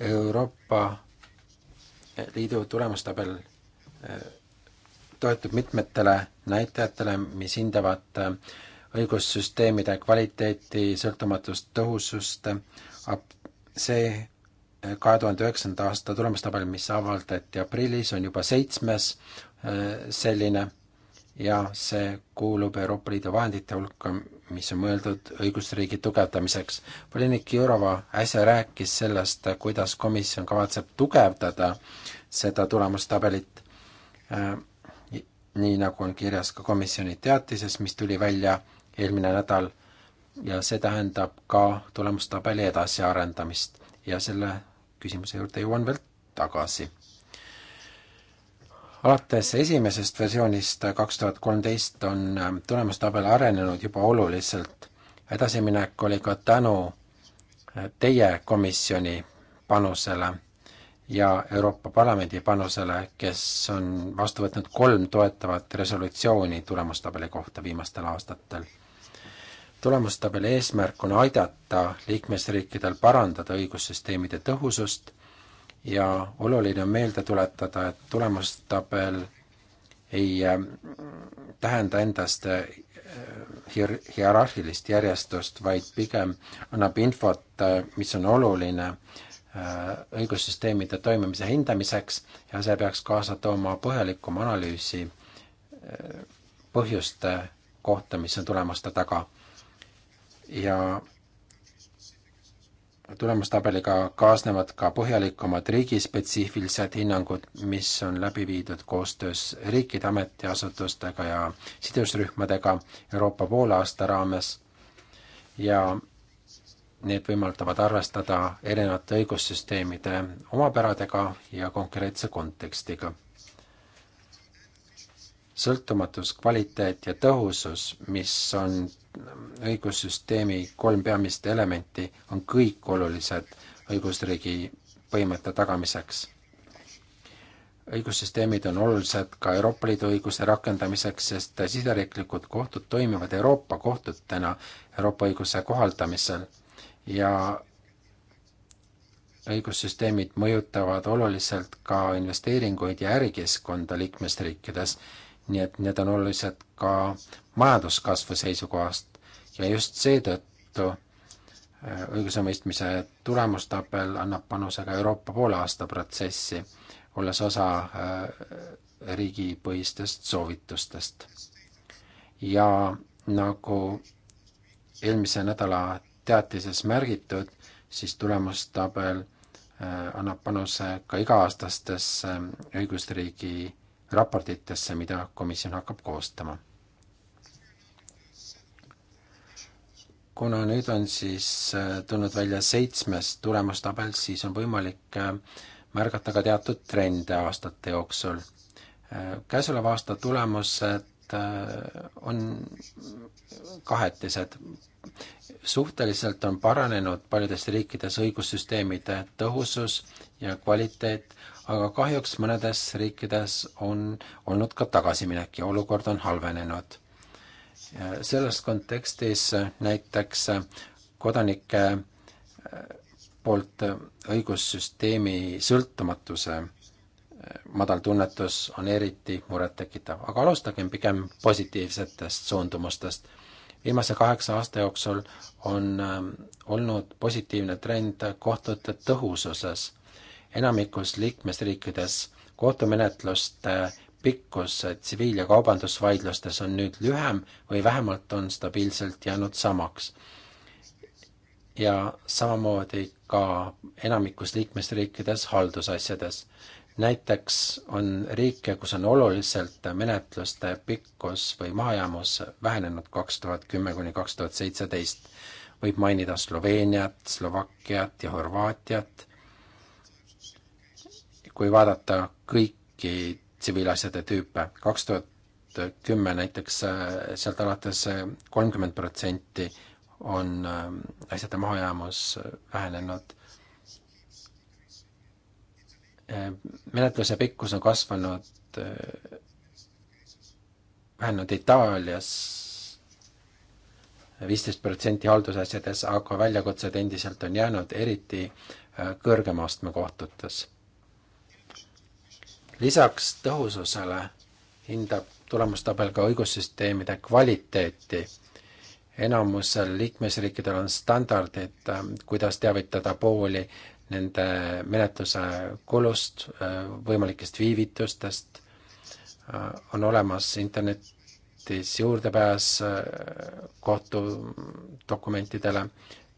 Euroopa Liidu tulemustabel äh, toetub mitmetele näitajatele, mis hindavad äh, õigussüsteemide kvaliteeti, sõltumatust, tõhusust, see äh, kahe tuhande üheksanda aasta tulemustabel, mis avaldati aprillis, on juba seitsmes äh, selline ja see kuulub Euroopa Liidu vahendite hulka, mis on mõeldud õigusriigi tugevdamiseks. volinik Jurova äsja rääkis sellest, kuidas komisjon kavatseb tugevdada seda tulemustabelit nii nagu on kirjas ka komisjoni teatises, mis tuli välja eelmine nädal ja see tähendab ka tulemustabeli edasiarendamist ja selle küsimuse juurde jõuan veel tagasi. alates esimesest versioonist kaks tuhat kolmteist on äh, tulemustabel arenenud juba oluliselt. edasiminek oli ka tänu äh, teie komisjoni panusele ja Euroopa Parlamendi panusele, kes on vastu võtnud kolm toetavat resolutsiooni tulemustabeli kohta viimastel aastatel. tulemustabeli eesmärk on aidata liikmesriikidel parandada õigussüsteemide tõhusust ja oluline on meelde tuletada, et tulemustabel ei ähm, tähenda endast äh, hier-, hierarhilist järjestust, vaid pigem annab infot, äh, mis on oluline Äh, õigussüsteemide toimimise hindamiseks ja see peaks kaasa tooma põhjalikuma analüüsi äh, põhjuste kohta, mis on tulemuste taga. ja tulemustabeliga kaasnevad ka põhjalikumad riigispetsiifilised hinnangud, mis on läbi viidud koostöös riikide ametiasutustega ja sidusrühmadega Euroopa poolaasta raames ja Need võimaldavad arvestada erinevate õigussüsteemide omapäradega ja konkreetse kontekstiga. sõltumatus, kvaliteet ja tõhusus, mis on õigussüsteemi kolm peamist elementi, on kõik olulised õigusriigi põhimõtte tagamiseks õigussüsteemid on olulised ka Euroopa Liidu õiguse rakendamiseks, sest siseriiklikud kohtud toimivad Euroopa kohtutena Euroopa õiguse kohaldamisel ja õigussüsteemid mõjutavad oluliselt ka investeeringuid ja ärikeskkonda liikmesriikides, nii et need on olulised ka majanduskasvu seisukohast ja just seetõttu äh, õigusemõistmise tulemustabel annab panuse ka Euroopa poolaasta protsessi, olles osa äh, riigipõhistest soovitustest. ja nagu eelmise nädala teatises märgitud, siis tulemustabel äh, annab panuse ka iga-aastastesse äh, õigusriigi raportitesse, mida komisjon hakkab koostama. kuna nüüd on siis äh, tulnud välja seitsmes tulemustabel, siis on võimalik märgata ka teatud trende aastate jooksul. käesoleva aasta tulemused Äh, on kahetised. suhteliselt on paranenud paljudes riikides õigussüsteemide tõhusus ja kvaliteet, aga kahjuks mõnedes riikides on olnud ka tagasiminek ja olukord on halvenenud. selles kontekstis näiteks kodanike äh, poolt õigussüsteemi sõltumatuse madal tunnetus on eriti murettekitav, aga alustagem pigem positiivsetest suundumustest. viimase kaheksa aasta jooksul on ähm, olnud positiivne trend kohtute tõhususes. enamikus liikmesriikides kohtumenetluste pikkus tsiviil- ja kaubandusvaidlustes on nüüd lühem või vähemalt on stabiilselt jäänud samaks. ja samamoodi ka enamikus liikmesriikides haldusasjades näiteks on riike, kus on oluliselt menetluste pikkus või mahajäämus vähenenud kaks tuhat kümme kuni kaks tuhat seitseteist. võib mainida Sloveeniat, Slovakkiat ja Horvaatiat. kui vaadata kõiki tsiviilasjade tüüpe, kaks tuhat kümme näiteks sealt alates kolmkümmend protsenti on ähm, asjade mahajäämus vähenenud Äh, menetluse pikkus on kasvanud, äh, vähenenud Itaalias viisteist protsenti haldusasjades, aga väljakutsed endiselt on jäänud, eriti äh, kõrgema astme kohtutes. lisaks tõhususele hindab tulemustabel ka õigussüsteemide kvaliteeti. enamusel liikmesriikidel on standardid, kuidas teavitada pooli nende menetluse kulust, võimalikest viivitustest, on olemas internetis juurdepääs äh, kohtudokumentidele,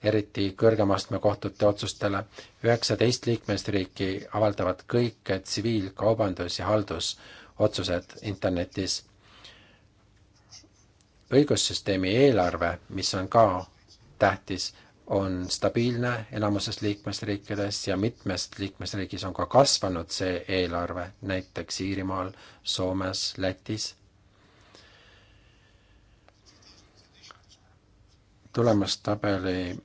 eriti kõrgema astme kohtute otsustele. üheksateist liikmesriiki avaldavad kõik tsiviil-, kaubandus- ja haldusotsused internetis. õigussüsteemi eelarve, mis on ka tähtis, on stabiilne enamuses liikmesriikides ja mitmest liikmesriigis on ka kasvanud see eelarve, näiteks Iirimaal, Soomes, Lätis. tulemustabeli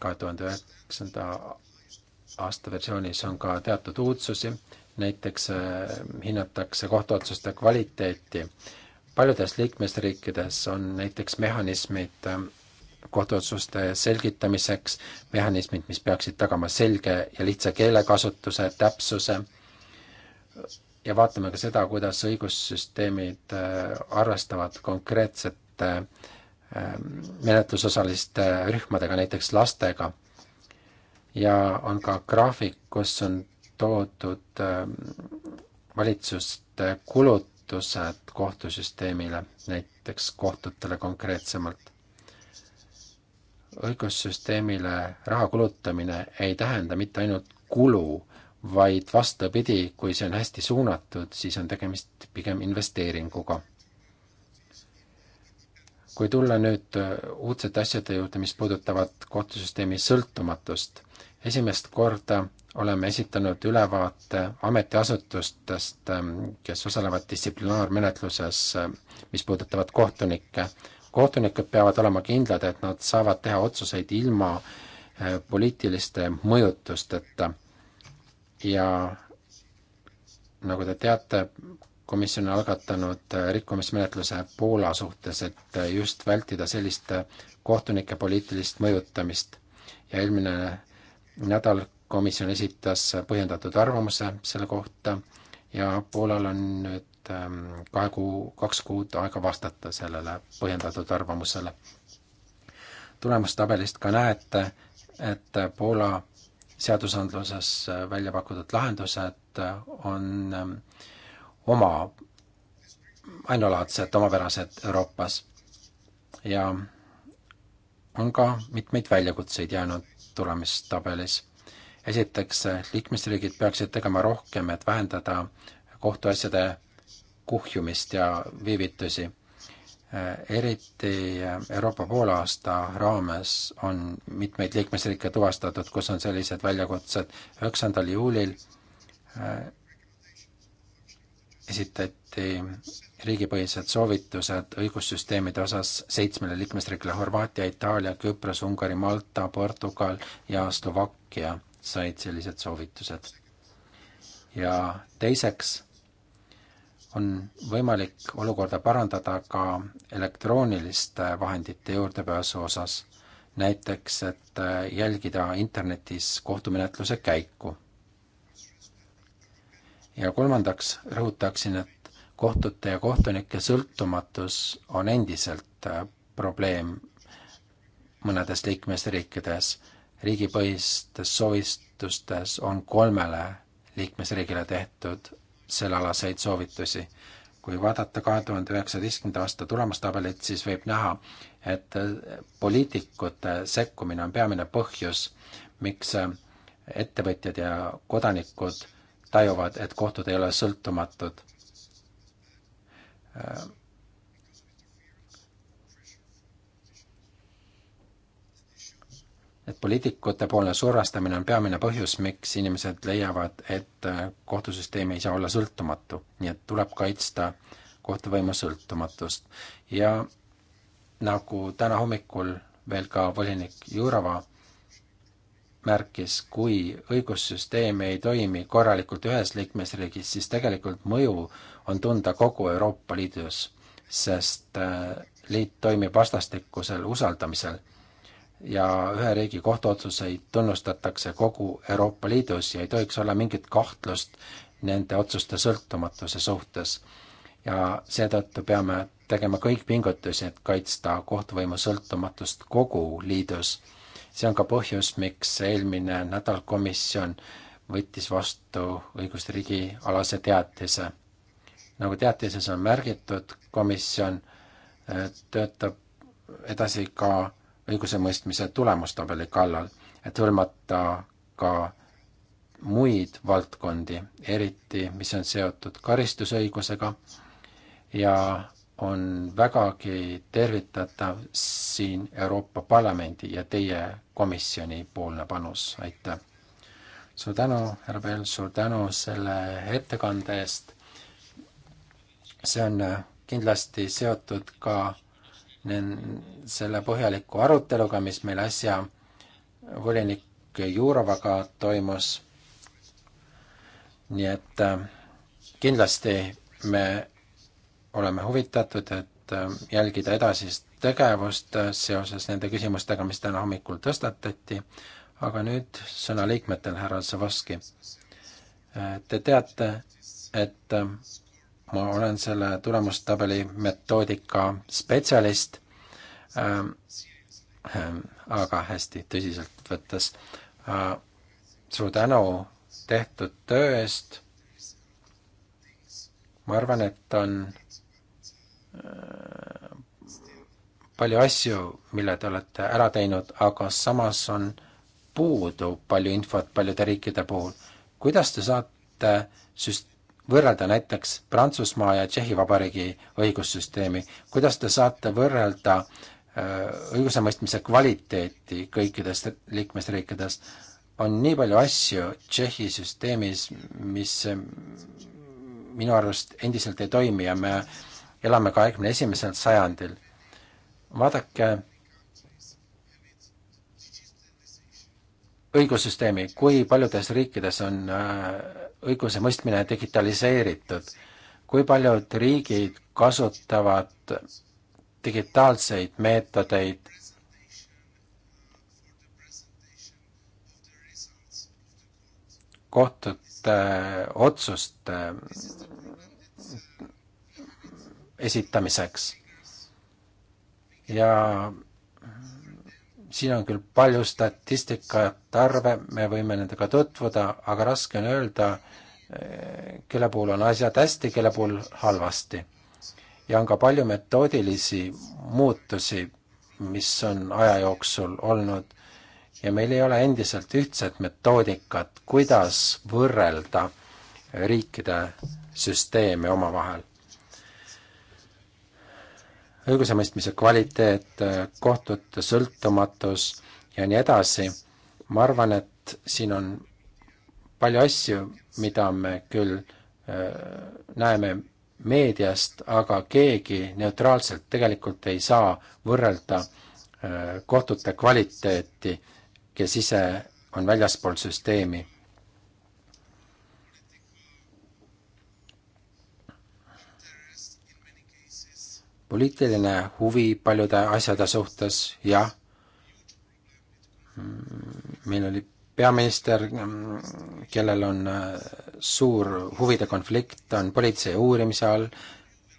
kahe tuhande üheksanda aasta versioonis on ka teatud uudsusi, näiteks äh, hinnatakse kohtuotsuste kvaliteeti. paljudes liikmesriikides on näiteks mehhanismid äh, kohtuotsuste selgitamiseks, mehhanismid, mis peaksid tagama selge ja lihtsa keelekasutuse, täpsuse ja vaatame ka seda, kuidas õigussüsteemid äh, arvestavad konkreetsete ähm, menetlusosaliste rühmadega, näiteks lastega. ja on ka graafik, kus on toodud ähm, valitsuste kulutused kohtusüsteemile, näiteks kohtutele konkreetsemalt õigussüsteemile raha kulutamine ei tähenda mitte ainult kulu, vaid vastupidi, kui see on hästi suunatud, siis on tegemist pigem investeeringuga. kui tulla nüüd uudsete asjade juurde, mis puudutavad kohtusüsteemi sõltumatust, esimest korda oleme esitanud ülevaate ametiasutustest, kes osalevad distsiplinaarmenetluses, mis puudutavad kohtunikke kohtunikud peavad olema kindlad, et nad saavad teha otsuseid ilma äh, poliitiliste mõjutusteta ja nagu te teate, komisjon on algatanud äh, rikkumismenetluse Poola suhtes, et äh, just vältida sellist kohtunike poliitilist mõjutamist. ja eelmine nädal komisjon esitas põhjendatud arvamuse selle kohta ja Poolal on nüüd et ähm, kahe kuu, kaks kuud aega vastata sellele põhjendatud arvamusele. tulemustabelist ka näete, et Poola seadusandluses välja pakutud lahendused on ähm, oma, ainulaadsed, omapärased Euroopas ja on ka mitmeid väljakutseid jäänud tulemistabelis. esiteks, liikmesriigid peaksid tegema rohkem, et vähendada kohtuasjade kuhjumist ja viivitusi. eriti Euroopa poolaasta raames on mitmeid liikmesriike tuvastatud, kus on sellised väljakutsed. üheksandal juulil äh, esitati riigipõhised soovitused õigussüsteemide osas seitsmele liikmesriigile Horvaatia, Itaalia, Küpros, Ungari, Malta, Portugal ja Slovakkia said sellised soovitused. ja teiseks on võimalik olukorda parandada ka elektrooniliste vahendite juurdepääsu osas, näiteks et äh, jälgida internetis kohtumenetluse käiku. ja kolmandaks rõhutaksin, et kohtute ja kohtunike sõltumatus on endiselt äh, probleem mõnedes liikmesriikides. riigipõhistes soovistustes on kolmele liikmesriigile tehtud sellealaseid soovitusi. kui vaadata kahe tuhande üheksateistkümnenda aasta tulemustabelit, siis võib näha, et äh, poliitikute sekkumine on peamine põhjus, miks äh, ettevõtjad ja kodanikud tajuvad, et kohtud ei ole sõltumatud äh, et poliitikute poolne survestamine on peamine põhjus, miks inimesed leiavad, et äh, kohtusüsteem ei saa olla sõltumatu, nii et tuleb kaitsta kohtuvõimu sõltumatust. ja nagu täna hommikul veel ka volinik Jurova märkis, kui õigussüsteem ei toimi korralikult ühes liikmesriigis, siis tegelikult mõju on tunda kogu Euroopa Liidus, sest äh, liit toimib vastastikusel usaldamisel ja ühe riigi kohtuotsuseid tunnustatakse kogu Euroopa Liidus ja ei tohiks olla mingit kahtlust nende otsuste sõltumatuse suhtes. ja seetõttu peame tegema kõik pingutusi, et kaitsta kohtuvõimu sõltumatust kogu liidus. see on ka põhjus, miks eelmine nädal komisjon võttis vastu õigusriigi alase teatise. nagu teatises on märgitud, komisjon äh, töötab edasi ka õigusemõistmise tulemustabeli kallal, et hõlmata ka muid valdkondi, eriti mis on seotud karistusõigusega ja on vägagi tervitatav siin Euroopa Parlamendi ja teie komisjoni poolne panus, aitäh! suur tänu, härra Pell, suur tänu selle ettekande eest, see on kindlasti seotud ka selle põhjaliku aruteluga, mis meil äsja volinik Jurovaga toimus. nii et äh, kindlasti me oleme huvitatud, et äh, jälgida edasist tegevust äh, seoses nende küsimustega, mis täna hommikul tõstatati, aga nüüd sõna liikmetel, härra Zavoski. Te teate, et ma olen selle tulemustabeli metoodika spetsialist ähm,, ähm, aga hästi tõsiselt võttes äh, suur tänu tehtud töö eest, ma arvan, et on äh, palju asju, mille te olete ära teinud, aga samas on puudu palju infot paljude riikide puhul. kuidas te saate süst-, võrrelda näiteks Prantsusmaa ja Tšehhi Vabariigi õigussüsteemi, kuidas te saate võrrelda äh, õigusemõistmise kvaliteeti kõikides liikmesriikides, on nii palju asju Tšehhi süsteemis, mis äh, minu arust endiselt ei toimi ja me elame kahekümne esimesel sajandil. vaadake õigussüsteemi, kui paljudes riikides on äh, õigusemõistmine digitaliseeritud. kui paljud riigid kasutavad digitaalseid meetodeid kohtute otsuste esitamiseks ja siin on küll palju statistikat, arve, me võime nendega tutvuda, aga raske on öelda, eh, kelle puhul on asjad hästi, kelle puhul halvasti. ja on ka palju metoodilisi muutusi, mis on aja jooksul olnud ja meil ei ole endiselt ühtset metoodikat, kuidas võrrelda riikide süsteeme omavahel õigusemõistmise kvaliteet, kohtute sõltumatus ja nii edasi, ma arvan, et siin on palju asju, mida me küll äh, näeme meediast, aga keegi neutraalselt tegelikult ei saa võrrelda äh, kohtute kvaliteeti, kes ise on väljaspool süsteemi. poliitiline huvi paljude asjade suhtes, jah. meil oli peaminister, kellel on äh, suur huvide konflikt, on politsei uurimise all,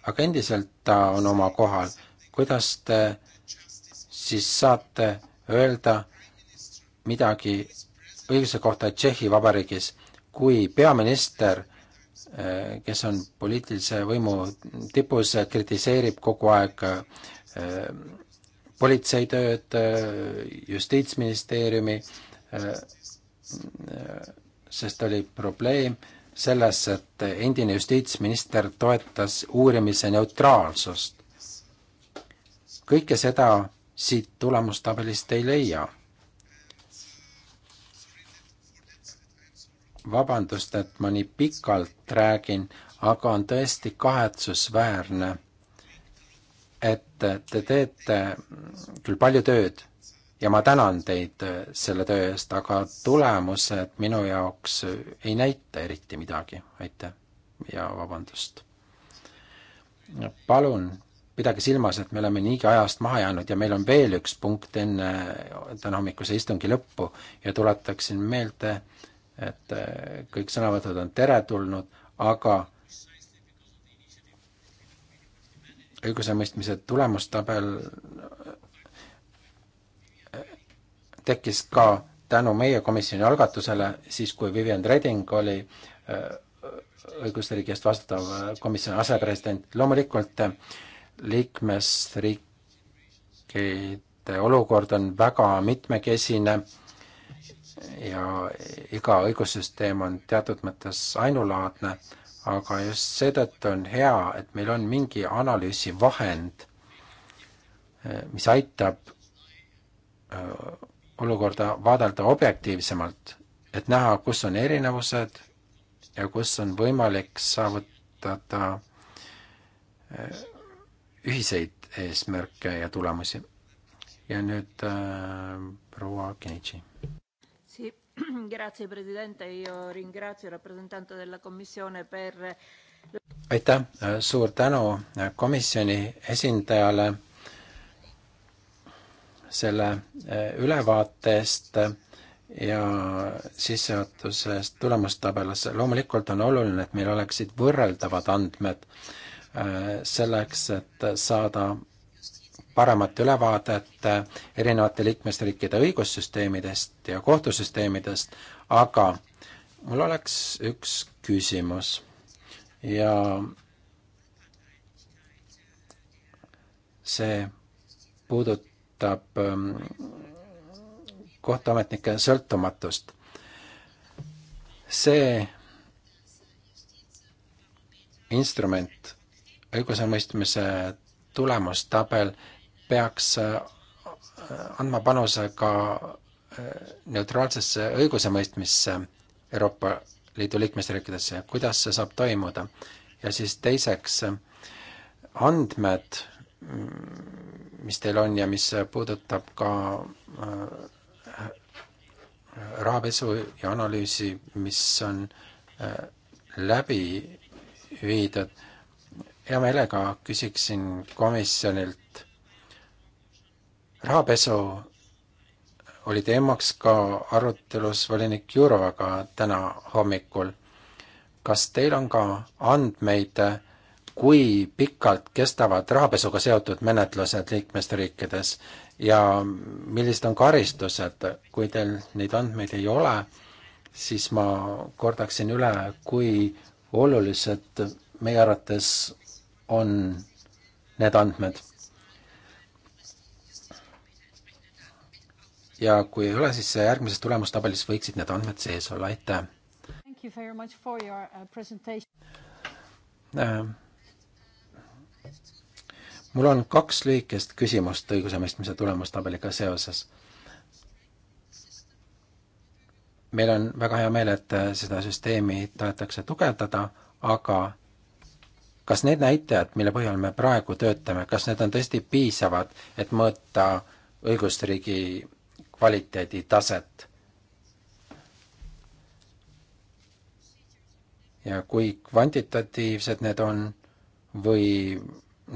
aga endiselt ta on oma kohal. kuidas te siis saate öelda midagi õiguse kohta Tšehhi Vabariigis, kui peaminister Äh, kes on poliitilise võimu tipus, kritiseerib kogu aeg äh, politseitööd, äh, justiitsministeeriumi, sest oli probleem selles, et endine justiitsminister toetas uurimise neutraalsust. kõike seda siit tulemustabelist ei leia vabandust, et ma nii pikalt räägin, aga on tõesti kahetsusväärne, et te teete küll palju tööd ja ma tänan teid äh, selle töö eest, aga tulemused minu jaoks äh, ei näita eriti midagi, aitäh ja vabandust. palun pidage silmas, et me oleme niigi ajast maha jäänud ja meil on veel üks punkt enne täna hommikuse istungi lõppu ja tuletaksin meelde, et eh, kõik sõnavõtud on teretulnud, aga õigusemõistmise tulemustabel eh, tekkis ka tänu meie komisjoni algatusele, siis kui Vivian Reding oli eh, õigusriigi eest vastutav komisjoni asepresident, loomulikult liikmesriikide olukord on väga mitmekesine ja iga õigussüsteem on teatud mõttes ainulaadne, aga just seetõttu on hea, et meil on mingi analüüsivahend, eh, mis aitab eh, olukorda vaadelda objektiivsemalt, et näha, kus on erinevused ja kus on võimalik saavutada eh, ühiseid eesmärke ja tulemusi. ja nüüd äh, proua Kenichi. Grazie, president, io ringrazio rappresentante della commissione per aitäh, äh, suur tänu äh, komisjoni esindajale selle äh, ülevaate eest ja sissejuhatusest tulemustabelasse. loomulikult on oluline, et meil oleksid võrreldavad andmed selleks, et saada paremat ülevaadet äh, erinevate liikmesriikide õigussüsteemidest ja kohtusüsteemidest, aga mul oleks üks küsimus ja see puudutab ähm, kohtuametnike sõltumatust. see instrument, õigusemõistmise tulemustabel peaks äh, andma panuse ka äh, neutraalsesse õigusemõistmisse Euroopa Liidu liikmesriikidesse, kuidas see saab toimuda. ja siis teiseks, andmed, mm, mis teil on ja mis puudutab ka äh, rahapesu ja analüüsi, mis on läbi viidud, hea meelega küsiksin komisjonilt rahapesu oli teemaks ka arutelus volinik Jurovaga täna hommikul. kas teil on ka andmeid, kui pikalt kestavad rahapesuga seotud menetlused liikmesriikides ja millised on karistused, kui teil neid andmeid ei ole, siis ma kordaksin üle, kui olulised meie arvates on need andmed ja kui ei ole, siis järgmises tulemustabelis võiksid need andmed sees olla, aitäh! Uh, äh, mul on kaks lühikest küsimust õigusemõistmise tulemustabeliga seoses. meil on väga hea meel, et äh, seda süsteemi tahetakse tugevdada, aga kas need näitajad, mille põhjal me praegu töötame, kas need on tõesti piisavad, et mõõta õigusriigi kvaliteeditaset. ja kui kvantitatiivsed need on või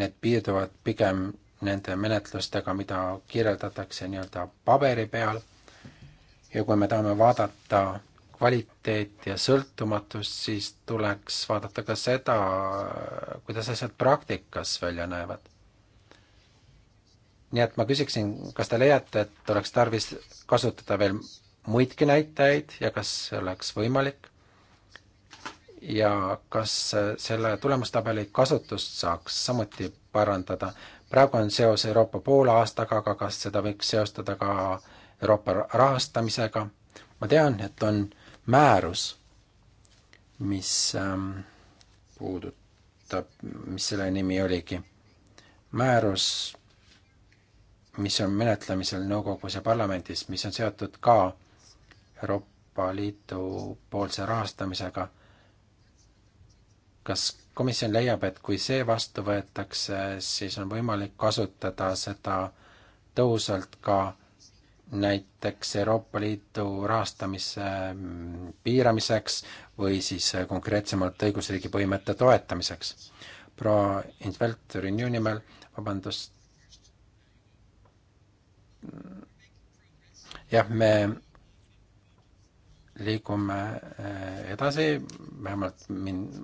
need piirduvad pigem nende menetlustega, mida kirjeldatakse nii-öelda paberi peal ja kui me tahame vaadata kvaliteeti ja sõltumatust, siis tuleks vaadata ka seda, kuidas asjad praktikas välja näevad nii et ma küsiksin, kas te leiate, et oleks tarvis kasutada veel muidki näitajaid ja kas see oleks võimalik? ja kas selle tulemustabeli kasutust saaks samuti parandada? praegu on seos Euroopa poole aastaga, aga kas seda võiks seostada ka Euroopa rahastamisega? ma tean, et on määrus, mis ähm, puudutab, mis selle nimi oligi, määrus mis on menetlemisel nõukogus ja parlamendis, mis on seotud ka Euroopa Liidu poolse rahastamisega. kas komisjon leiab, et kui see vastu võetakse, siis on võimalik kasutada seda tõhusalt ka näiteks Euroopa Liidu rahastamise piiramiseks või siis konkreetsemalt õigusriigi põhimõtte toetamiseks. proua Intvelt Renew nimel, vabandust, jah, me liigume äh, edasi, vähemalt mind,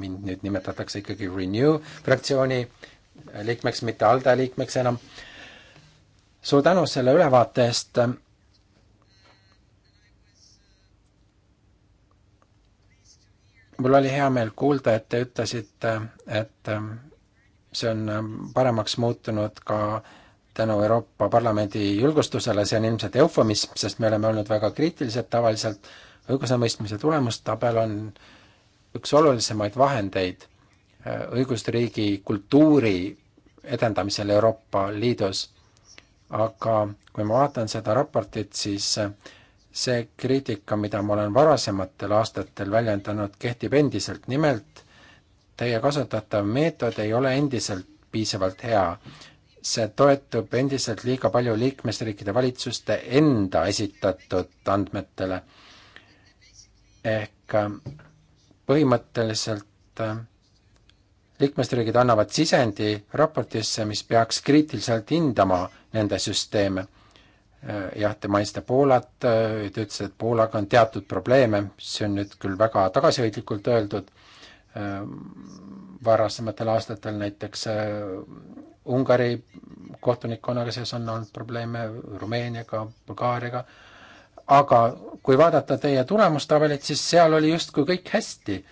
mind nüüd nimetatakse ikkagi Renew fraktsiooni liikmeks, mitte ALDE liikmeks enam. suur tänu selle ülevaate eest. mul oli hea meel kuulda, et te ütlesite, et äh, see on äh, paremaks muutunud ka äh, tänu Euroopa Parlamendi julgustusele, see on ilmselt eufemism, sest me oleme olnud väga kriitilised tavaliselt, õigusemõistmise tulemustabel on üks olulisemaid vahendeid äh, õigusriigi kultuuri edendamisel Euroopa Liidus. aga kui ma vaatan seda raportit, siis äh, see kriitika, mida ma olen varasematel aastatel väljendanud, kehtib endiselt, nimelt teie kasutatav meetod ei ole endiselt piisavalt hea see toetub endiselt liiga palju liikmesriikide valitsuste enda esitatud andmetele. ehk ähm, põhimõtteliselt ähm, liikmesriigid annavad sisendi raportisse, mis peaks kriitiliselt hindama nende süsteeme. Äh, jah, te mainisite Poolat, äh, te ütlesite, et Poolaga on teatud probleeme, see on nüüd küll väga tagasihoidlikult öeldud, äh, varasematel aastatel näiteks Ungari kohtunikkonnaga seoses on olnud probleeme, Rumeeniaga, Bulgaariaga, aga kui vaadata teie tulemustabelit, siis seal oli justkui kõik hästi.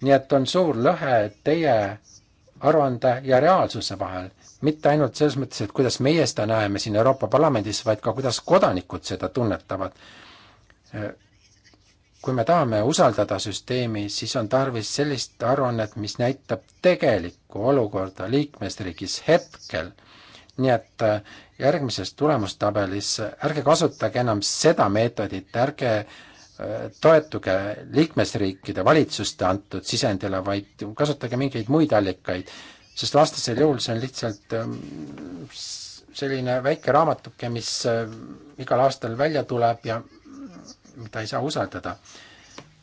nii et on suur lõhe teie aruande ja reaalsuse vahel, mitte ainult selles mõttes, et kuidas meie seda näeme siin Euroopa Parlamendis, vaid ka kuidas kodanikud seda tunnetavad kui me tahame usaldada süsteemi, siis on tarvis sellist aruannet, mis näitab tegelikku olukorda liikmesriigis hetkel. nii et äh, järgmises tulemustabelis äh, ärge kasutage enam seda meetodit, ärge äh, toetuge liikmesriikide valitsuste antud sisendile, vaid kasutage mingeid muid allikaid, sest vastasel juhul see on lihtsalt ähm, selline väike raamatuke, mis igal aastal välja tuleb ja ta ei saa usaldada.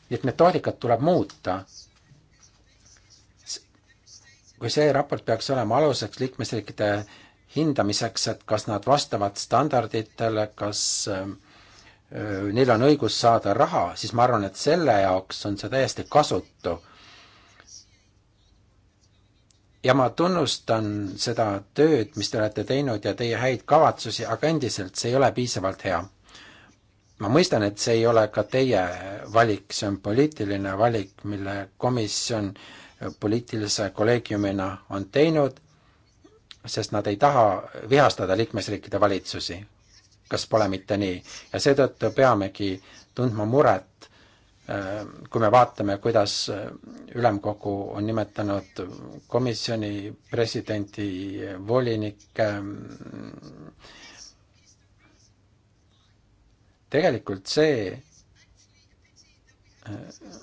nii et metoodikat tuleb muuta. kui see raport peaks olema aluseks liikmesriikide hindamiseks, et kas nad vastavad standarditele, kas ähm, äh, neil on õigus saada raha, siis ma arvan, et selle jaoks on see täiesti kasutu. ja ma tunnustan seda tööd, mis te olete teinud ja teie häid kavatsusi, aga endiselt see ei ole piisavalt hea ma mõistan, et see ei ole ka teie valik, see on poliitiline valik, mille komisjon poliitilise kolleegiumina on teinud, sest nad ei taha vihastada liikmesriikide valitsusi. kas pole mitte nii? ja seetõttu peamegi tundma muret, äh, kui me vaatame, kuidas äh, ülemkogu on nimetanud komisjoni presidenti, volinikke, mm, tegelikult see äh,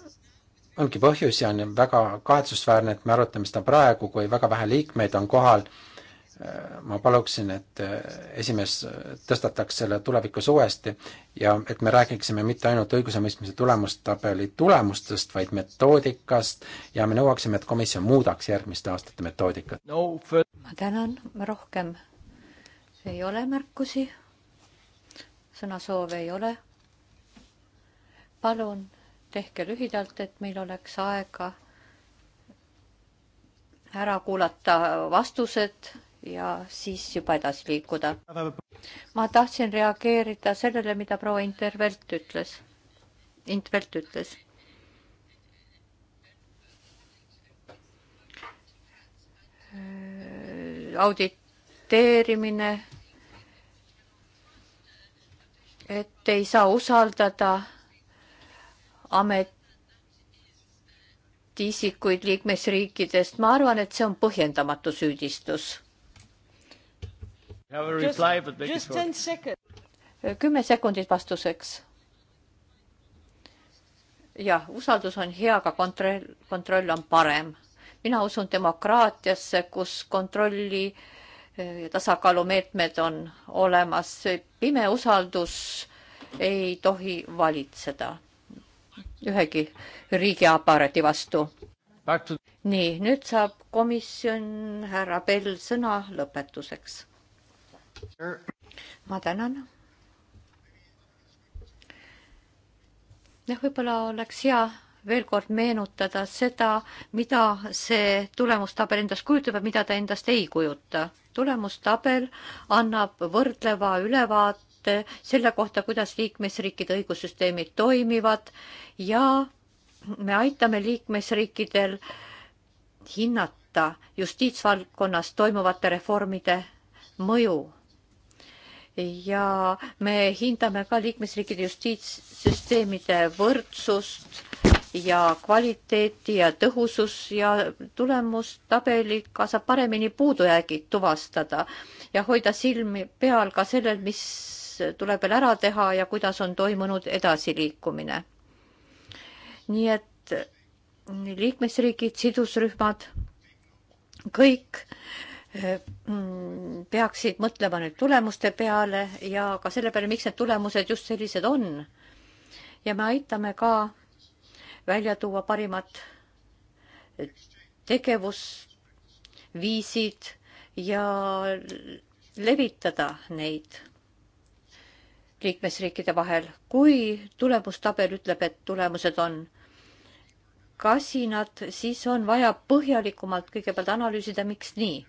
ongi põhjus ja on väga kahetsusväärne, et me arutame seda praegu, kui väga vähe liikmeid on kohal. Äh, ma paluksin, et äh, esimees tõstataks selle tulevikus uuesti ja et me räägiksime mitte ainult õigusemõistmise tulemustabeli tulemustest, vaid metoodikast ja me nõuaksime, et komisjon muudaks järgmiste aastate metoodikat no,. ma tänan, rohkem ei ole märkusi sõnasoove ei ole. palun tehke lühidalt, et meil oleks aega ära kuulata vastused ja siis juba edasi liikuda. ma tahtsin reageerida sellele, mida proua Intervelt ütles. Intervelt ütles. auditeerimine et ei saa usaldada ametiisikuid liikmesriikidest. ma arvan, et see on põhjendamatu süüdistus. kümme sekundit vastuseks. jah, usaldus on hea, aga kontroll, kontroll on parem. mina usun demokraatiasse, kus kontrolli äh, ja tasakaalumeetmed on olemas. pime usaldus ei tohi valitseda ühegi riigiaparaadi vastu. nii, nüüd saab komisjon härra Bell sõna lõpetuseks. ma tänan. jah, võib-olla oleks hea veel kord meenutada seda, mida see tulemustabel endast kujutab ja mida ta endast ei kujuta. tulemustabel annab võrdleva ülevaate selle kohta, kuidas liikmesriikide õigussüsteemid toimivad ja me aitame liikmesriikidel hinnata justiitsvaldkonnas toimuvate reformide mõju ja me hindame ka liikmesriikide justiitssüsteemide võrdsust ja kvaliteeti ja tõhusus ja tulemustabeli kaasab paremini puudujäägid tuvastada ja hoida silmi peal ka sellel, mis tuleb veel ära teha ja kuidas on toimunud edasiliikumine. nii et liikmesriigid, sidusrühmad, kõik eh, mm, peaksid mõtlema nüüd tulemuste peale ja ka selle peale, miks need tulemused just sellised on. ja me aitame ka välja tuua parimad tegevusviisid ja levitada neid liikmesriikide vahel. kui tulemustabel ütleb, et tulemused on kasinad, siis on vaja põhjalikumalt kõigepealt analüüsida, miks nii.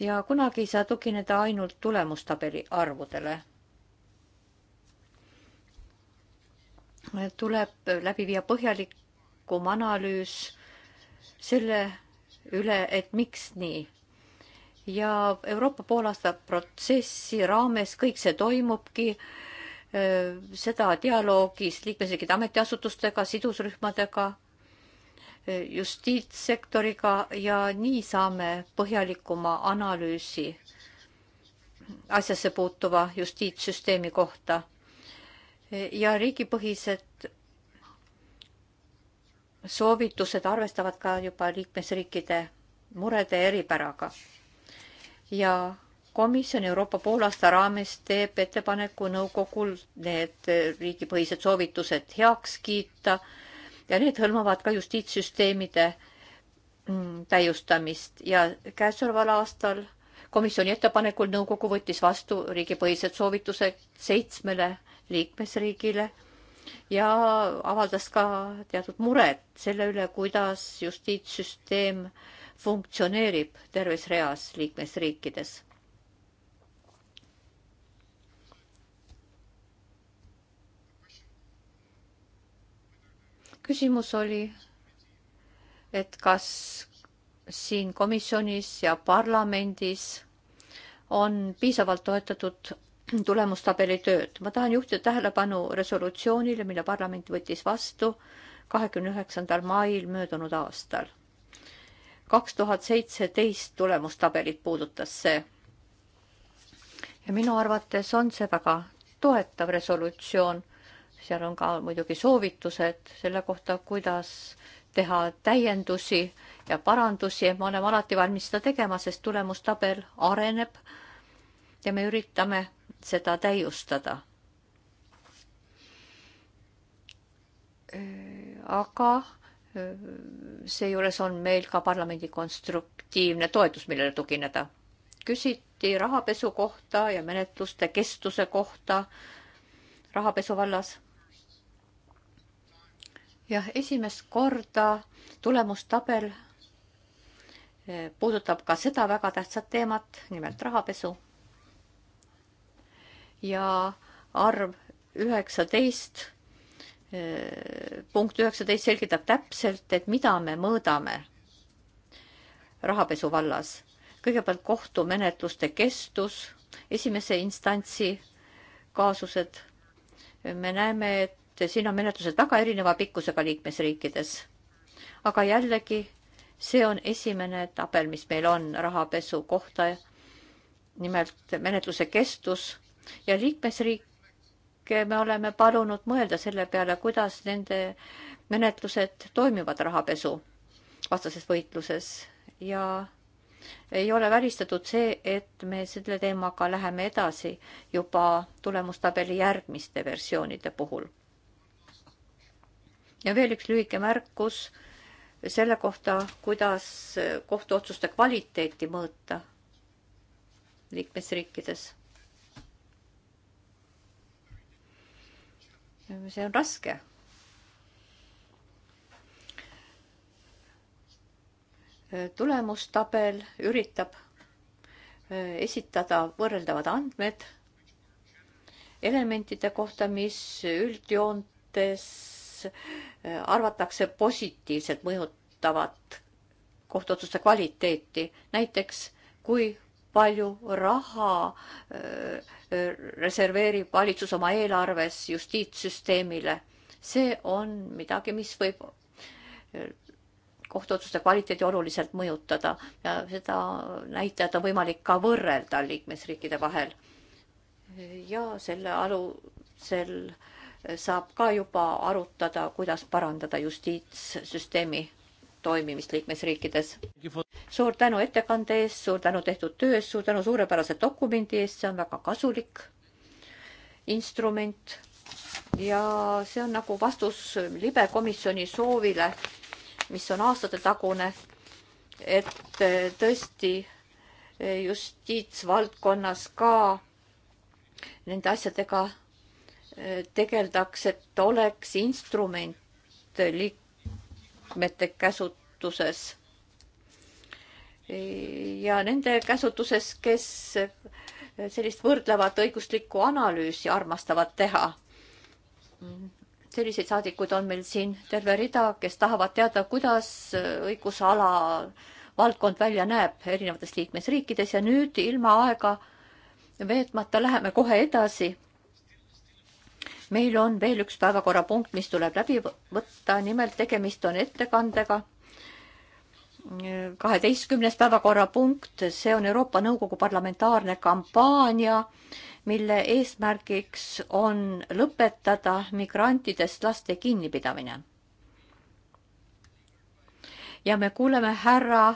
ja kunagi ei saa tugineda ainult tulemustabeli arvudele tuleb läbi viia põhjalikum analüüs selle üle, et miks nii. ja Euroopa poolaasta protsessi raames kõik see toimubki, seda dialoogis liikmesriikide ametiasutustega, sidusrühmadega, justiitssektoriga ja nii saame põhjalikuma analüüsi asjasse puutuva justiitssüsteemi kohta ja riigipõhised soovitused arvestavad ka juba liikmesriikide murede eripäraga. ja komisjon Euroopa poolaasta raames teeb ettepaneku nõukogul need riigipõhised soovitused heaks kiita ja need hõlmavad ka justiitssüsteemide mm, täiustamist ja käesoleval aastal komisjoni ettepanekul nõukogu võttis vastu riigipõhised soovitused seitsmele liikmesriigile ja avaldas ka teatud muret selle üle, kuidas justiitssüsteem funktsioneerib terves reas liikmesriikides küsimus oli, et kas siin komisjonis ja parlamendis on piisavalt toetatud tulemustabeli tööd. ma tahan juhtida tähelepanu resolutsioonile, mille parlament võttis vastu kahekümne üheksandal mail möödunud aastal. kaks tuhat seitseteist tulemustabelit puudutas see. ja minu arvates on see väga toetav resolutsioon. seal on ka muidugi soovitused selle kohta, kuidas teha täiendusi ja parandusi. me oleme alati valmis seda tegema, sest tulemustabel areneb ja me üritame seda täiustada. aga seejuures on meil ka parlamendi konstruktiivne toetus, millele tugineda. küsiti rahapesu kohta ja menetluste kestuse kohta rahapesu vallas. jah, esimest korda tulemustabel puudutab ka seda väga tähtsat teemat, nimelt rahapesu ja arv üheksateist, punkt üheksateist selgitab täpselt, et mida me mõõdame rahapesu vallas. kõigepealt kohtumenetluste kestus, esimese instantsi kaasused. me näeme, et siin on menetlused väga erineva pikkusega liikmesriikides. aga jällegi, see on esimene tabel, mis meil on rahapesu kohta. nimelt menetluse kestus ja liikmesriike me oleme palunud mõelda selle peale, kuidas nende menetlused toimivad rahapesu vastases võitluses ja ei ole välistatud see, et me selle teemaga läheme edasi juba tulemustabeli järgmiste versioonide puhul. ja veel üks lühike märkus selle kohta, kuidas kohtuotsuste kvaliteeti mõõta liikmesriikides. see on raske. tulemustabel üritab eh, esitada võrreldavad andmed elementide kohta, mis üldjoontes eh, arvatakse positiivselt mõjutavat kohtuotsuste kvaliteeti. näiteks kui palju raha äh, äh, reserveerib valitsus oma eelarves justiitssüsteemile. see on midagi, mis võib äh, kohtuotsuste kvaliteedi oluliselt mõjutada ja seda näitajat on võimalik ka võrrelda liikmesriikide vahel. ja selle alusel saab ka juba arutada, kuidas parandada justiitssüsteemi toimimist liikmesriikides. suur tänu ettekande eest, suur tänu tehtud töö eest, suur tänu suurepärase dokumendi eest, see on väga kasulik instrument. ja see on nagu vastus libe komisjoni soovile, mis on aastatetagune, et eh, tõesti eh, justiitsvaldkonnas ka nende asjadega eh, tegeldaks, et oleks instrument liik-, liikmete käsutuses. ja nende käsutuses, kes sellist võrdlevat õiguslikku analüüsi armastavad teha. selliseid saadikuid on meil siin terve rida, kes tahavad teada, kuidas õigusala valdkond välja näeb erinevates liikmesriikides ja nüüd ilma aega veetmata läheme kohe edasi meil on veel üks päevakorrapunkt, mis tuleb läbi võtta, nimelt tegemist on ettekandega. kaheteistkümnes päevakorrapunkt, see on Euroopa Nõukogu parlamentaarne kampaania, mille eesmärgiks on lõpetada migrantidest laste kinnipidamine. ja me kuuleme härra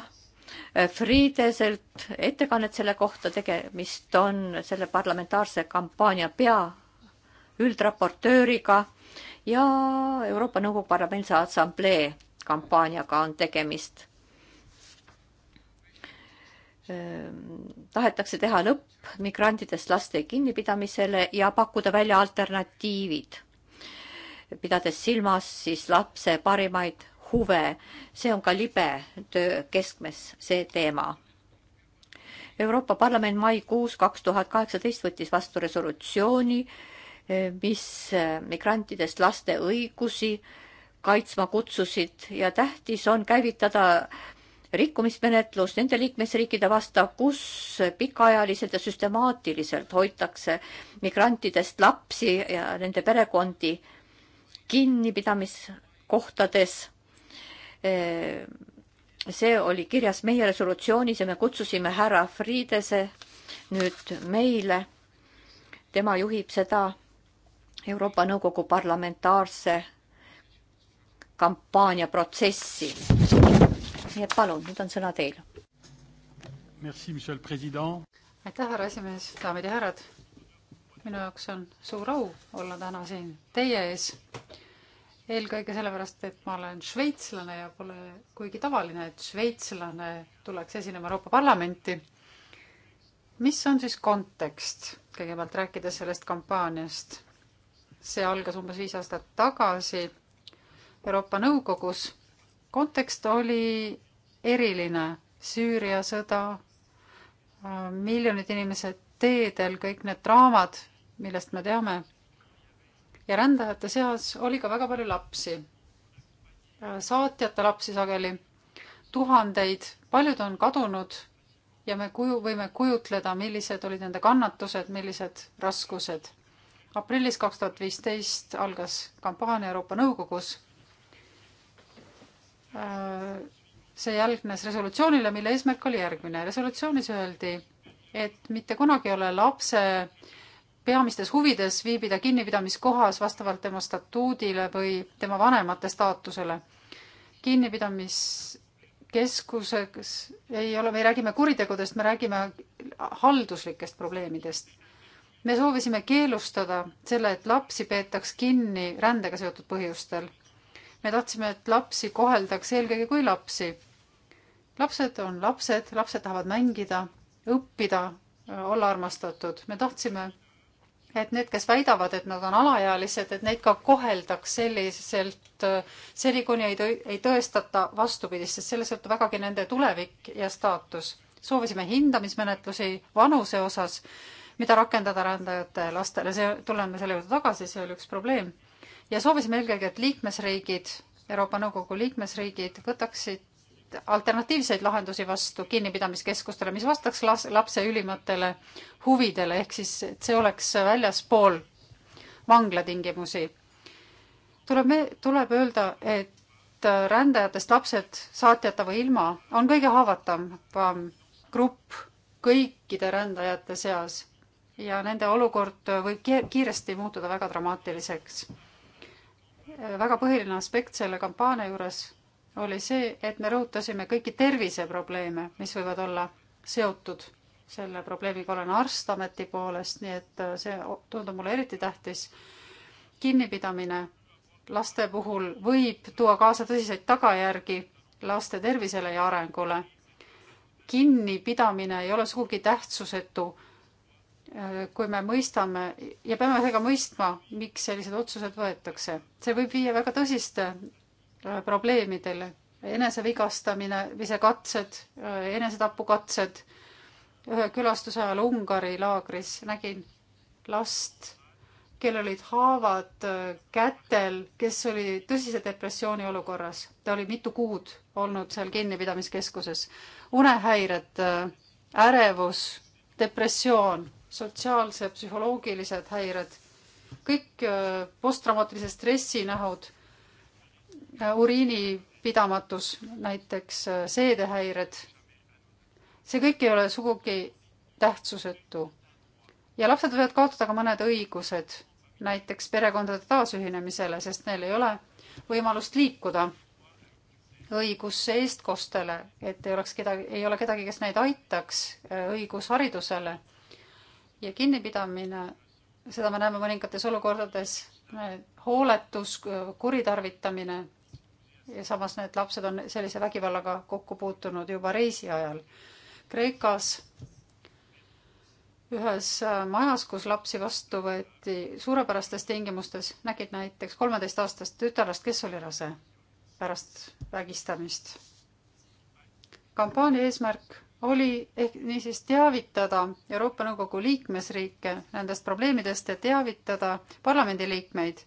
Friedeselt ettekannet selle kohta, tegemist on selle parlamentaarse kampaania pea üldraportööriga ja Euroopa Nõukogu Parlamentse Assamblee kampaaniaga on tegemist. Ehm, tahetakse teha lõpp migrantidest laste kinnipidamisele ja pakkuda välja alternatiivid, pidades silmas siis lapse parimaid huve. see on ka libe töö keskmes, see teema. Euroopa Parlament maikuus kaks tuhat kaheksateist võttis vastu resolutsiooni äh, mis äh, migrantidest laste õigusi kaitsma kutsusid ja tähtis on käivitada rikkumismenetlus nende liikmesriikide vastu, kus pikaajaliselt ja süstemaatiliselt hoitakse migrantidest lapsi ja nende perekondi kinnipidamiskohtades. Äh, see oli kirjas meie resolutsioonis ja me kutsusime härra Friidese nüüd meile. tema juhib seda Euroopa Nõukogu parlamentaarse kampaania protsessi. nii et palun, nüüd on sõna teil. aitäh, härra esimees, daamid ja härrad. minu jaoks on suur au olla täna siin teie ees. eelkõige sellepärast, et ma olen šveitslane ja pole kuigi tavaline, et šveitslane tuleks esinema Euroopa Parlamenti. mis on siis kontekst, kõigepealt rääkides sellest kampaaniast see algas umbes viis aastat tagasi Euroopa Nõukogus. kontekst oli eriline, Süüria sõda, miljonid inimesed teedel, kõik need draamad, millest me teame. ja rändajate seas oli ka väga palju lapsi, saatjate lapsi sageli, tuhandeid, paljud on kadunud ja me kuju, võime kujutleda, millised olid nende kannatused, millised raskused aprillis kaks tuhat viisteist algas kampaania Euroopa Nõukogus. see järgnes resolutsioonile, mille eesmärk oli järgmine. resolutsioonis öeldi, et mitte kunagi ei ole lapse peamistes huvides viibida kinnipidamiskohas vastavalt tema statuudile või tema vanemate staatusele. kinnipidamiskeskuseks ei ole, me räägime kuritegudest, me räägime halduslikest probleemidest me soovisime keelustada selle, et lapsi peetaks kinni rändega seotud põhjustel. me tahtsime, et lapsi koheldaks eelkõige kui lapsi. lapsed on lapsed, lapsed tahavad mängida, õppida, äh, olla armastatud. me tahtsime, et need, kes väidavad, et nad on alaealised, et neid ka koheldaks selliselt, äh, seni kuni ei tõ-, ei tõestata vastupidist, sest sellest sõltub vägagi nende tulevik ja staatus. soovisime hindamismenetlusi vanuse osas mida rakendada rändajate lastele, see, tuleme selle juurde tagasi, see oli üks probleem. ja soovisime eelkõige, et liikmesriigid, Euroopa Nõukogu liikmesriigid võtaksid alternatiivseid lahendusi vastu kinnipidamiskeskustele, mis vastaks las-, lapse ülimatele huvidele, ehk siis et see oleks väljaspool vanglatingimusi. tuleb, tuleb öelda, et rändajatest lapsed saatjata või ilma on kõige haavatavam grupp kõikide rändajate seas ja nende olukord võib kiiresti muutuda väga dramaatiliseks. väga põhiline aspekt selle kampaania juures oli see, et me rõhutasime kõiki terviseprobleeme, mis võivad olla seotud selle probleemiga. olen arst ameti poolest, nii et äh, see tundub mulle eriti tähtis. kinnipidamine laste puhul võib tuua kaasa tõsiseid tagajärgi laste tervisele ja arengule. kinnipidamine ei ole sugugi tähtsusetu kui me mõistame ja peame seega mõistma, miks sellised otsused võetakse. see võib viia väga tõsiste äh, probleemidele, enesevigastamine, visekatsed, äh, enesetapukatsed. ühe külastuse ajal Ungari laagris nägin last, kellel olid haavad äh, kätel, kes oli tõsise depressiooni olukorras. ta oli mitu kuud olnud seal kinnipidamiskeskuses. unehäired, ärevus, depressioon sotsiaalsed, psühholoogilised häired, kõik äh, posttraumaatilise stressi nähud, äh, uriinipidamatus, näiteks äh, seedehäired. see kõik ei ole sugugi tähtsusetu. ja lapsed võivad kaotada ka mõned õigused, näiteks perekondade taasühinemisele, sest neil ei ole võimalust liikuda õigus eestkostele, et ei oleks kedagi, ei ole kedagi, kes neid aitaks, õigus haridusele ja kinnipidamine, seda me näeme mõningates olukordades, hooletus, kuritarvitamine ja samas need lapsed on sellise vägivallaga kokku puutunud juba reisi ajal. Kreekas ühes majas, kus lapsi vastu võeti suurepärastes tingimustes, nägid näiteks kolmeteistaastast tütarlast, kes oli rase pärast vägistamist. kampaania eesmärk oli ehk niisiis teavitada Euroopa Nõukogu liikmesriike nendest probleemidest ja teavitada parlamendiliikmeid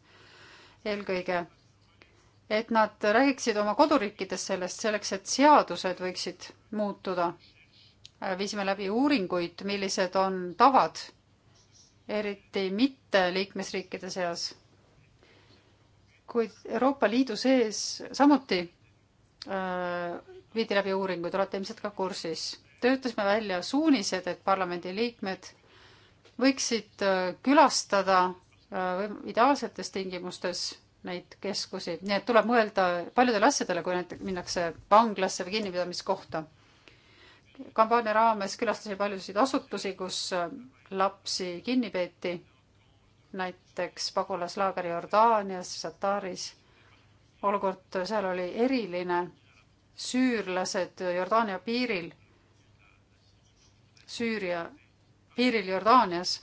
eelkõige, et nad räägiksid oma koduriikides sellest, selleks et seadused võiksid muutuda. viisime läbi uuringuid, millised on tavad, eriti mitte liikmesriikide seas. kuid Euroopa Liidu sees samuti öö, äh, viidi läbi uuringuid, olete ilmselt ka kursis töötasime välja suunised, et parlamendiliikmed võiksid äh, külastada äh, ideaalsetes tingimustes neid keskusi, nii et tuleb mõelda paljudele asjadele, kui näiteks minnakse vanglasse või kinnipidamiskohta. kampaania raames külastasin paljusid asutusi, kus äh, lapsi kinni peeti, näiteks pagulaslaager Jordaanias, Sataris. olukord seal oli eriline, süürlased Jordaania piiril Süüria piiril Jordaanias,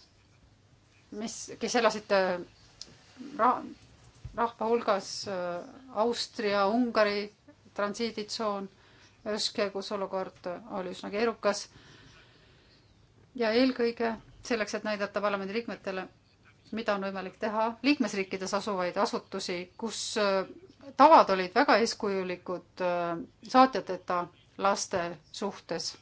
mis, kes elasid äh, ra-, rahva hulgas äh, Austria, Ungari transiiditsoon, Öske, kus olukord oli üsna keerukas. ja eelkõige selleks, et näidata parlamendiliikmetele, mida on võimalik teha, liikmesriikides asuvaid asutusi, kus äh, tavad olid väga eeskujulikud saatjateta laste suhtes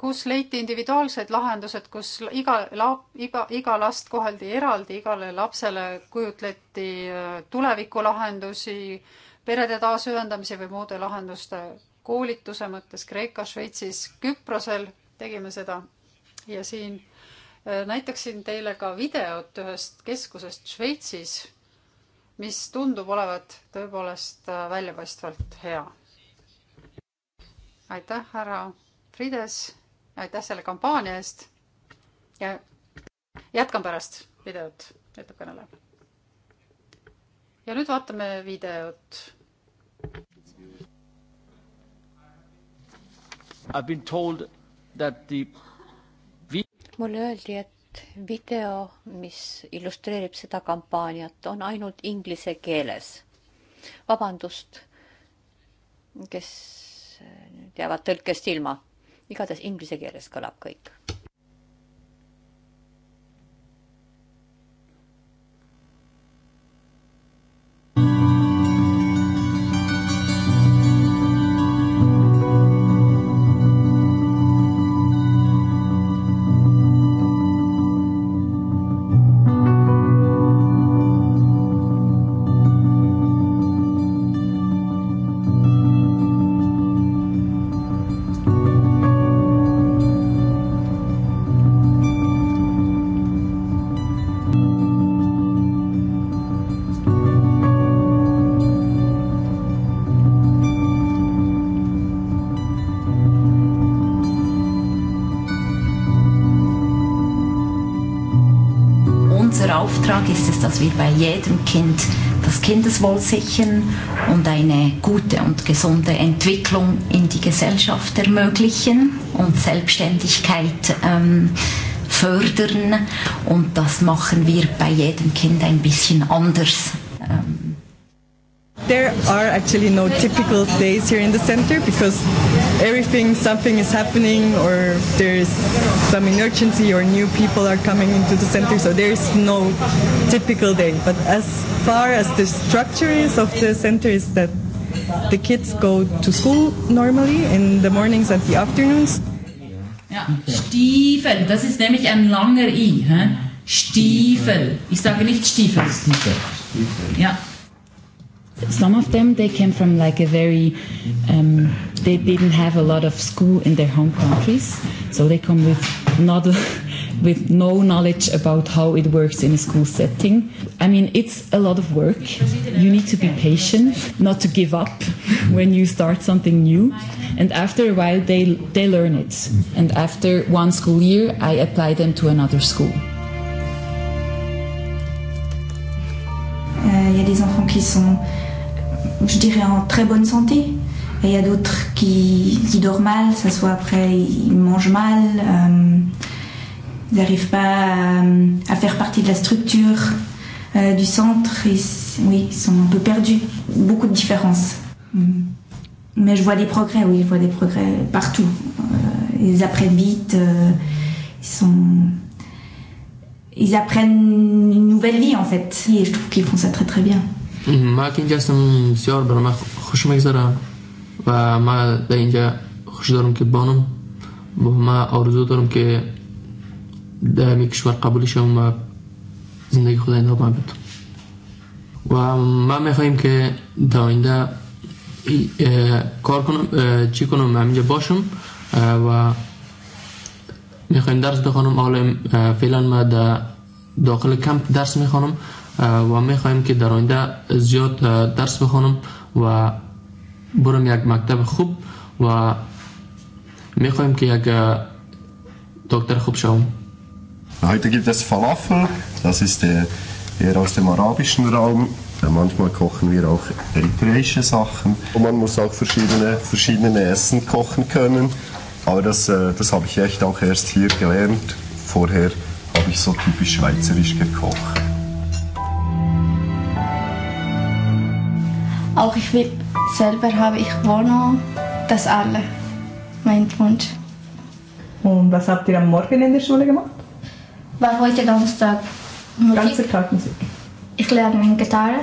kus leiti individuaalsed lahendused, kus iga lap-, iga, iga last koheldi eraldi, igale lapsele kujutleti äh, tulevikulahendusi, perede taasühendamise või muude lahenduste koolituse mõttes Kreekas, Šveitsis, Küprosel tegime seda ja siin äh, näitaksin teile ka videot ühest keskusest Šveitsis, mis tundub olevat tõepoolest äh, väljapaistvalt hea. aitäh, härra Frides, aitäh selle kampaania eest ja jätkan pärast videot, ütleb kõneleja. ja nüüd vaatame videot. I have been told that the mulle öeldi, et video, mis illustreerib seda kampaaniat, on ainult inglise keeles. vabandust, kes jäävad tõlkest ilma igatahes inglise keeles kõlab kõik. bei jedem Kind das Kindeswohl sichern und eine gute und gesunde Entwicklung in die Gesellschaft ermöglichen und Selbstständigkeit ähm, fördern. Und das machen wir bei jedem Kind ein bisschen anders. Ähm. There are actually no typical days here in the center because everything, something is happening or there's some emergency or new people are coming into the center. So there's no typical day. But as far as the structures of the center is that the kids go to school normally in the mornings and the afternoons. Ja, Stiefel, das ist nämlich ein langer I. Hä? Stiefel. Ich sage nicht Stiefel. Stiefel. Ja. Some of them, they came from like a very, um, they didn't have a lot of school in their home countries, so they come with not a with no knowledge about how it works in a school setting. I mean, it's a lot of work. You need to be patient, not to give up when you start something new. And after a while, they, they learn it. And after one school year, I apply them to another school. Euh, il euh, y a des enfants qui sont, je dirais, en très bonne santé. Et il y a d'autres qui, qui dorment mal, ça soit après ils mangent mal. Euh, ils n'arrivent pas à, euh, à, faire partie de la structure euh, du centre. Et, oui, ils sont un peu perdus. Beaucoup de différences. Mm. Mais je vois des progrès, oui, je vois des progrès partout. Euh, ils apprennent vite, euh, ils sont. Ils apprennent une nouvelle vie en fait. Et je trouve qu'ils font ça très très bien. معك اینجا هستم بسیار برای من خوش میگذره و من در اینجا خوش دارم که بانم و من آرزو دارم که به همین کشور قبول شوم و زندگی خود ادامه بده و ما میخواییم که در آینده کار کنم چی کنم همینجا باشم و میخوایم درس بخوانم حالا فعلا ما در داخل کمپ درس میخوانم و میخوایم که در آینده زیاد درس بخوانم و برم یک مکتب خوب و میخوایم که یک دکتر خوب شوم Heute gibt es Falafel, das ist äh, eher aus dem arabischen Raum. Manchmal kochen wir auch eritreische Sachen. Und man muss auch verschiedene, verschiedene Essen kochen können. Aber das, äh, das habe ich echt auch erst hier gelernt. Vorher habe ich so typisch schweizerisch gekocht. Auch ich will selber habe ich Wohnung, das alle, mein Wunsch. Und was habt ihr am Morgen in der Schule gemacht? War heute Donnerstag Musik. Ganze Tag Musik. Ich lerne Gitarre.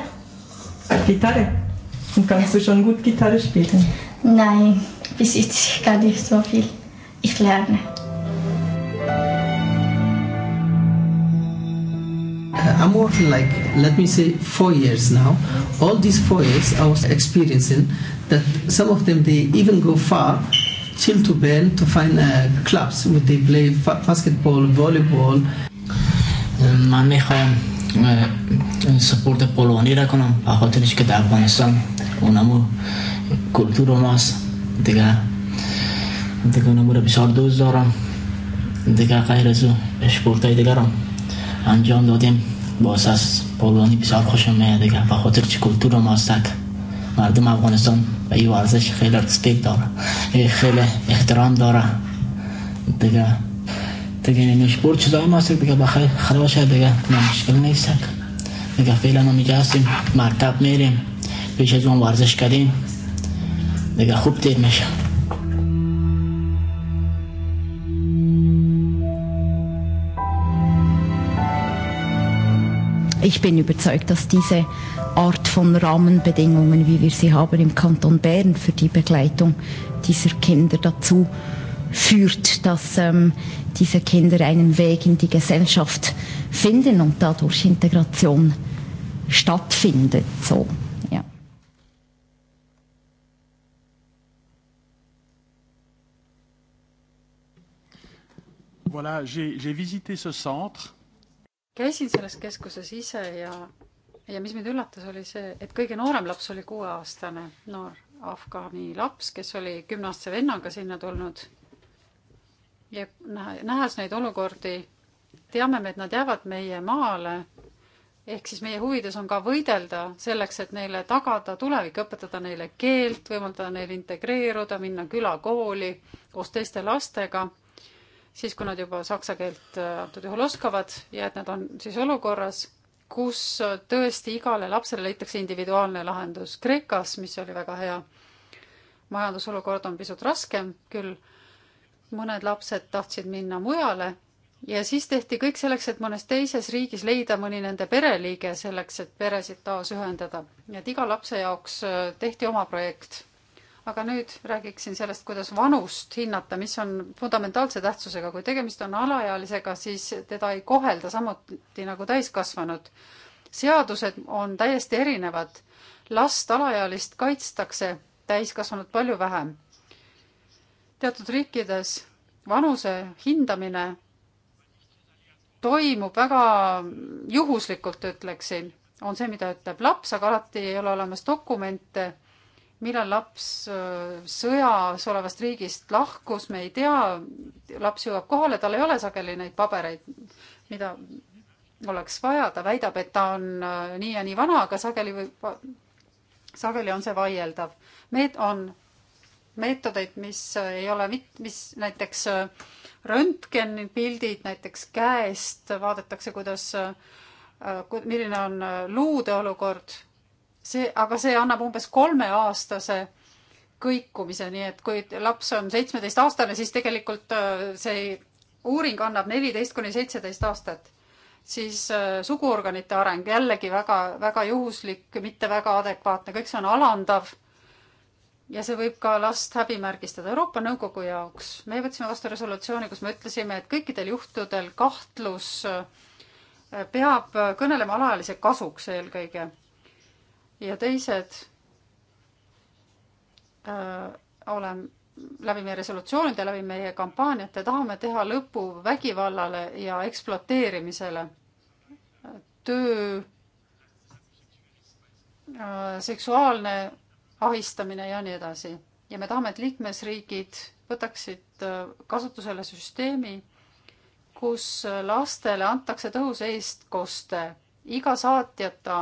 Äh, Gitarre? Und kannst du schon gut Gitarre spielen? Nein, bis jetzt kann ich so viel. Ich uh, lerne. I'm working like, let me say, four years now. All these four years I was experiencing that some of them, they even go far children to find uh, clubs where they play basketball, volleyball. من میخوام سپورت پولونی را کنم به خاطرش که در افغانستان اونمو کلتور ماست دیگه دیگه اونمو را بسیار دوست دارم دیگه غیر از سپورت های دیگه را انجام دادیم باز از پولونی بسیار خوشم میاد دیگه به خاطر چه کلتور ماست مردم افغانستان به این ورزش خیلی رسپیک داره خیلی احترام داره دیگه دیگه نمیش بر چیزای ما هست دیگه بخیر خراب شد دیگه مشکل نیست دیگه فعلا ما اینجا هستیم مرتب میریم پیش از اون ورزش کردیم دیگه خوب تیر میشه Ich bin überzeugt, dass diese Art von Rahmenbedingungen, wie wir sie haben im Kanton Bern für die Begleitung dieser Kinder dazu führt, dass ähm, diese Kinder einen Weg in die Gesellschaft finden und dadurch Integration stattfindet. So. Voilà, j'ai visité ce centre. käisin selles keskuses ise ja ja mis mind üllatas, oli see, et kõige noorem laps oli kuueaastane noor afgaani laps, kes oli kümneaastase vennaga sinna tulnud. ja nähes neid olukordi, teame me, et nad jäävad meie maale. ehk siis meie huvides on ka võidelda selleks, et neile tagada tulevik, õpetada neile keelt, võimaldada neil integreeruda, minna külakooli koos teiste lastega siis, kui nad juba saksa keelt äh, antud juhul oskavad ja et nad on siis olukorras kus tõesti igale lapsele leitakse individuaalne lahendus. Kreekas, mis oli väga hea, majandusolukord on pisut raskem küll, mõned lapsed tahtsid minna mujale ja siis tehti kõik selleks, et mõnes teises riigis leida mõni nende pereliige selleks, et peresid taas ühendada. nii et iga lapse jaoks äh, tehti oma projekt aga nüüd räägiksin sellest, kuidas vanust hinnata, mis on fundamentaalse tähtsusega. kui tegemist on alaealisega, siis teda ei kohelda samuti nagu täiskasvanud. seadused on täiesti erinevad. last, alaealist kaitstakse täiskasvanud palju vähem. teatud riikides vanuse hindamine toimub väga juhuslikult, ütleksin, on see, mida ütleb laps, aga alati ei ole olemas dokumente millal laps äh, sõjas olevast riigist lahkus, me ei tea, laps jõuab kohale, tal ei ole sageli neid pabereid, mida oleks vaja, ta väidab, et ta on äh, nii ja nii vana, aga sageli võib, sageli on see vaieldav. Need on meetodeid, mis äh, ei ole mit-, mis näiteks röntgenpildid näiteks käest vaadatakse, kuidas, milline on luude olukord see, aga see annab umbes kolmeaastase kõikumise, nii et kui laps on seitsmeteistaastane, siis tegelikult äh, see uuring annab neliteist kuni seitseteist aastat, siis äh, suguorganite areng jällegi väga, väga juhuslik, mitte väga adekvaatne, kõik see on alandav. ja see võib ka last häbimärgistada Euroopa Nõukogu jaoks. me võtsime vastu resolutsiooni, kus me ütlesime, et kõikidel juhtudel kahtlus äh, peab kõnelema alaealise kasuks eelkõige ja teised öö, äh, oleme läbi meie resolutsioonide, läbi meie kampaaniate tahame teha lõpu vägivallale ja ekspluateerimisele. töö, äh, seksuaalne ahistamine ja nii edasi. ja me tahame, et liikmesriigid võtaksid äh, kasutusele süsteemi, kus lastele antakse tõhus eestkoste, iga saatjata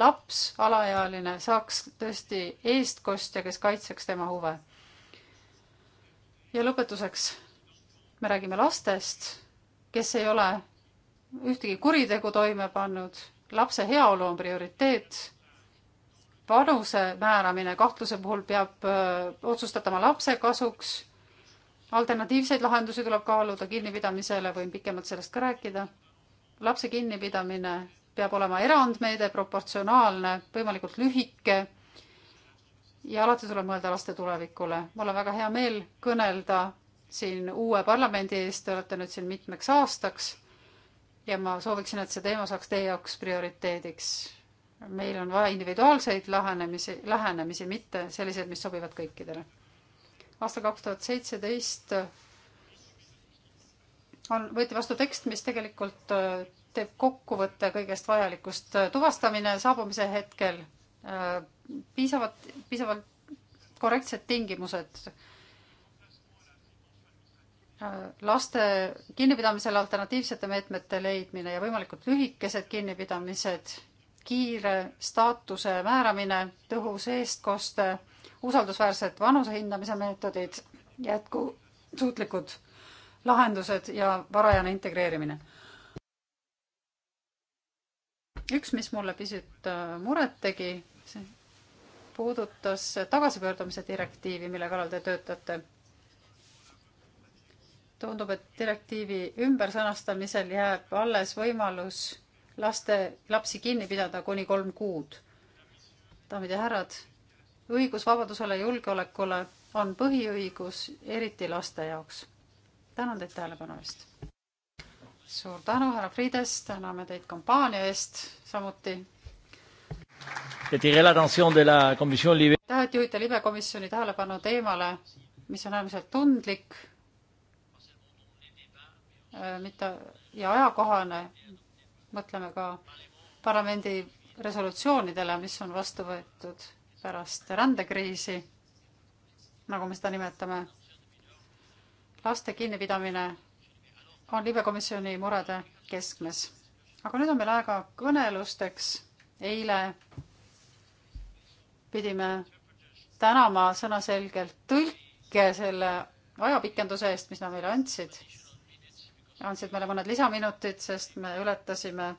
laps, alaealine saaks tõesti eestkostja, kes kaitseks tema huve. ja lõpetuseks me räägime lastest, kes ei ole ühtegi kuritegu toime pannud, lapse heaolu on prioriteet. vanuse määramine kahtluse puhul peab öö, äh, otsustatama lapse kasuks. alternatiivseid lahendusi tuleb kaaluda kinnipidamisele, võin pikemalt sellest ka rääkida. lapse kinnipidamine peab olema erandmeede, proportsionaalne, võimalikult lühike ja alati tuleb mõelda laste tulevikule. mul on väga hea meel kõnelda siin uue parlamendi ees, te olete nüüd siin mitmeks aastaks ja ma sooviksin, et see teema saaks teie jaoks prioriteediks. meil on vaja individuaalseid lahenemisi, lähenemisi, mitte selliseid, mis sobivad kõikidele. aastal kaks tuhat seitseteist on, võeti vastu tekst, mis tegelikult äh, teeb kokkuvõtte kõigest vajalikust. Äh, tuvastamine saabumise hetkel, äh, piisavalt, piisavalt korrektsed tingimused. Äh, laste kinnipidamisele alternatiivsete meetmete leidmine ja võimalikult lühikesed kinnipidamised, kiire staatuse määramine, tõhus eestkoste, usaldusväärsed vanuse hindamise meetodid, jätkusuutlikud lahendused ja varajane integreerimine üks, mis mulle pisut äh, muret tegi, see puudutas tagasipöördumise direktiivi, mille kallal te töötate. tundub, et direktiivi ümbersõnastamisel jääb alles võimalus laste, lapsi kinni pidada kuni kolm kuud. daamid ja härrad, õigus vabadusele ja julgeolekule on põhiõigus, eriti laste jaoks. tänan teid tähelepanu eest! suur tänu, härra Frides, täname teid kampaania eest samuti. tahad juhida libekomisjoni tähelepanu teemale, mis on äärmiselt tundlik äh, mitte ja ajakohane, mõtleme ka parlamendi resolutsioonidele, mis on vastu võetud pärast rändekriisi, nagu me seda nimetame. laste kinnipidamine on libekomisjoni murede keskmes. aga nüüd on meil aega kõnelusteks. eile pidime tänama sõnaselgelt tõlke selle ajapikenduse eest, mis nad meile andsid. andsid meile mõned lisaminutid, sest me ületasime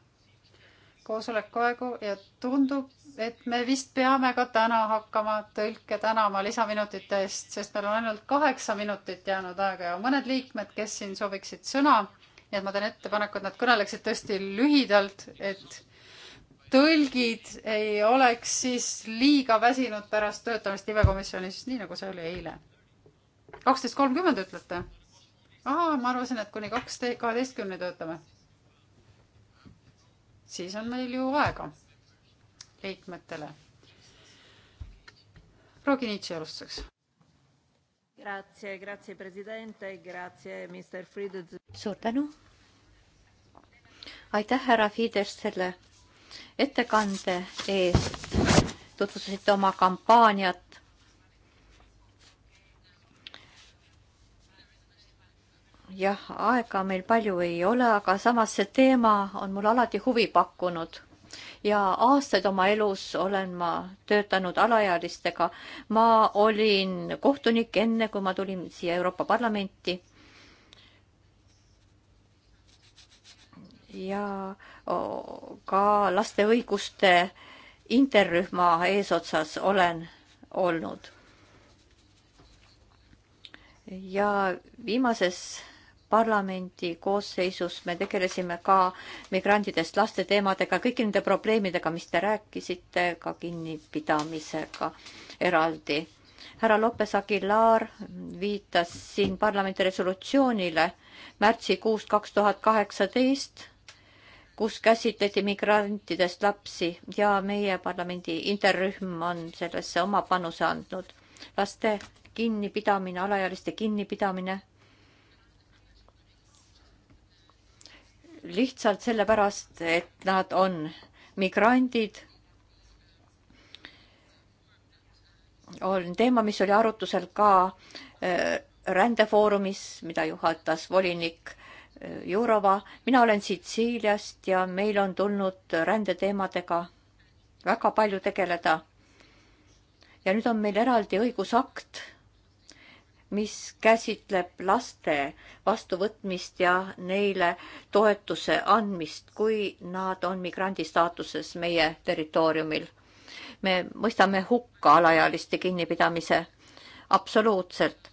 koosoleku aegu ja tundub, et me vist peame ka täna hakkama tõlke tänama lisaminutite eest, sest meil on ainult kaheksa minutit jäänud aega ja mõned liikmed, kes siin sooviksid sõna, nii et ma teen ettepaneku, et nad kõneleksid tõesti lühidalt, et tõlgid ei oleks siis liiga väsinud pärast töötamist libekomisjonis, nii nagu see oli eile. kaksteist kolmkümmend ütlete? aa, ma arvasin, et kuni kaksteist, kaheteistkümne töötame. siis on meil ju aega liikmetele. proua Kinitši alustuseks. suur tänu. aitäh, härra Fides, selle ettekande eest. tutvustasite oma kampaaniat. jah, aega meil palju ei ole, aga samas see teema on mulle alati huvi pakkunud ja aastaid oma elus olen ma töötanud alaealistega. ma olin kohtunik enne, kui ma tulin siia Euroopa Parlamenti. ja ka laste õiguste interrühma eesotsas olen olnud. ja viimases parlamendi koosseisus me tegelesime ka migrantidest laste teemadega, kõigi nende probleemidega, mis te rääkisite, ka kinnipidamisega eraldi. härra Lopes Aguilar viitas siin parlamendi resolutsioonile märtsikuust kaks tuhat kaheksateist, kus käsitleti migrantidest lapsi ja meie parlamendi interrühm on sellesse oma panuse andnud. laste kinnipidamine, alaealiste kinnipidamine lihtsalt sellepärast, et nad on migrandid. on teema, mis oli arutusel ka äh, rändefoorumis, mida juhatas volinik äh, Jurova. mina olen Sitsiiliast ja meil on tulnud rändeteemadega väga palju tegeleda. ja nüüd on meil eraldi õigusakt mis käsitleb laste vastuvõtmist ja neile toetuse andmist, kui nad on migrandi staatuses meie territooriumil. me mõistame hukka alaealiste kinnipidamise, absoluutselt.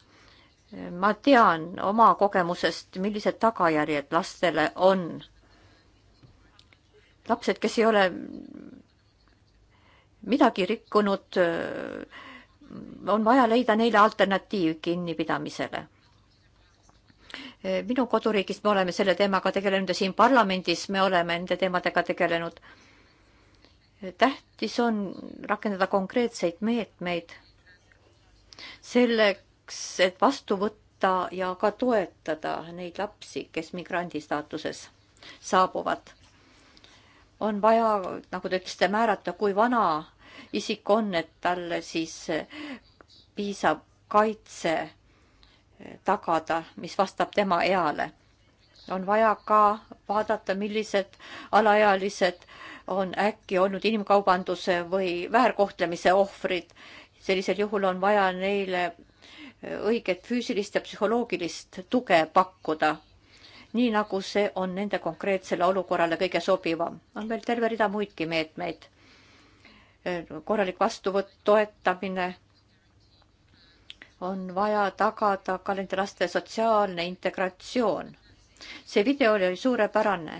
ma tean oma kogemusest, millised tagajärjed lastele on. lapsed, kes ei ole midagi rikkunud, on vaja leida neile alternatiiv kinnipidamisele. minu koduriigis me oleme selle teemaga tegelenud ja siin parlamendis me oleme nende teemadega tegelenud. tähtis on rakendada konkreetseid meetmeid selleks, et vastu võtta ja ka toetada neid lapsi, kes migrandi staatuses saabuvad on vaja, nagu te ütlesite, määrata, kui vana isik on, et talle siis eh, piisab kaitse eh, tagada, mis vastab tema eale. on vaja ka vaadata, millised alaealised on äkki olnud inimkaubanduse või väärkohtlemise ohvrid. sellisel juhul on vaja neile eh, õiget füüsilist ja psühholoogilist tuge pakkuda, nii nagu see on nende konkreetsele olukorrale kõige sobivam. on veel terve rida muidki meetmeid korralik vastuvõtt, toetamine. on vaja tagada ka nende laste sotsiaalne integratsioon. see video oli suurepärane.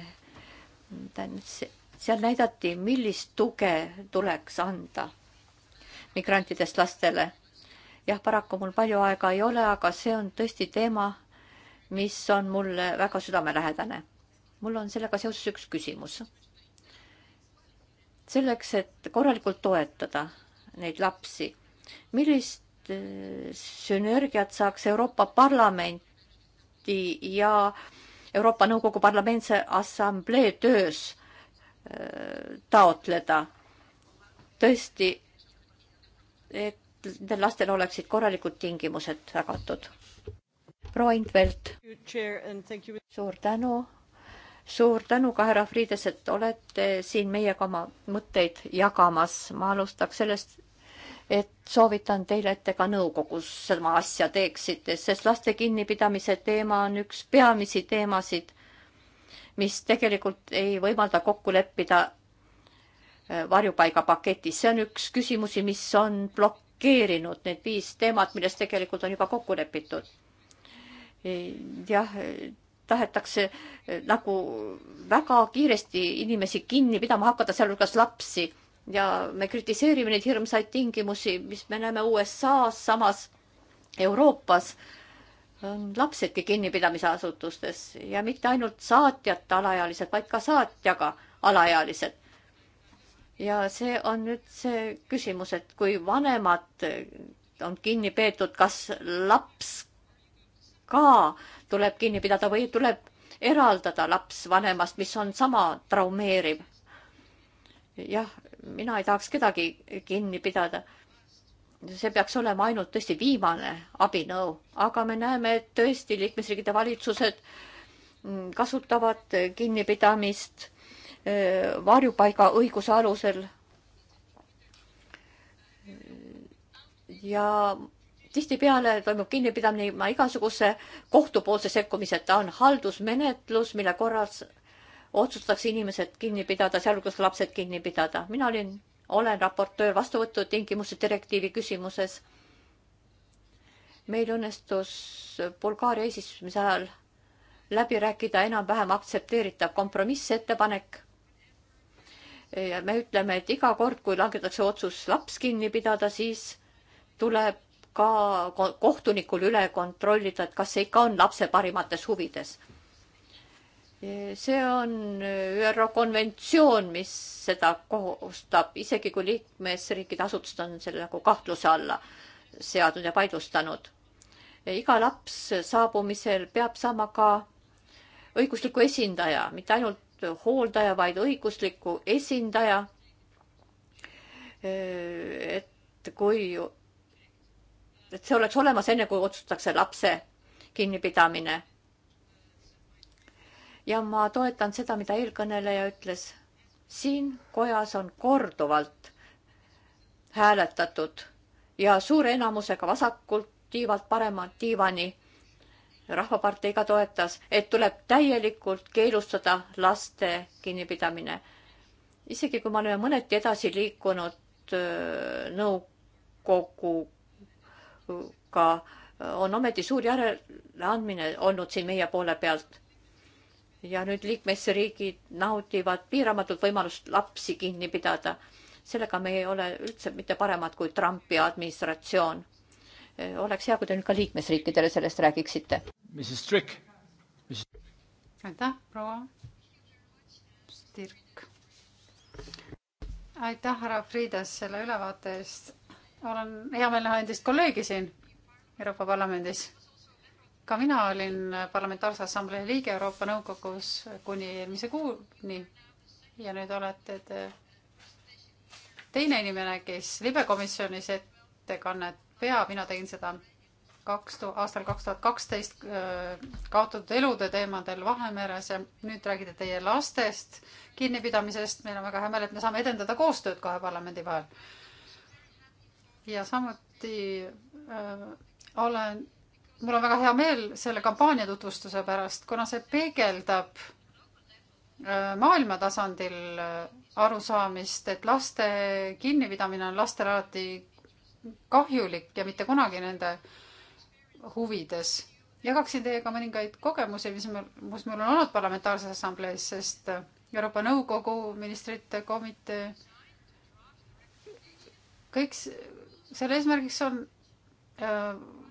seal näidati, millist tuge tuleks anda migrantidest lastele. jah, paraku mul palju aega ei ole, aga see on tõesti teema, mis on mulle väga südamelähedane. mul on sellega seoses üks küsimus selleks, et korralikult toetada neid lapsi. millist äh, sünergiat saaks Euroopa Parlamenti ja Euroopa Nõukogu Parlamentse Assamblee töös äh, taotleda? tõesti, et nendel lastel oleksid korralikud tingimused tagatud. proua Intvelt. suur tänu suur tänu ka härra Friides, et olete siin meiega oma mõtteid jagamas. ma alustaks sellest, et soovitan teile, et te ka nõukogus sama asja teeksite, sest laste kinnipidamise teema on üks peamisi teemasid, mis tegelikult ei võimalda kokku leppida äh, varjupaigapaketis. see on üks küsimusi, mis on blokeerinud need viis teemat, milles tegelikult on juba kokku lepitud. jah, tahetakse eh, nagu väga kiiresti inimesi kinni pidama hakata, sealhulgas lapsi. ja me kritiseerime neid hirmsaid tingimusi, mis me näeme USA-s, samas Euroopas on lapsedki kinnipidamise asutustes ja mitte ainult saatjate alaealised, vaid ka saatjaga alaealised ja see on nüüd see küsimus, et kui vanemad on kinni peetud, kas laps ka tuleb kinni pidada või tuleb eraldada laps vanemast, mis on sama traumeeriv. jah, mina ei tahaks kedagi kinni pidada. see peaks olema ainult tõesti viimane abinõu, aga me näeme, et tõesti liikmesriikide valitsused kasutavad kinnipidamist eh, varjupaiga õiguse alusel. ja tihtipeale toimub kinnipidamine ilma igasuguse kohtupoolse sekkumiseta, on haldusmenetlus, mille korras otsustatakse inimesed kinni pidada, sealhulgas lapsed kinni pidada. mina olin, olen raportöör vastuvõtutingimuste direktiivi küsimuses. meil õnnestus Bulgaaria eesistumise ajal läbi rääkida enam-vähem aktsepteeritav kompromissettepanek ja me ütleme, et iga kord, kui langetatakse otsus laps kinni pidada, siis tuleb ka kohtunikul üle kontrollida, et kas see ikka on lapse parimates huvides. see on ÜRO konventsioon, mis seda kohustab, isegi kui liikmesriikide asutused on selle nagu kahtluse alla seadnud ja vaidlustanud. iga laps saabumisel peab saama ka õigusliku esindaja, mitte ainult hooldaja, vaid õigusliku esindaja. et kui et see oleks olemas enne, kui otsustatakse lapse kinnipidamine. ja ma toetan seda, mida eelkõneleja ütles. siin kojas on korduvalt hääletatud ja suure enamusega vasakult tiivalt parema tiivani rahvapartei ka toetas, et tuleb täielikult keelustada laste kinnipidamine. isegi kui me oleme mõneti edasi liikunud äh, nõukogu aga äh, on ometi suur järeleandmine olnud siin meie poole pealt. ja nüüd liikmesriigid naudivad piiramatut võimalust lapsi kinni pidada. sellega me ei ole üldse mitte paremad kui Trumpi administratsioon. Äh, oleks hea, kui te nüüd ka liikmesriikidele sellest räägiksite. aitäh, proua Stirk. aitäh, härra Fridas, selle ülevaate eest olen hea meel näha endist kolleegi siin Euroopa Parlamendis. ka mina olin Parlamentaarse Assamblee liige Euroopa Nõukogus kuni eelmise kuuni ja nüüd olete te teine inimene, kes libekomisjonis ettekannet peab, mina tegin seda kaks tuhat, aastal kaks tuhat kaksteist äh, kaotatud elude teemadel Vahemeres ja nüüd räägite teie lastest, kinnipidamisest, meil on väga hea meel, et me saame edendada koostööd kahe parlamendi vahel ja samuti äh, olen, mul on väga hea meel selle kampaania tutvustuse pärast, kuna see peegeldab äh, maailma tasandil äh, arusaamist, et laste kinnipidamine on lastele alati kahjulik ja mitte kunagi nende huvides. jagaksin teiega mõningaid kogemusi, mis mul, mis mul on olnud parlamentaarses assamblees, sest äh, Euroopa Nõukogu ministrite komitee, kõik selle eesmärgiks on äh,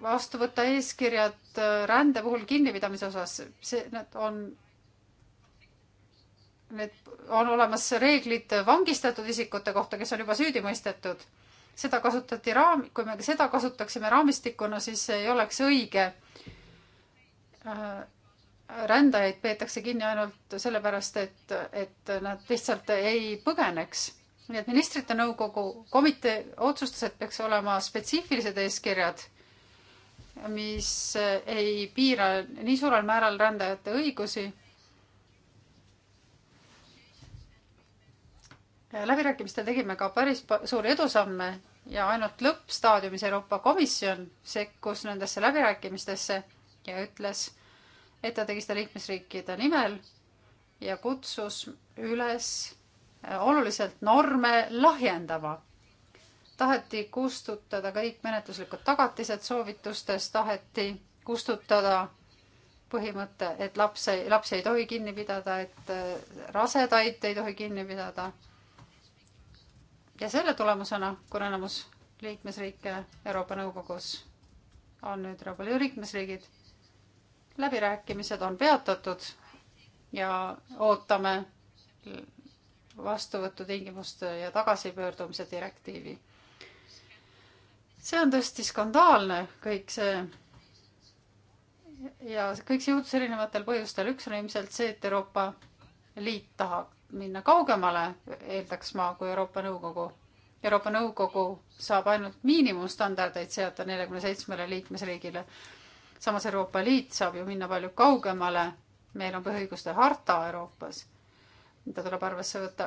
vastu võtta eeskirjad äh, rände puhul kinnipidamise osas, see, need on, need on olemas reeglid vangistatud isikute kohta, kes on juba süüdi mõistetud. seda kasutati raam-, kui me seda kasutaksime raamistikuna, siis ei oleks õige. Äh, rändajaid peetakse kinni ainult sellepärast, et, et nad lihtsalt ei põgeneks nii et ministrite nõukogu komitee otsustas, et peaks olema spetsiifilised eeskirjad, mis ei piira nii suurel määral rändajate õigusi. läbirääkimistel tegime ka päris suuri edusamme ja ainult lõppstaadiumis Euroopa Komisjon sekkus nendesse läbirääkimistesse ja ütles, et ta tegi seda liikmesriikide nimel ja kutsus üles oluliselt norme lahjendama. taheti kustutada kõik menetluslikud tagatised soovitustes, taheti kustutada põhimõte, et lapse, lapsi ei tohi kinni pidada, et äh, rasedaid ei tohi kinni pidada. ja selle tulemusena, kuna enamus liikmesriike Euroopa Nõukogus on nüüd Euroopa Liidu liikmesriigid, läbirääkimised on peatatud ja ootame vastuvõtutingimuste ja tagasipöördumise direktiivi. see on tõesti skandaalne, kõik see. ja kõik see juhtus erinevatel põhjustel, üks on ilmselt see, et Euroopa Liit tahab minna kaugemale, eeldaks ma, kui Euroopa Nõukogu. Euroopa Nõukogu saab ainult miinimumstandardeid seada neljakümne seitsmele liikmesriigile. samas Euroopa Liit saab ju minna palju kaugemale meil on põhiõiguste harta Euroopas mida tuleb arvesse võtta.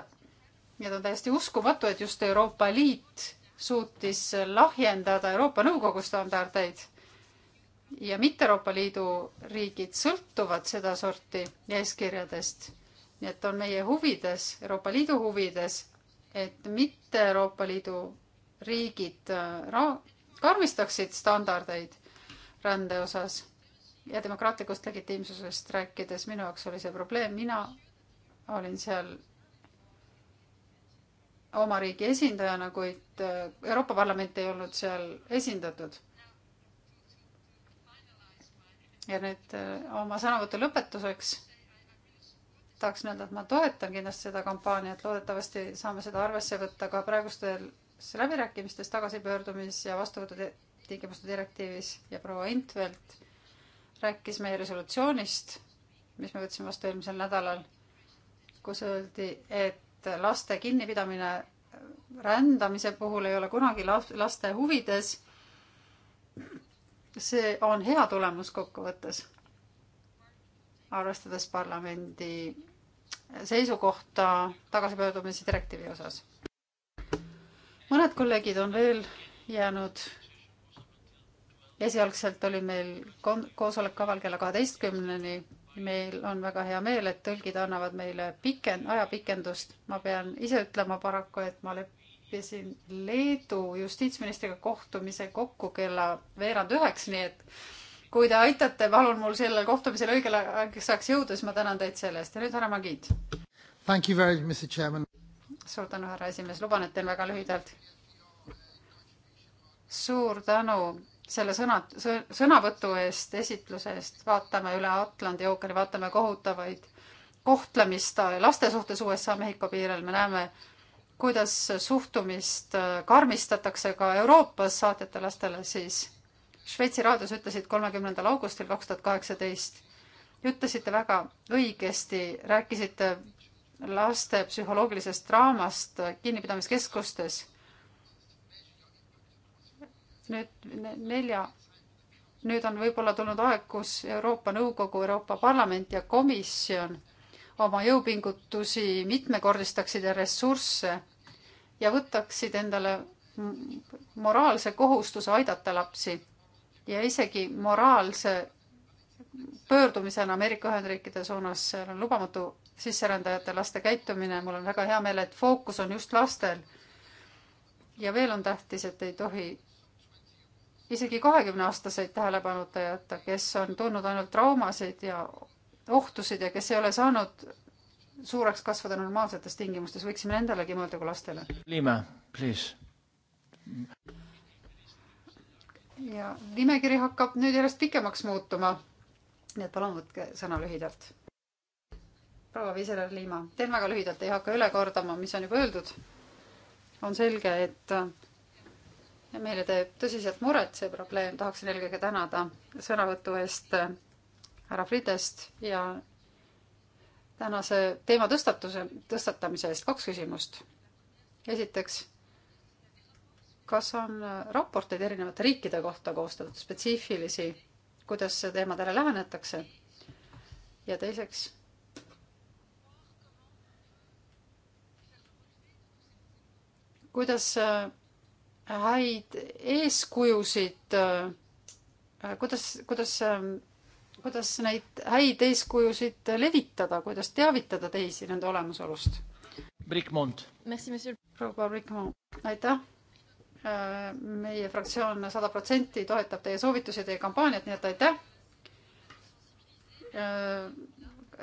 ja ta on täiesti uskumatu, et just Euroopa Liit suutis lahjendada Euroopa Nõukogu standardeid ja mitte Euroopa Liidu riigid sõltuvad sedasorti eeskirjadest. nii et on meie huvides, Euroopa Liidu huvides, et mitte Euroopa Liidu riigid äh, ra-, karmistaksid standardeid rände osas ja demokraatlikust legitiimsusest rääkides, minu jaoks oli see probleem, mina olin seal oma riigi esindajana, kuid äh, Euroopa Parlament ei olnud seal esindatud. ja nüüd äh, oma sõnavõtu lõpetuseks tahaks öelda, et ma toetan kindlasti seda kampaaniat, loodetavasti saame seda arvesse võtta ka praegustes läbirääkimistes tagasipöördumis ja vastuvõtutingimuste direktiivis ja proua Intvelt rääkis meie resolutsioonist, mis me võtsime vastu eelmisel nädalal kus öeldi, et laste kinnipidamine rändamise puhul ei ole kunagi laste huvides. see on hea tulemus kokkuvõttes, arvestades parlamendi seisukohta tagasipöördumise direktiivi osas. mõned kolleegid on veel jäänud. esialgselt oli meil koosolek kaval kella kaheteistkümneni meil on väga hea meel, et tõlgid annavad meile piken-, ajapikendust. ma pean ise ütlema paraku, et ma leppisin Leedu justiitsministriga kohtumise kokku kella veerand üheks, nii et kui te aitate, palun mul sellel kohtumisel õigel ajaks saaks jõuda, siis ma tänan teid selle eest ja nüüd härra Magid. suur tänu, härra esimees, luban, et teen väga lühidalt. suur tänu selle sõna, sõnavõtu eest, esitluse eest, vaatame üle Atlandi ookeani, vaatame kohutavaid kohtlemist äh, laste suhtes USA-Mehhiko piiril, me näeme, kuidas suhtumist äh, karmistatakse ka Euroopas saatjate lastele, siis Šveitsi raadios ütlesid kolmekümnendal augustil kaks tuhat kaheksateist, ütlesite väga õigesti, rääkisite laste psühholoogilisest draamast kinnipidamiskeskustes nüüd nelja, nüüd on võib-olla tulnud aeg, kus Euroopa Nõukogu, Euroopa Parlament ja Komisjon oma jõupingutusi mitmekordistaksid ja ressursse ja võtaksid endale moraalse kohustuse aidata lapsi ja isegi moraalse pöördumisena Ameerika Ühendriikide suunas, seal on lubamatu sisserändajate laste käitumine, mul on väga hea meel, et fookus on just lastel. ja veel on tähtis, et ei tohi isegi kahekümneaastaseid tähelepanuta jätta, kes on tundnud ainult traumasid ja ohtusid ja kes ei ole saanud suureks kasvada normaalsetes tingimustes, võiksime endalegi mõelda kui lastele. Liime, please. ja nimekiri hakkab nüüd järjest pikemaks muutuma. nii et palun võtke sõna lühidalt. proua Viiseler Liima, teen väga lühidalt, ei hakka üle kordama, mis on juba öeldud. on selge, et meile teeb tõsiselt muret see probleem, tahaksin eelkõige tänada sõnavõtu eest äh, härra Fridest ja tänase teema tõstatuse, tõstatamise eest kaks küsimust. esiteks, kas on äh, raporteid erinevate riikide kohta koostatud, spetsiifilisi, kuidas teemadele lähenetakse? ja teiseks, kuidas äh, häid eeskujusid, äh, kuidas, kuidas, äh, kuidas neid häid eeskujusid levitada, kuidas teavitada teisi nende olemasolust? Brikmont. proua Brikmont, aitäh. Äh, meie fraktsioon sada protsenti toetab teie soovitusi, teie kampaaniat, nii et aitäh.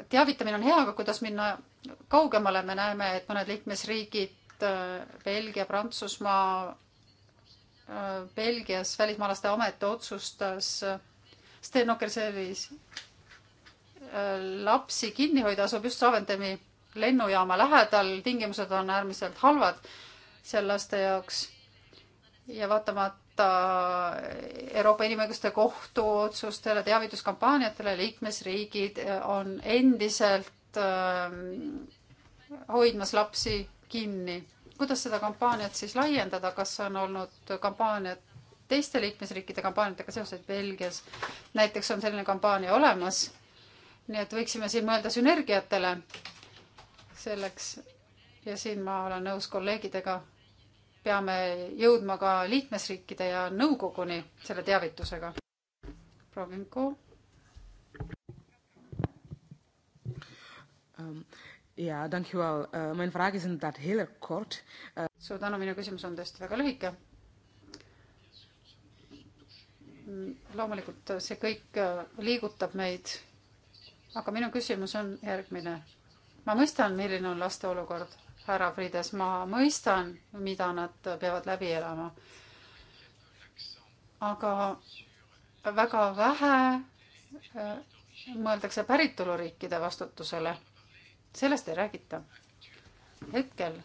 teavitamine on hea, aga kuidas minna kaugemale, me näeme, et mõned liikmesriigid Belgia, Prantsusmaa Belgias välismaalaste amet otsustas Stenokresevis äh, lapsi kinni hoida, asub just Saventemi lennujaama lähedal, tingimused on äärmiselt halvad seal laste jaoks. ja vaatamata Euroopa Inimõiguste Kohtu otsustele, teavituskampaaniatele, liikmesriigid äh, on endiselt äh, hoidmas lapsi kinni kuidas seda kampaaniat siis laiendada, kas on olnud kampaaniat teiste liikmesriikide kampaaniatega seoses, Belgias näiteks on selline kampaania olemas. nii et võiksime siin mõelda sünergiatele selleks ja siin ma olen nõus kolleegidega, peame jõudma ka liikmesriikide ja nõukoguni selle teavitusega. proovin kuu um,. Ähm, ja dankjewel uh,, eh, mijn vraag is inderdaad heel erg kort uh.... suur tänu, minu küsimus on tõesti väga lühike. Mm, loomulikult eh, see kõik liigutab meid. aga minu küsimus on järgmine. ma mõistan, milline on laste olukord, härra Frides, ma mõistan, mida nad peavad läbi elama. aga väga vähe mõeldakse päritoluriikide vastutusele sellest ei räägita. hetkel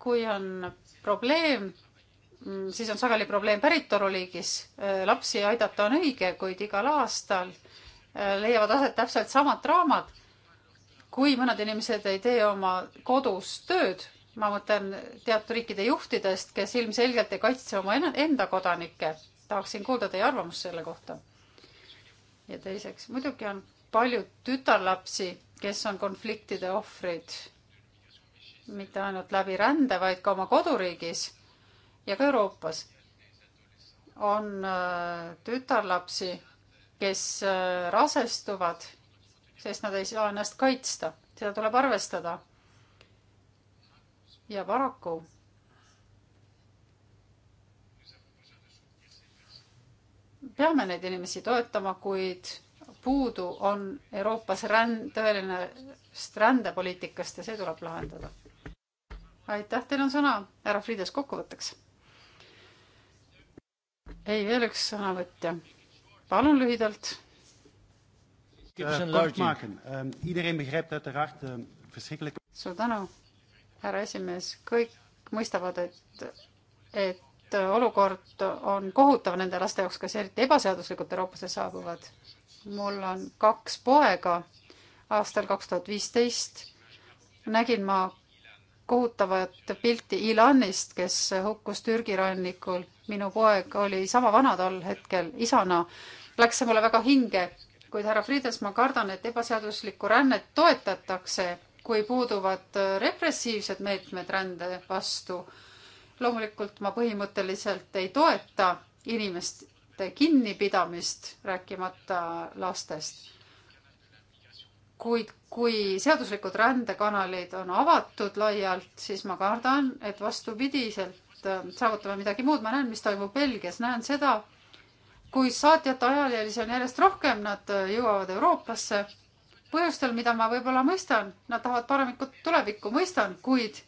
kui on probleem, siis on sageli probleem päritoluliigis. lapsi aidata on õige, kuid igal aastal äh, leiavad aset täpselt samad draamad. kui mõned inimesed ei tee oma kodus tööd, ma mõtlen teatud riikide juhtidest, kes ilmselgelt ei kaitse oma enda kodanikke. tahaksin kuulda teie arvamust selle kohta ja teiseks, muidugi on palju tütarlapsi, kes on konfliktide ohvrid, mitte ainult läbi rände, vaid ka oma koduriigis ja ka Euroopas on äh, tütarlapsi, kes äh, rasestuvad, sest nad ei saa ennast kaitsta, seda tuleb arvestada. ja paraku peame neid inimesi toetama, kuid puudu on Euroopas ränd, tõelinest rändepoliitikast ja see tuleb lahendada. aitäh, teil on sõna, härra Friides, kokkuvõtteks. ei, veel üks sõnavõtja. palun lühidalt. Eh, ehm, ehm, suur tänu, härra esimees, kõik mõistavad, et, et et olukord on kohutav nende laste jaoks, kes eriti ebaseaduslikult Euroopasse saabuvad. mul on kaks poega. aastal kaks tuhat viisteist nägin ma kohutavat pilti Ilanist, kes hukkus Türgi rannikul. minu poeg oli sama vana tol hetkel isana. Läks see mulle väga hinge, kuid härra Friedels, ma kardan, et ebaseaduslikku rännet toetatakse, kui puuduvad repressiivsed meetmed rände vastu loomulikult ma põhimõtteliselt ei toeta inimeste kinnipidamist, rääkimata lastest. kuid kui seaduslikud rändekanalid on avatud laialt, siis ma kardan, et vastupidiselt ähm, saavutame midagi muud. ma näen, mis toimub Belgias, näen seda, kui saatjate alaealisi on järjest rohkem, nad äh, jõuavad Euroopasse põhjustel, mida ma võib-olla mõistan, nad tahavad paremat tulevikku, mõistan, kuid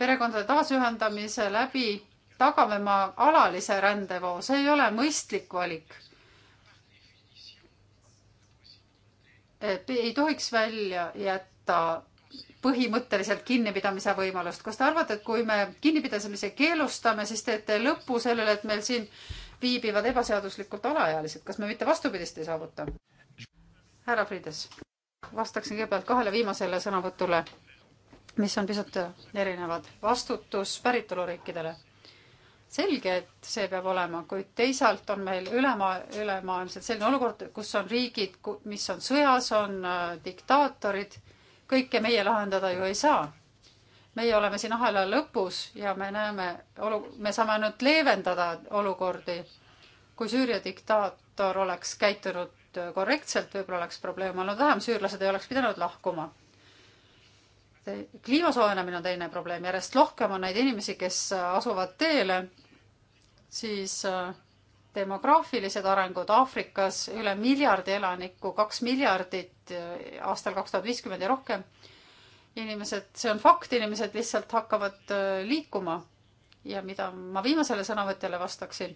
perekondade taasühendamise läbi tagame ma alalise rändevoo, see ei ole mõistlik valik. ei tohiks välja jätta põhimõtteliselt kinnipidamise võimalust. kas te arvate, et kui me kinnipidamise keelustame, siis teete lõpu sellele, et meil siin viibivad ebaseaduslikult alaealised, kas me mitte vastupidist ei saavuta? härra Frides, vastaksin kõigepealt kahele viimasele sõnavõtule mis on pisut erinevad. vastutus päritoluriikidele. selge, et see peab olema, kuid teisalt on meil ülema-, ülemaailmselt selline olukord, kus on riigid, mis on sõjas, on äh, diktaatorid, kõike meie lahendada ju ei saa. meie oleme siin ahela lõpus ja me näeme olu-, me saame ainult leevendada olukordi. kui Süüria diktaator oleks käitunud äh, korrektselt, võib-olla oleks probleem olnud vähem, süürlased ei oleks pidanud lahkuma kliima soojenemine on teine probleem, järjest rohkem on neid inimesi, kes äh, asuvad teele, siis äh, demograafilised arengud Aafrikas üle miljardi elaniku, kaks miljardit äh, aastal kaks tuhat viiskümmend ja rohkem. inimesed, see on fakt, inimesed lihtsalt hakkavad liikuma. ja mida ma viimasele sõnavõtjale vastaksin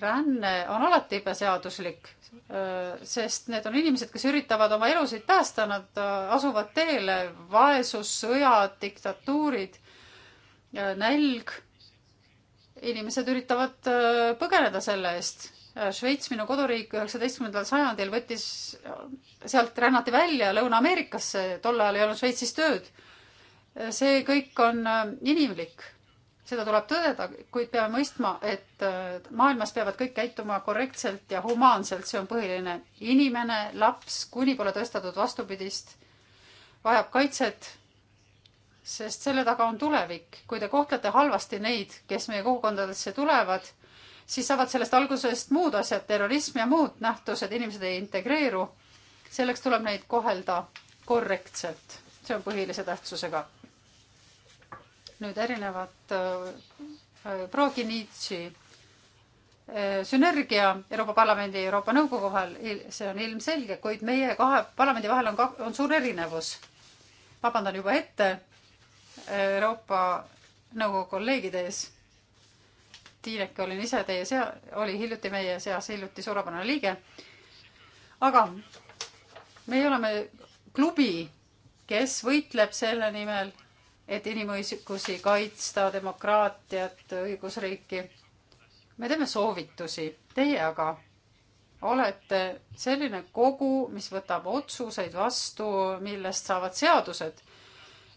ränne on alati ebaseaduslik, Äh, sest need on inimesed, kes üritavad oma elusid päästa, nad äh, asuvad teele, vaesus, sõjad, diktatuurid, äh, nälg. inimesed üritavad põgeneda selle eest. Šveits, minu koduriik, üheksateistkümnendal sajandil võttis, sealt rännati välja Lõuna-Ameerikasse, tol ajal ei olnud Šveitsis tööd. see kõik on inimlik seda tuleb tõdeda, kuid peame mõistma, et äh, maailmas peavad kõik käituma korrektselt ja humaanselt, see on põhiline. inimene, laps, kuni pole tõestatud vastupidist, vajab kaitset, sest selle taga on tulevik. kui te kohtlete halvasti neid, kes meie kogukondadesse tulevad, siis saavad sellest algusest muud asjad, terrorism ja muud nähtused, inimesed ei integreeru. selleks tuleb neid kohelda korrektselt, see on põhilise tähtsusega nüüd erinevad äh, progeniitsi äh, sünergia Euroopa Parlamendi ja Euroopa Nõukogu vahel, see on ilmselge, kuid meie kahe parlamendi vahel on ka, on suur erinevus. vabandan juba ette Euroopa Nõukogu kolleegide ees. Tiineke olin ise teie sea-, oli hiljuti meie seas hiljuti suurepärane liige. aga meie oleme klubi, kes võitleb selle nimel, et inimõigusi kaitsta, demokraatiat, õigusriiki. me teeme soovitusi, teie aga olete selline kogu, mis võtab otsuseid vastu, millest saavad seadused,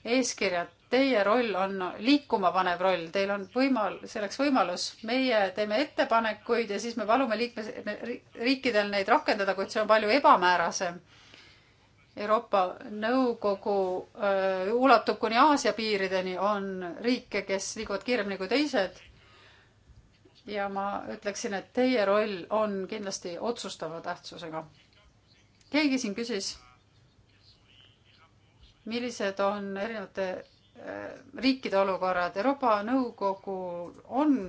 eeskirjad. Teie roll on liikuma panev roll, teil on võimal-, selleks võimalus, meie teeme ettepanekuid ja siis me palume liikmes-, riikidel neid rakendada, kuid see on palju ebamäärasem Euroopa Nõukogu öö, ulatub kuni Aasia piirideni, on riike, kes liiguvad kiiremini kui teised. ja ma ütleksin, et teie roll on kindlasti otsustava tähtsusega. keegi siin küsis, millised on erinevate öö, riikide olukorrad. Euroopa Nõukogu on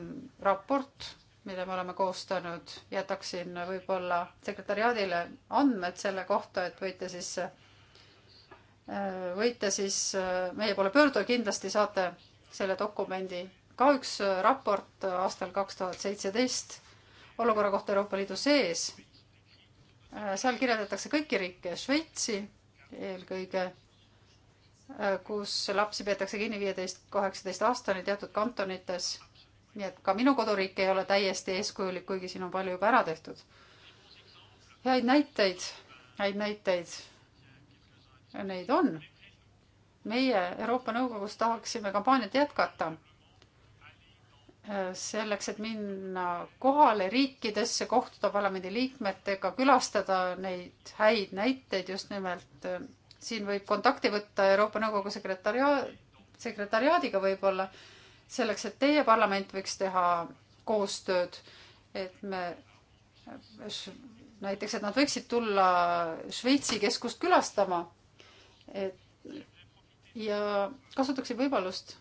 raport mille me oleme koostanud, jätaksin võib-olla sekretäriaadile andmed selle kohta, et võite siis, äh, võite siis äh, meie poole pöörduda, kindlasti saate selle dokumendi. ka üks äh, raport aastal kaks tuhat seitseteist olukorra kohta Euroopa Liidu sees. seal kirjeldatakse kõiki riike, Šveitsi eelkõige, kus lapsi peetakse kinni viieteist, kaheksateist aastani teatud kantonites nii et ka minu koduriik ei ole täiesti eeskujulik, kuigi siin on palju juba ära tehtud. häid näiteid, häid näiteid. Neid on. meie Euroopa Nõukogus tahaksime kampaaniat jätkata. Äh, selleks, et minna kohale riikidesse, kohtuda parlamendi liikmetega, külastada neid häid näiteid just nimelt. Äh, siin võib kontakti võtta Euroopa Nõukogu sekretarja-, sekretariaadiga võib-olla selleks, et teie parlament võiks teha koostööd, et me näiteks, et nad võiksid tulla Šveitsi keskust külastama. et ja kasutaksin võimalust,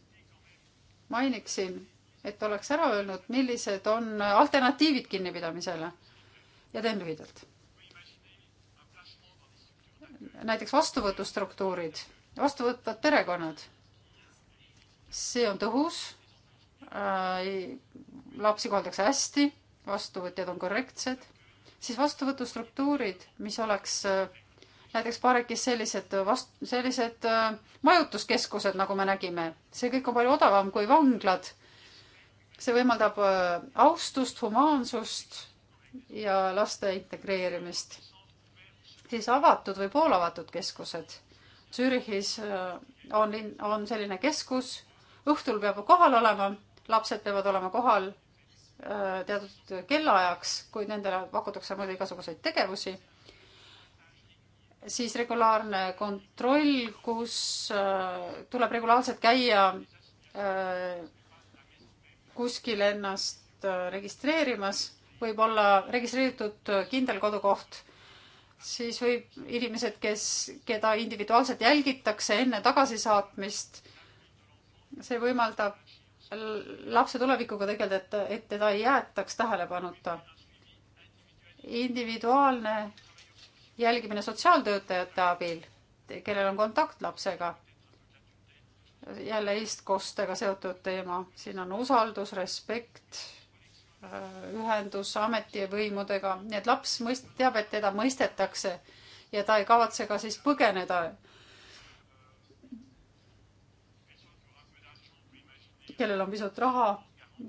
mainiksin, et oleks ära öelnud, millised on alternatiivid kinnipidamisele. ja teen lühidalt. näiteks vastuvõtustruktuurid, vastuvõtvad perekonnad see on tõhus äh, lapsi koheldakse hästi, vastuvõtjad on korrektsed, siis vastuvõtustruktuurid, mis oleks äh, näiteks paarekis sellised vast-, sellised äh, majutuskeskused, nagu me nägime, see kõik on palju odavam kui vanglad. see võimaldab austust, humaansust ja laste integreerimist. siis avatud või poolavatud keskused. Zürichis on linn, on selline keskus õhtul peab kohal olema, lapsed peavad olema kohal äh, teatud kellaajaks, kuid nendele pakutakse muidu igasuguseid tegevusi. siis regulaarne kontroll, kus äh, tuleb regulaarselt käia äh, kuskil ennast registreerimas, võib olla registreeritud kindel kodukoht, siis võib inimesed, kes, keda individuaalselt jälgitakse enne tagasisaatmist see võimaldab lapse tulevikuga tegeleda, et, et teda ei jäetaks tähelepanuta. individuaalne jälgimine sotsiaaltöötajate abil, kellel on kontakt lapsega. jälle eestkostega seotud teema, siin on usaldus, respekt, ühendus ametivõimudega, nii et laps mõist-, teab, et teda mõistetakse ja ta ei kavatse ka siis põgeneda kellel on pisut raha,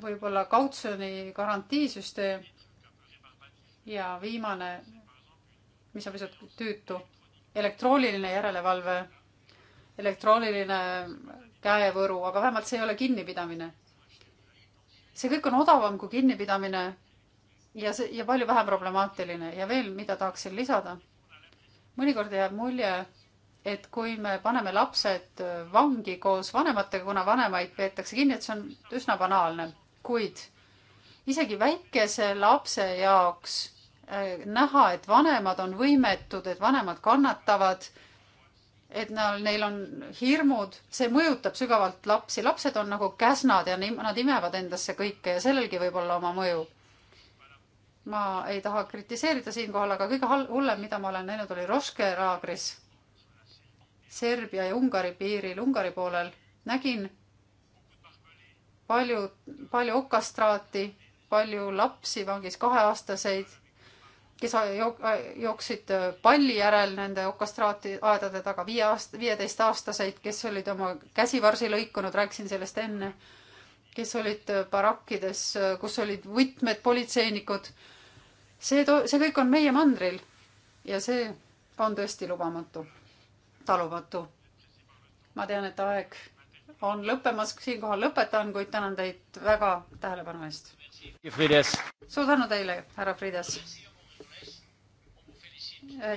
võib-olla kautsjoni garantiisüsteem ja viimane, mis on pisut tüütu, elektrooniline järelevalve, elektrooniline käevõru, aga vähemalt see ei ole kinnipidamine. see kõik on odavam kui kinnipidamine ja see ja palju vähem problemaatiline ja veel, mida tahaksin lisada. mõnikord jääb mulje, et kui me paneme lapsed vangi koos vanematega, kuna vanemaid peetakse kinni, et see on üsna banaalne, kuid isegi väikese lapse jaoks äh, näha, et vanemad on võimetud, et vanemad kannatavad, et nad, neil on hirmud, see mõjutab sügavalt lapsi, lapsed on nagu käsnad ja nad imevad endasse kõike ja sellelgi võib olla oma mõju ma ei taha kritiseerida siinkohal, aga kõige hullem, mida ma olen näinud, oli Roške laagris Serbia ja Ungari piiril Ungari poolel nägin palju, palju okastraati, palju lapsi vangis, kaheaastaseid, kes jooksid äh, palli järel nende okastraati aedade taga, viie aast-, viieteistaastaseid, kes olid oma käsivarsi lõikunud, rääkisin sellest enne, kes olid äh, barakkides, äh, kus olid võtmed, politseinikud. see, see kõik on meie mandril ja see on tõesti lubamatu talumatu. ma tean, et aeg on lõppemas, siinkohal lõpetan, kuid tänan teid väga tähelepanu eest. suur tänu teile, härra Frides.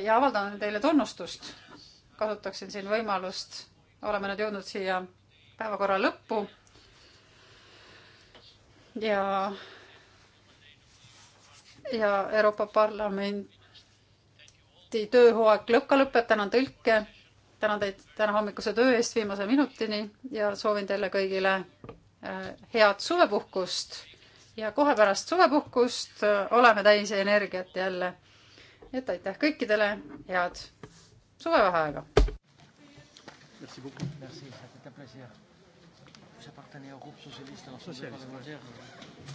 ja avaldan teile tunnustust. kasutaksin siin võimalust, oleme nüüd jõudnud siia päevakorra lõppu. ja, ja Euroopa Parlamenti tööhooaeg lõpp ka lõpeb, tänan tõlke tänan teid täna hommikuse töö eest viimase minutini ja soovin teile kõigile äh, head suvepuhkust. ja kohe pärast suvepuhkust äh, oleme täis energiat jälle. et aitäh kõikidele, head suvevaheaega. Merci beaucoup. Merci, c'était un plaisir. Vous appartenez au groupe socialiste à l'Assemblée parlementaire.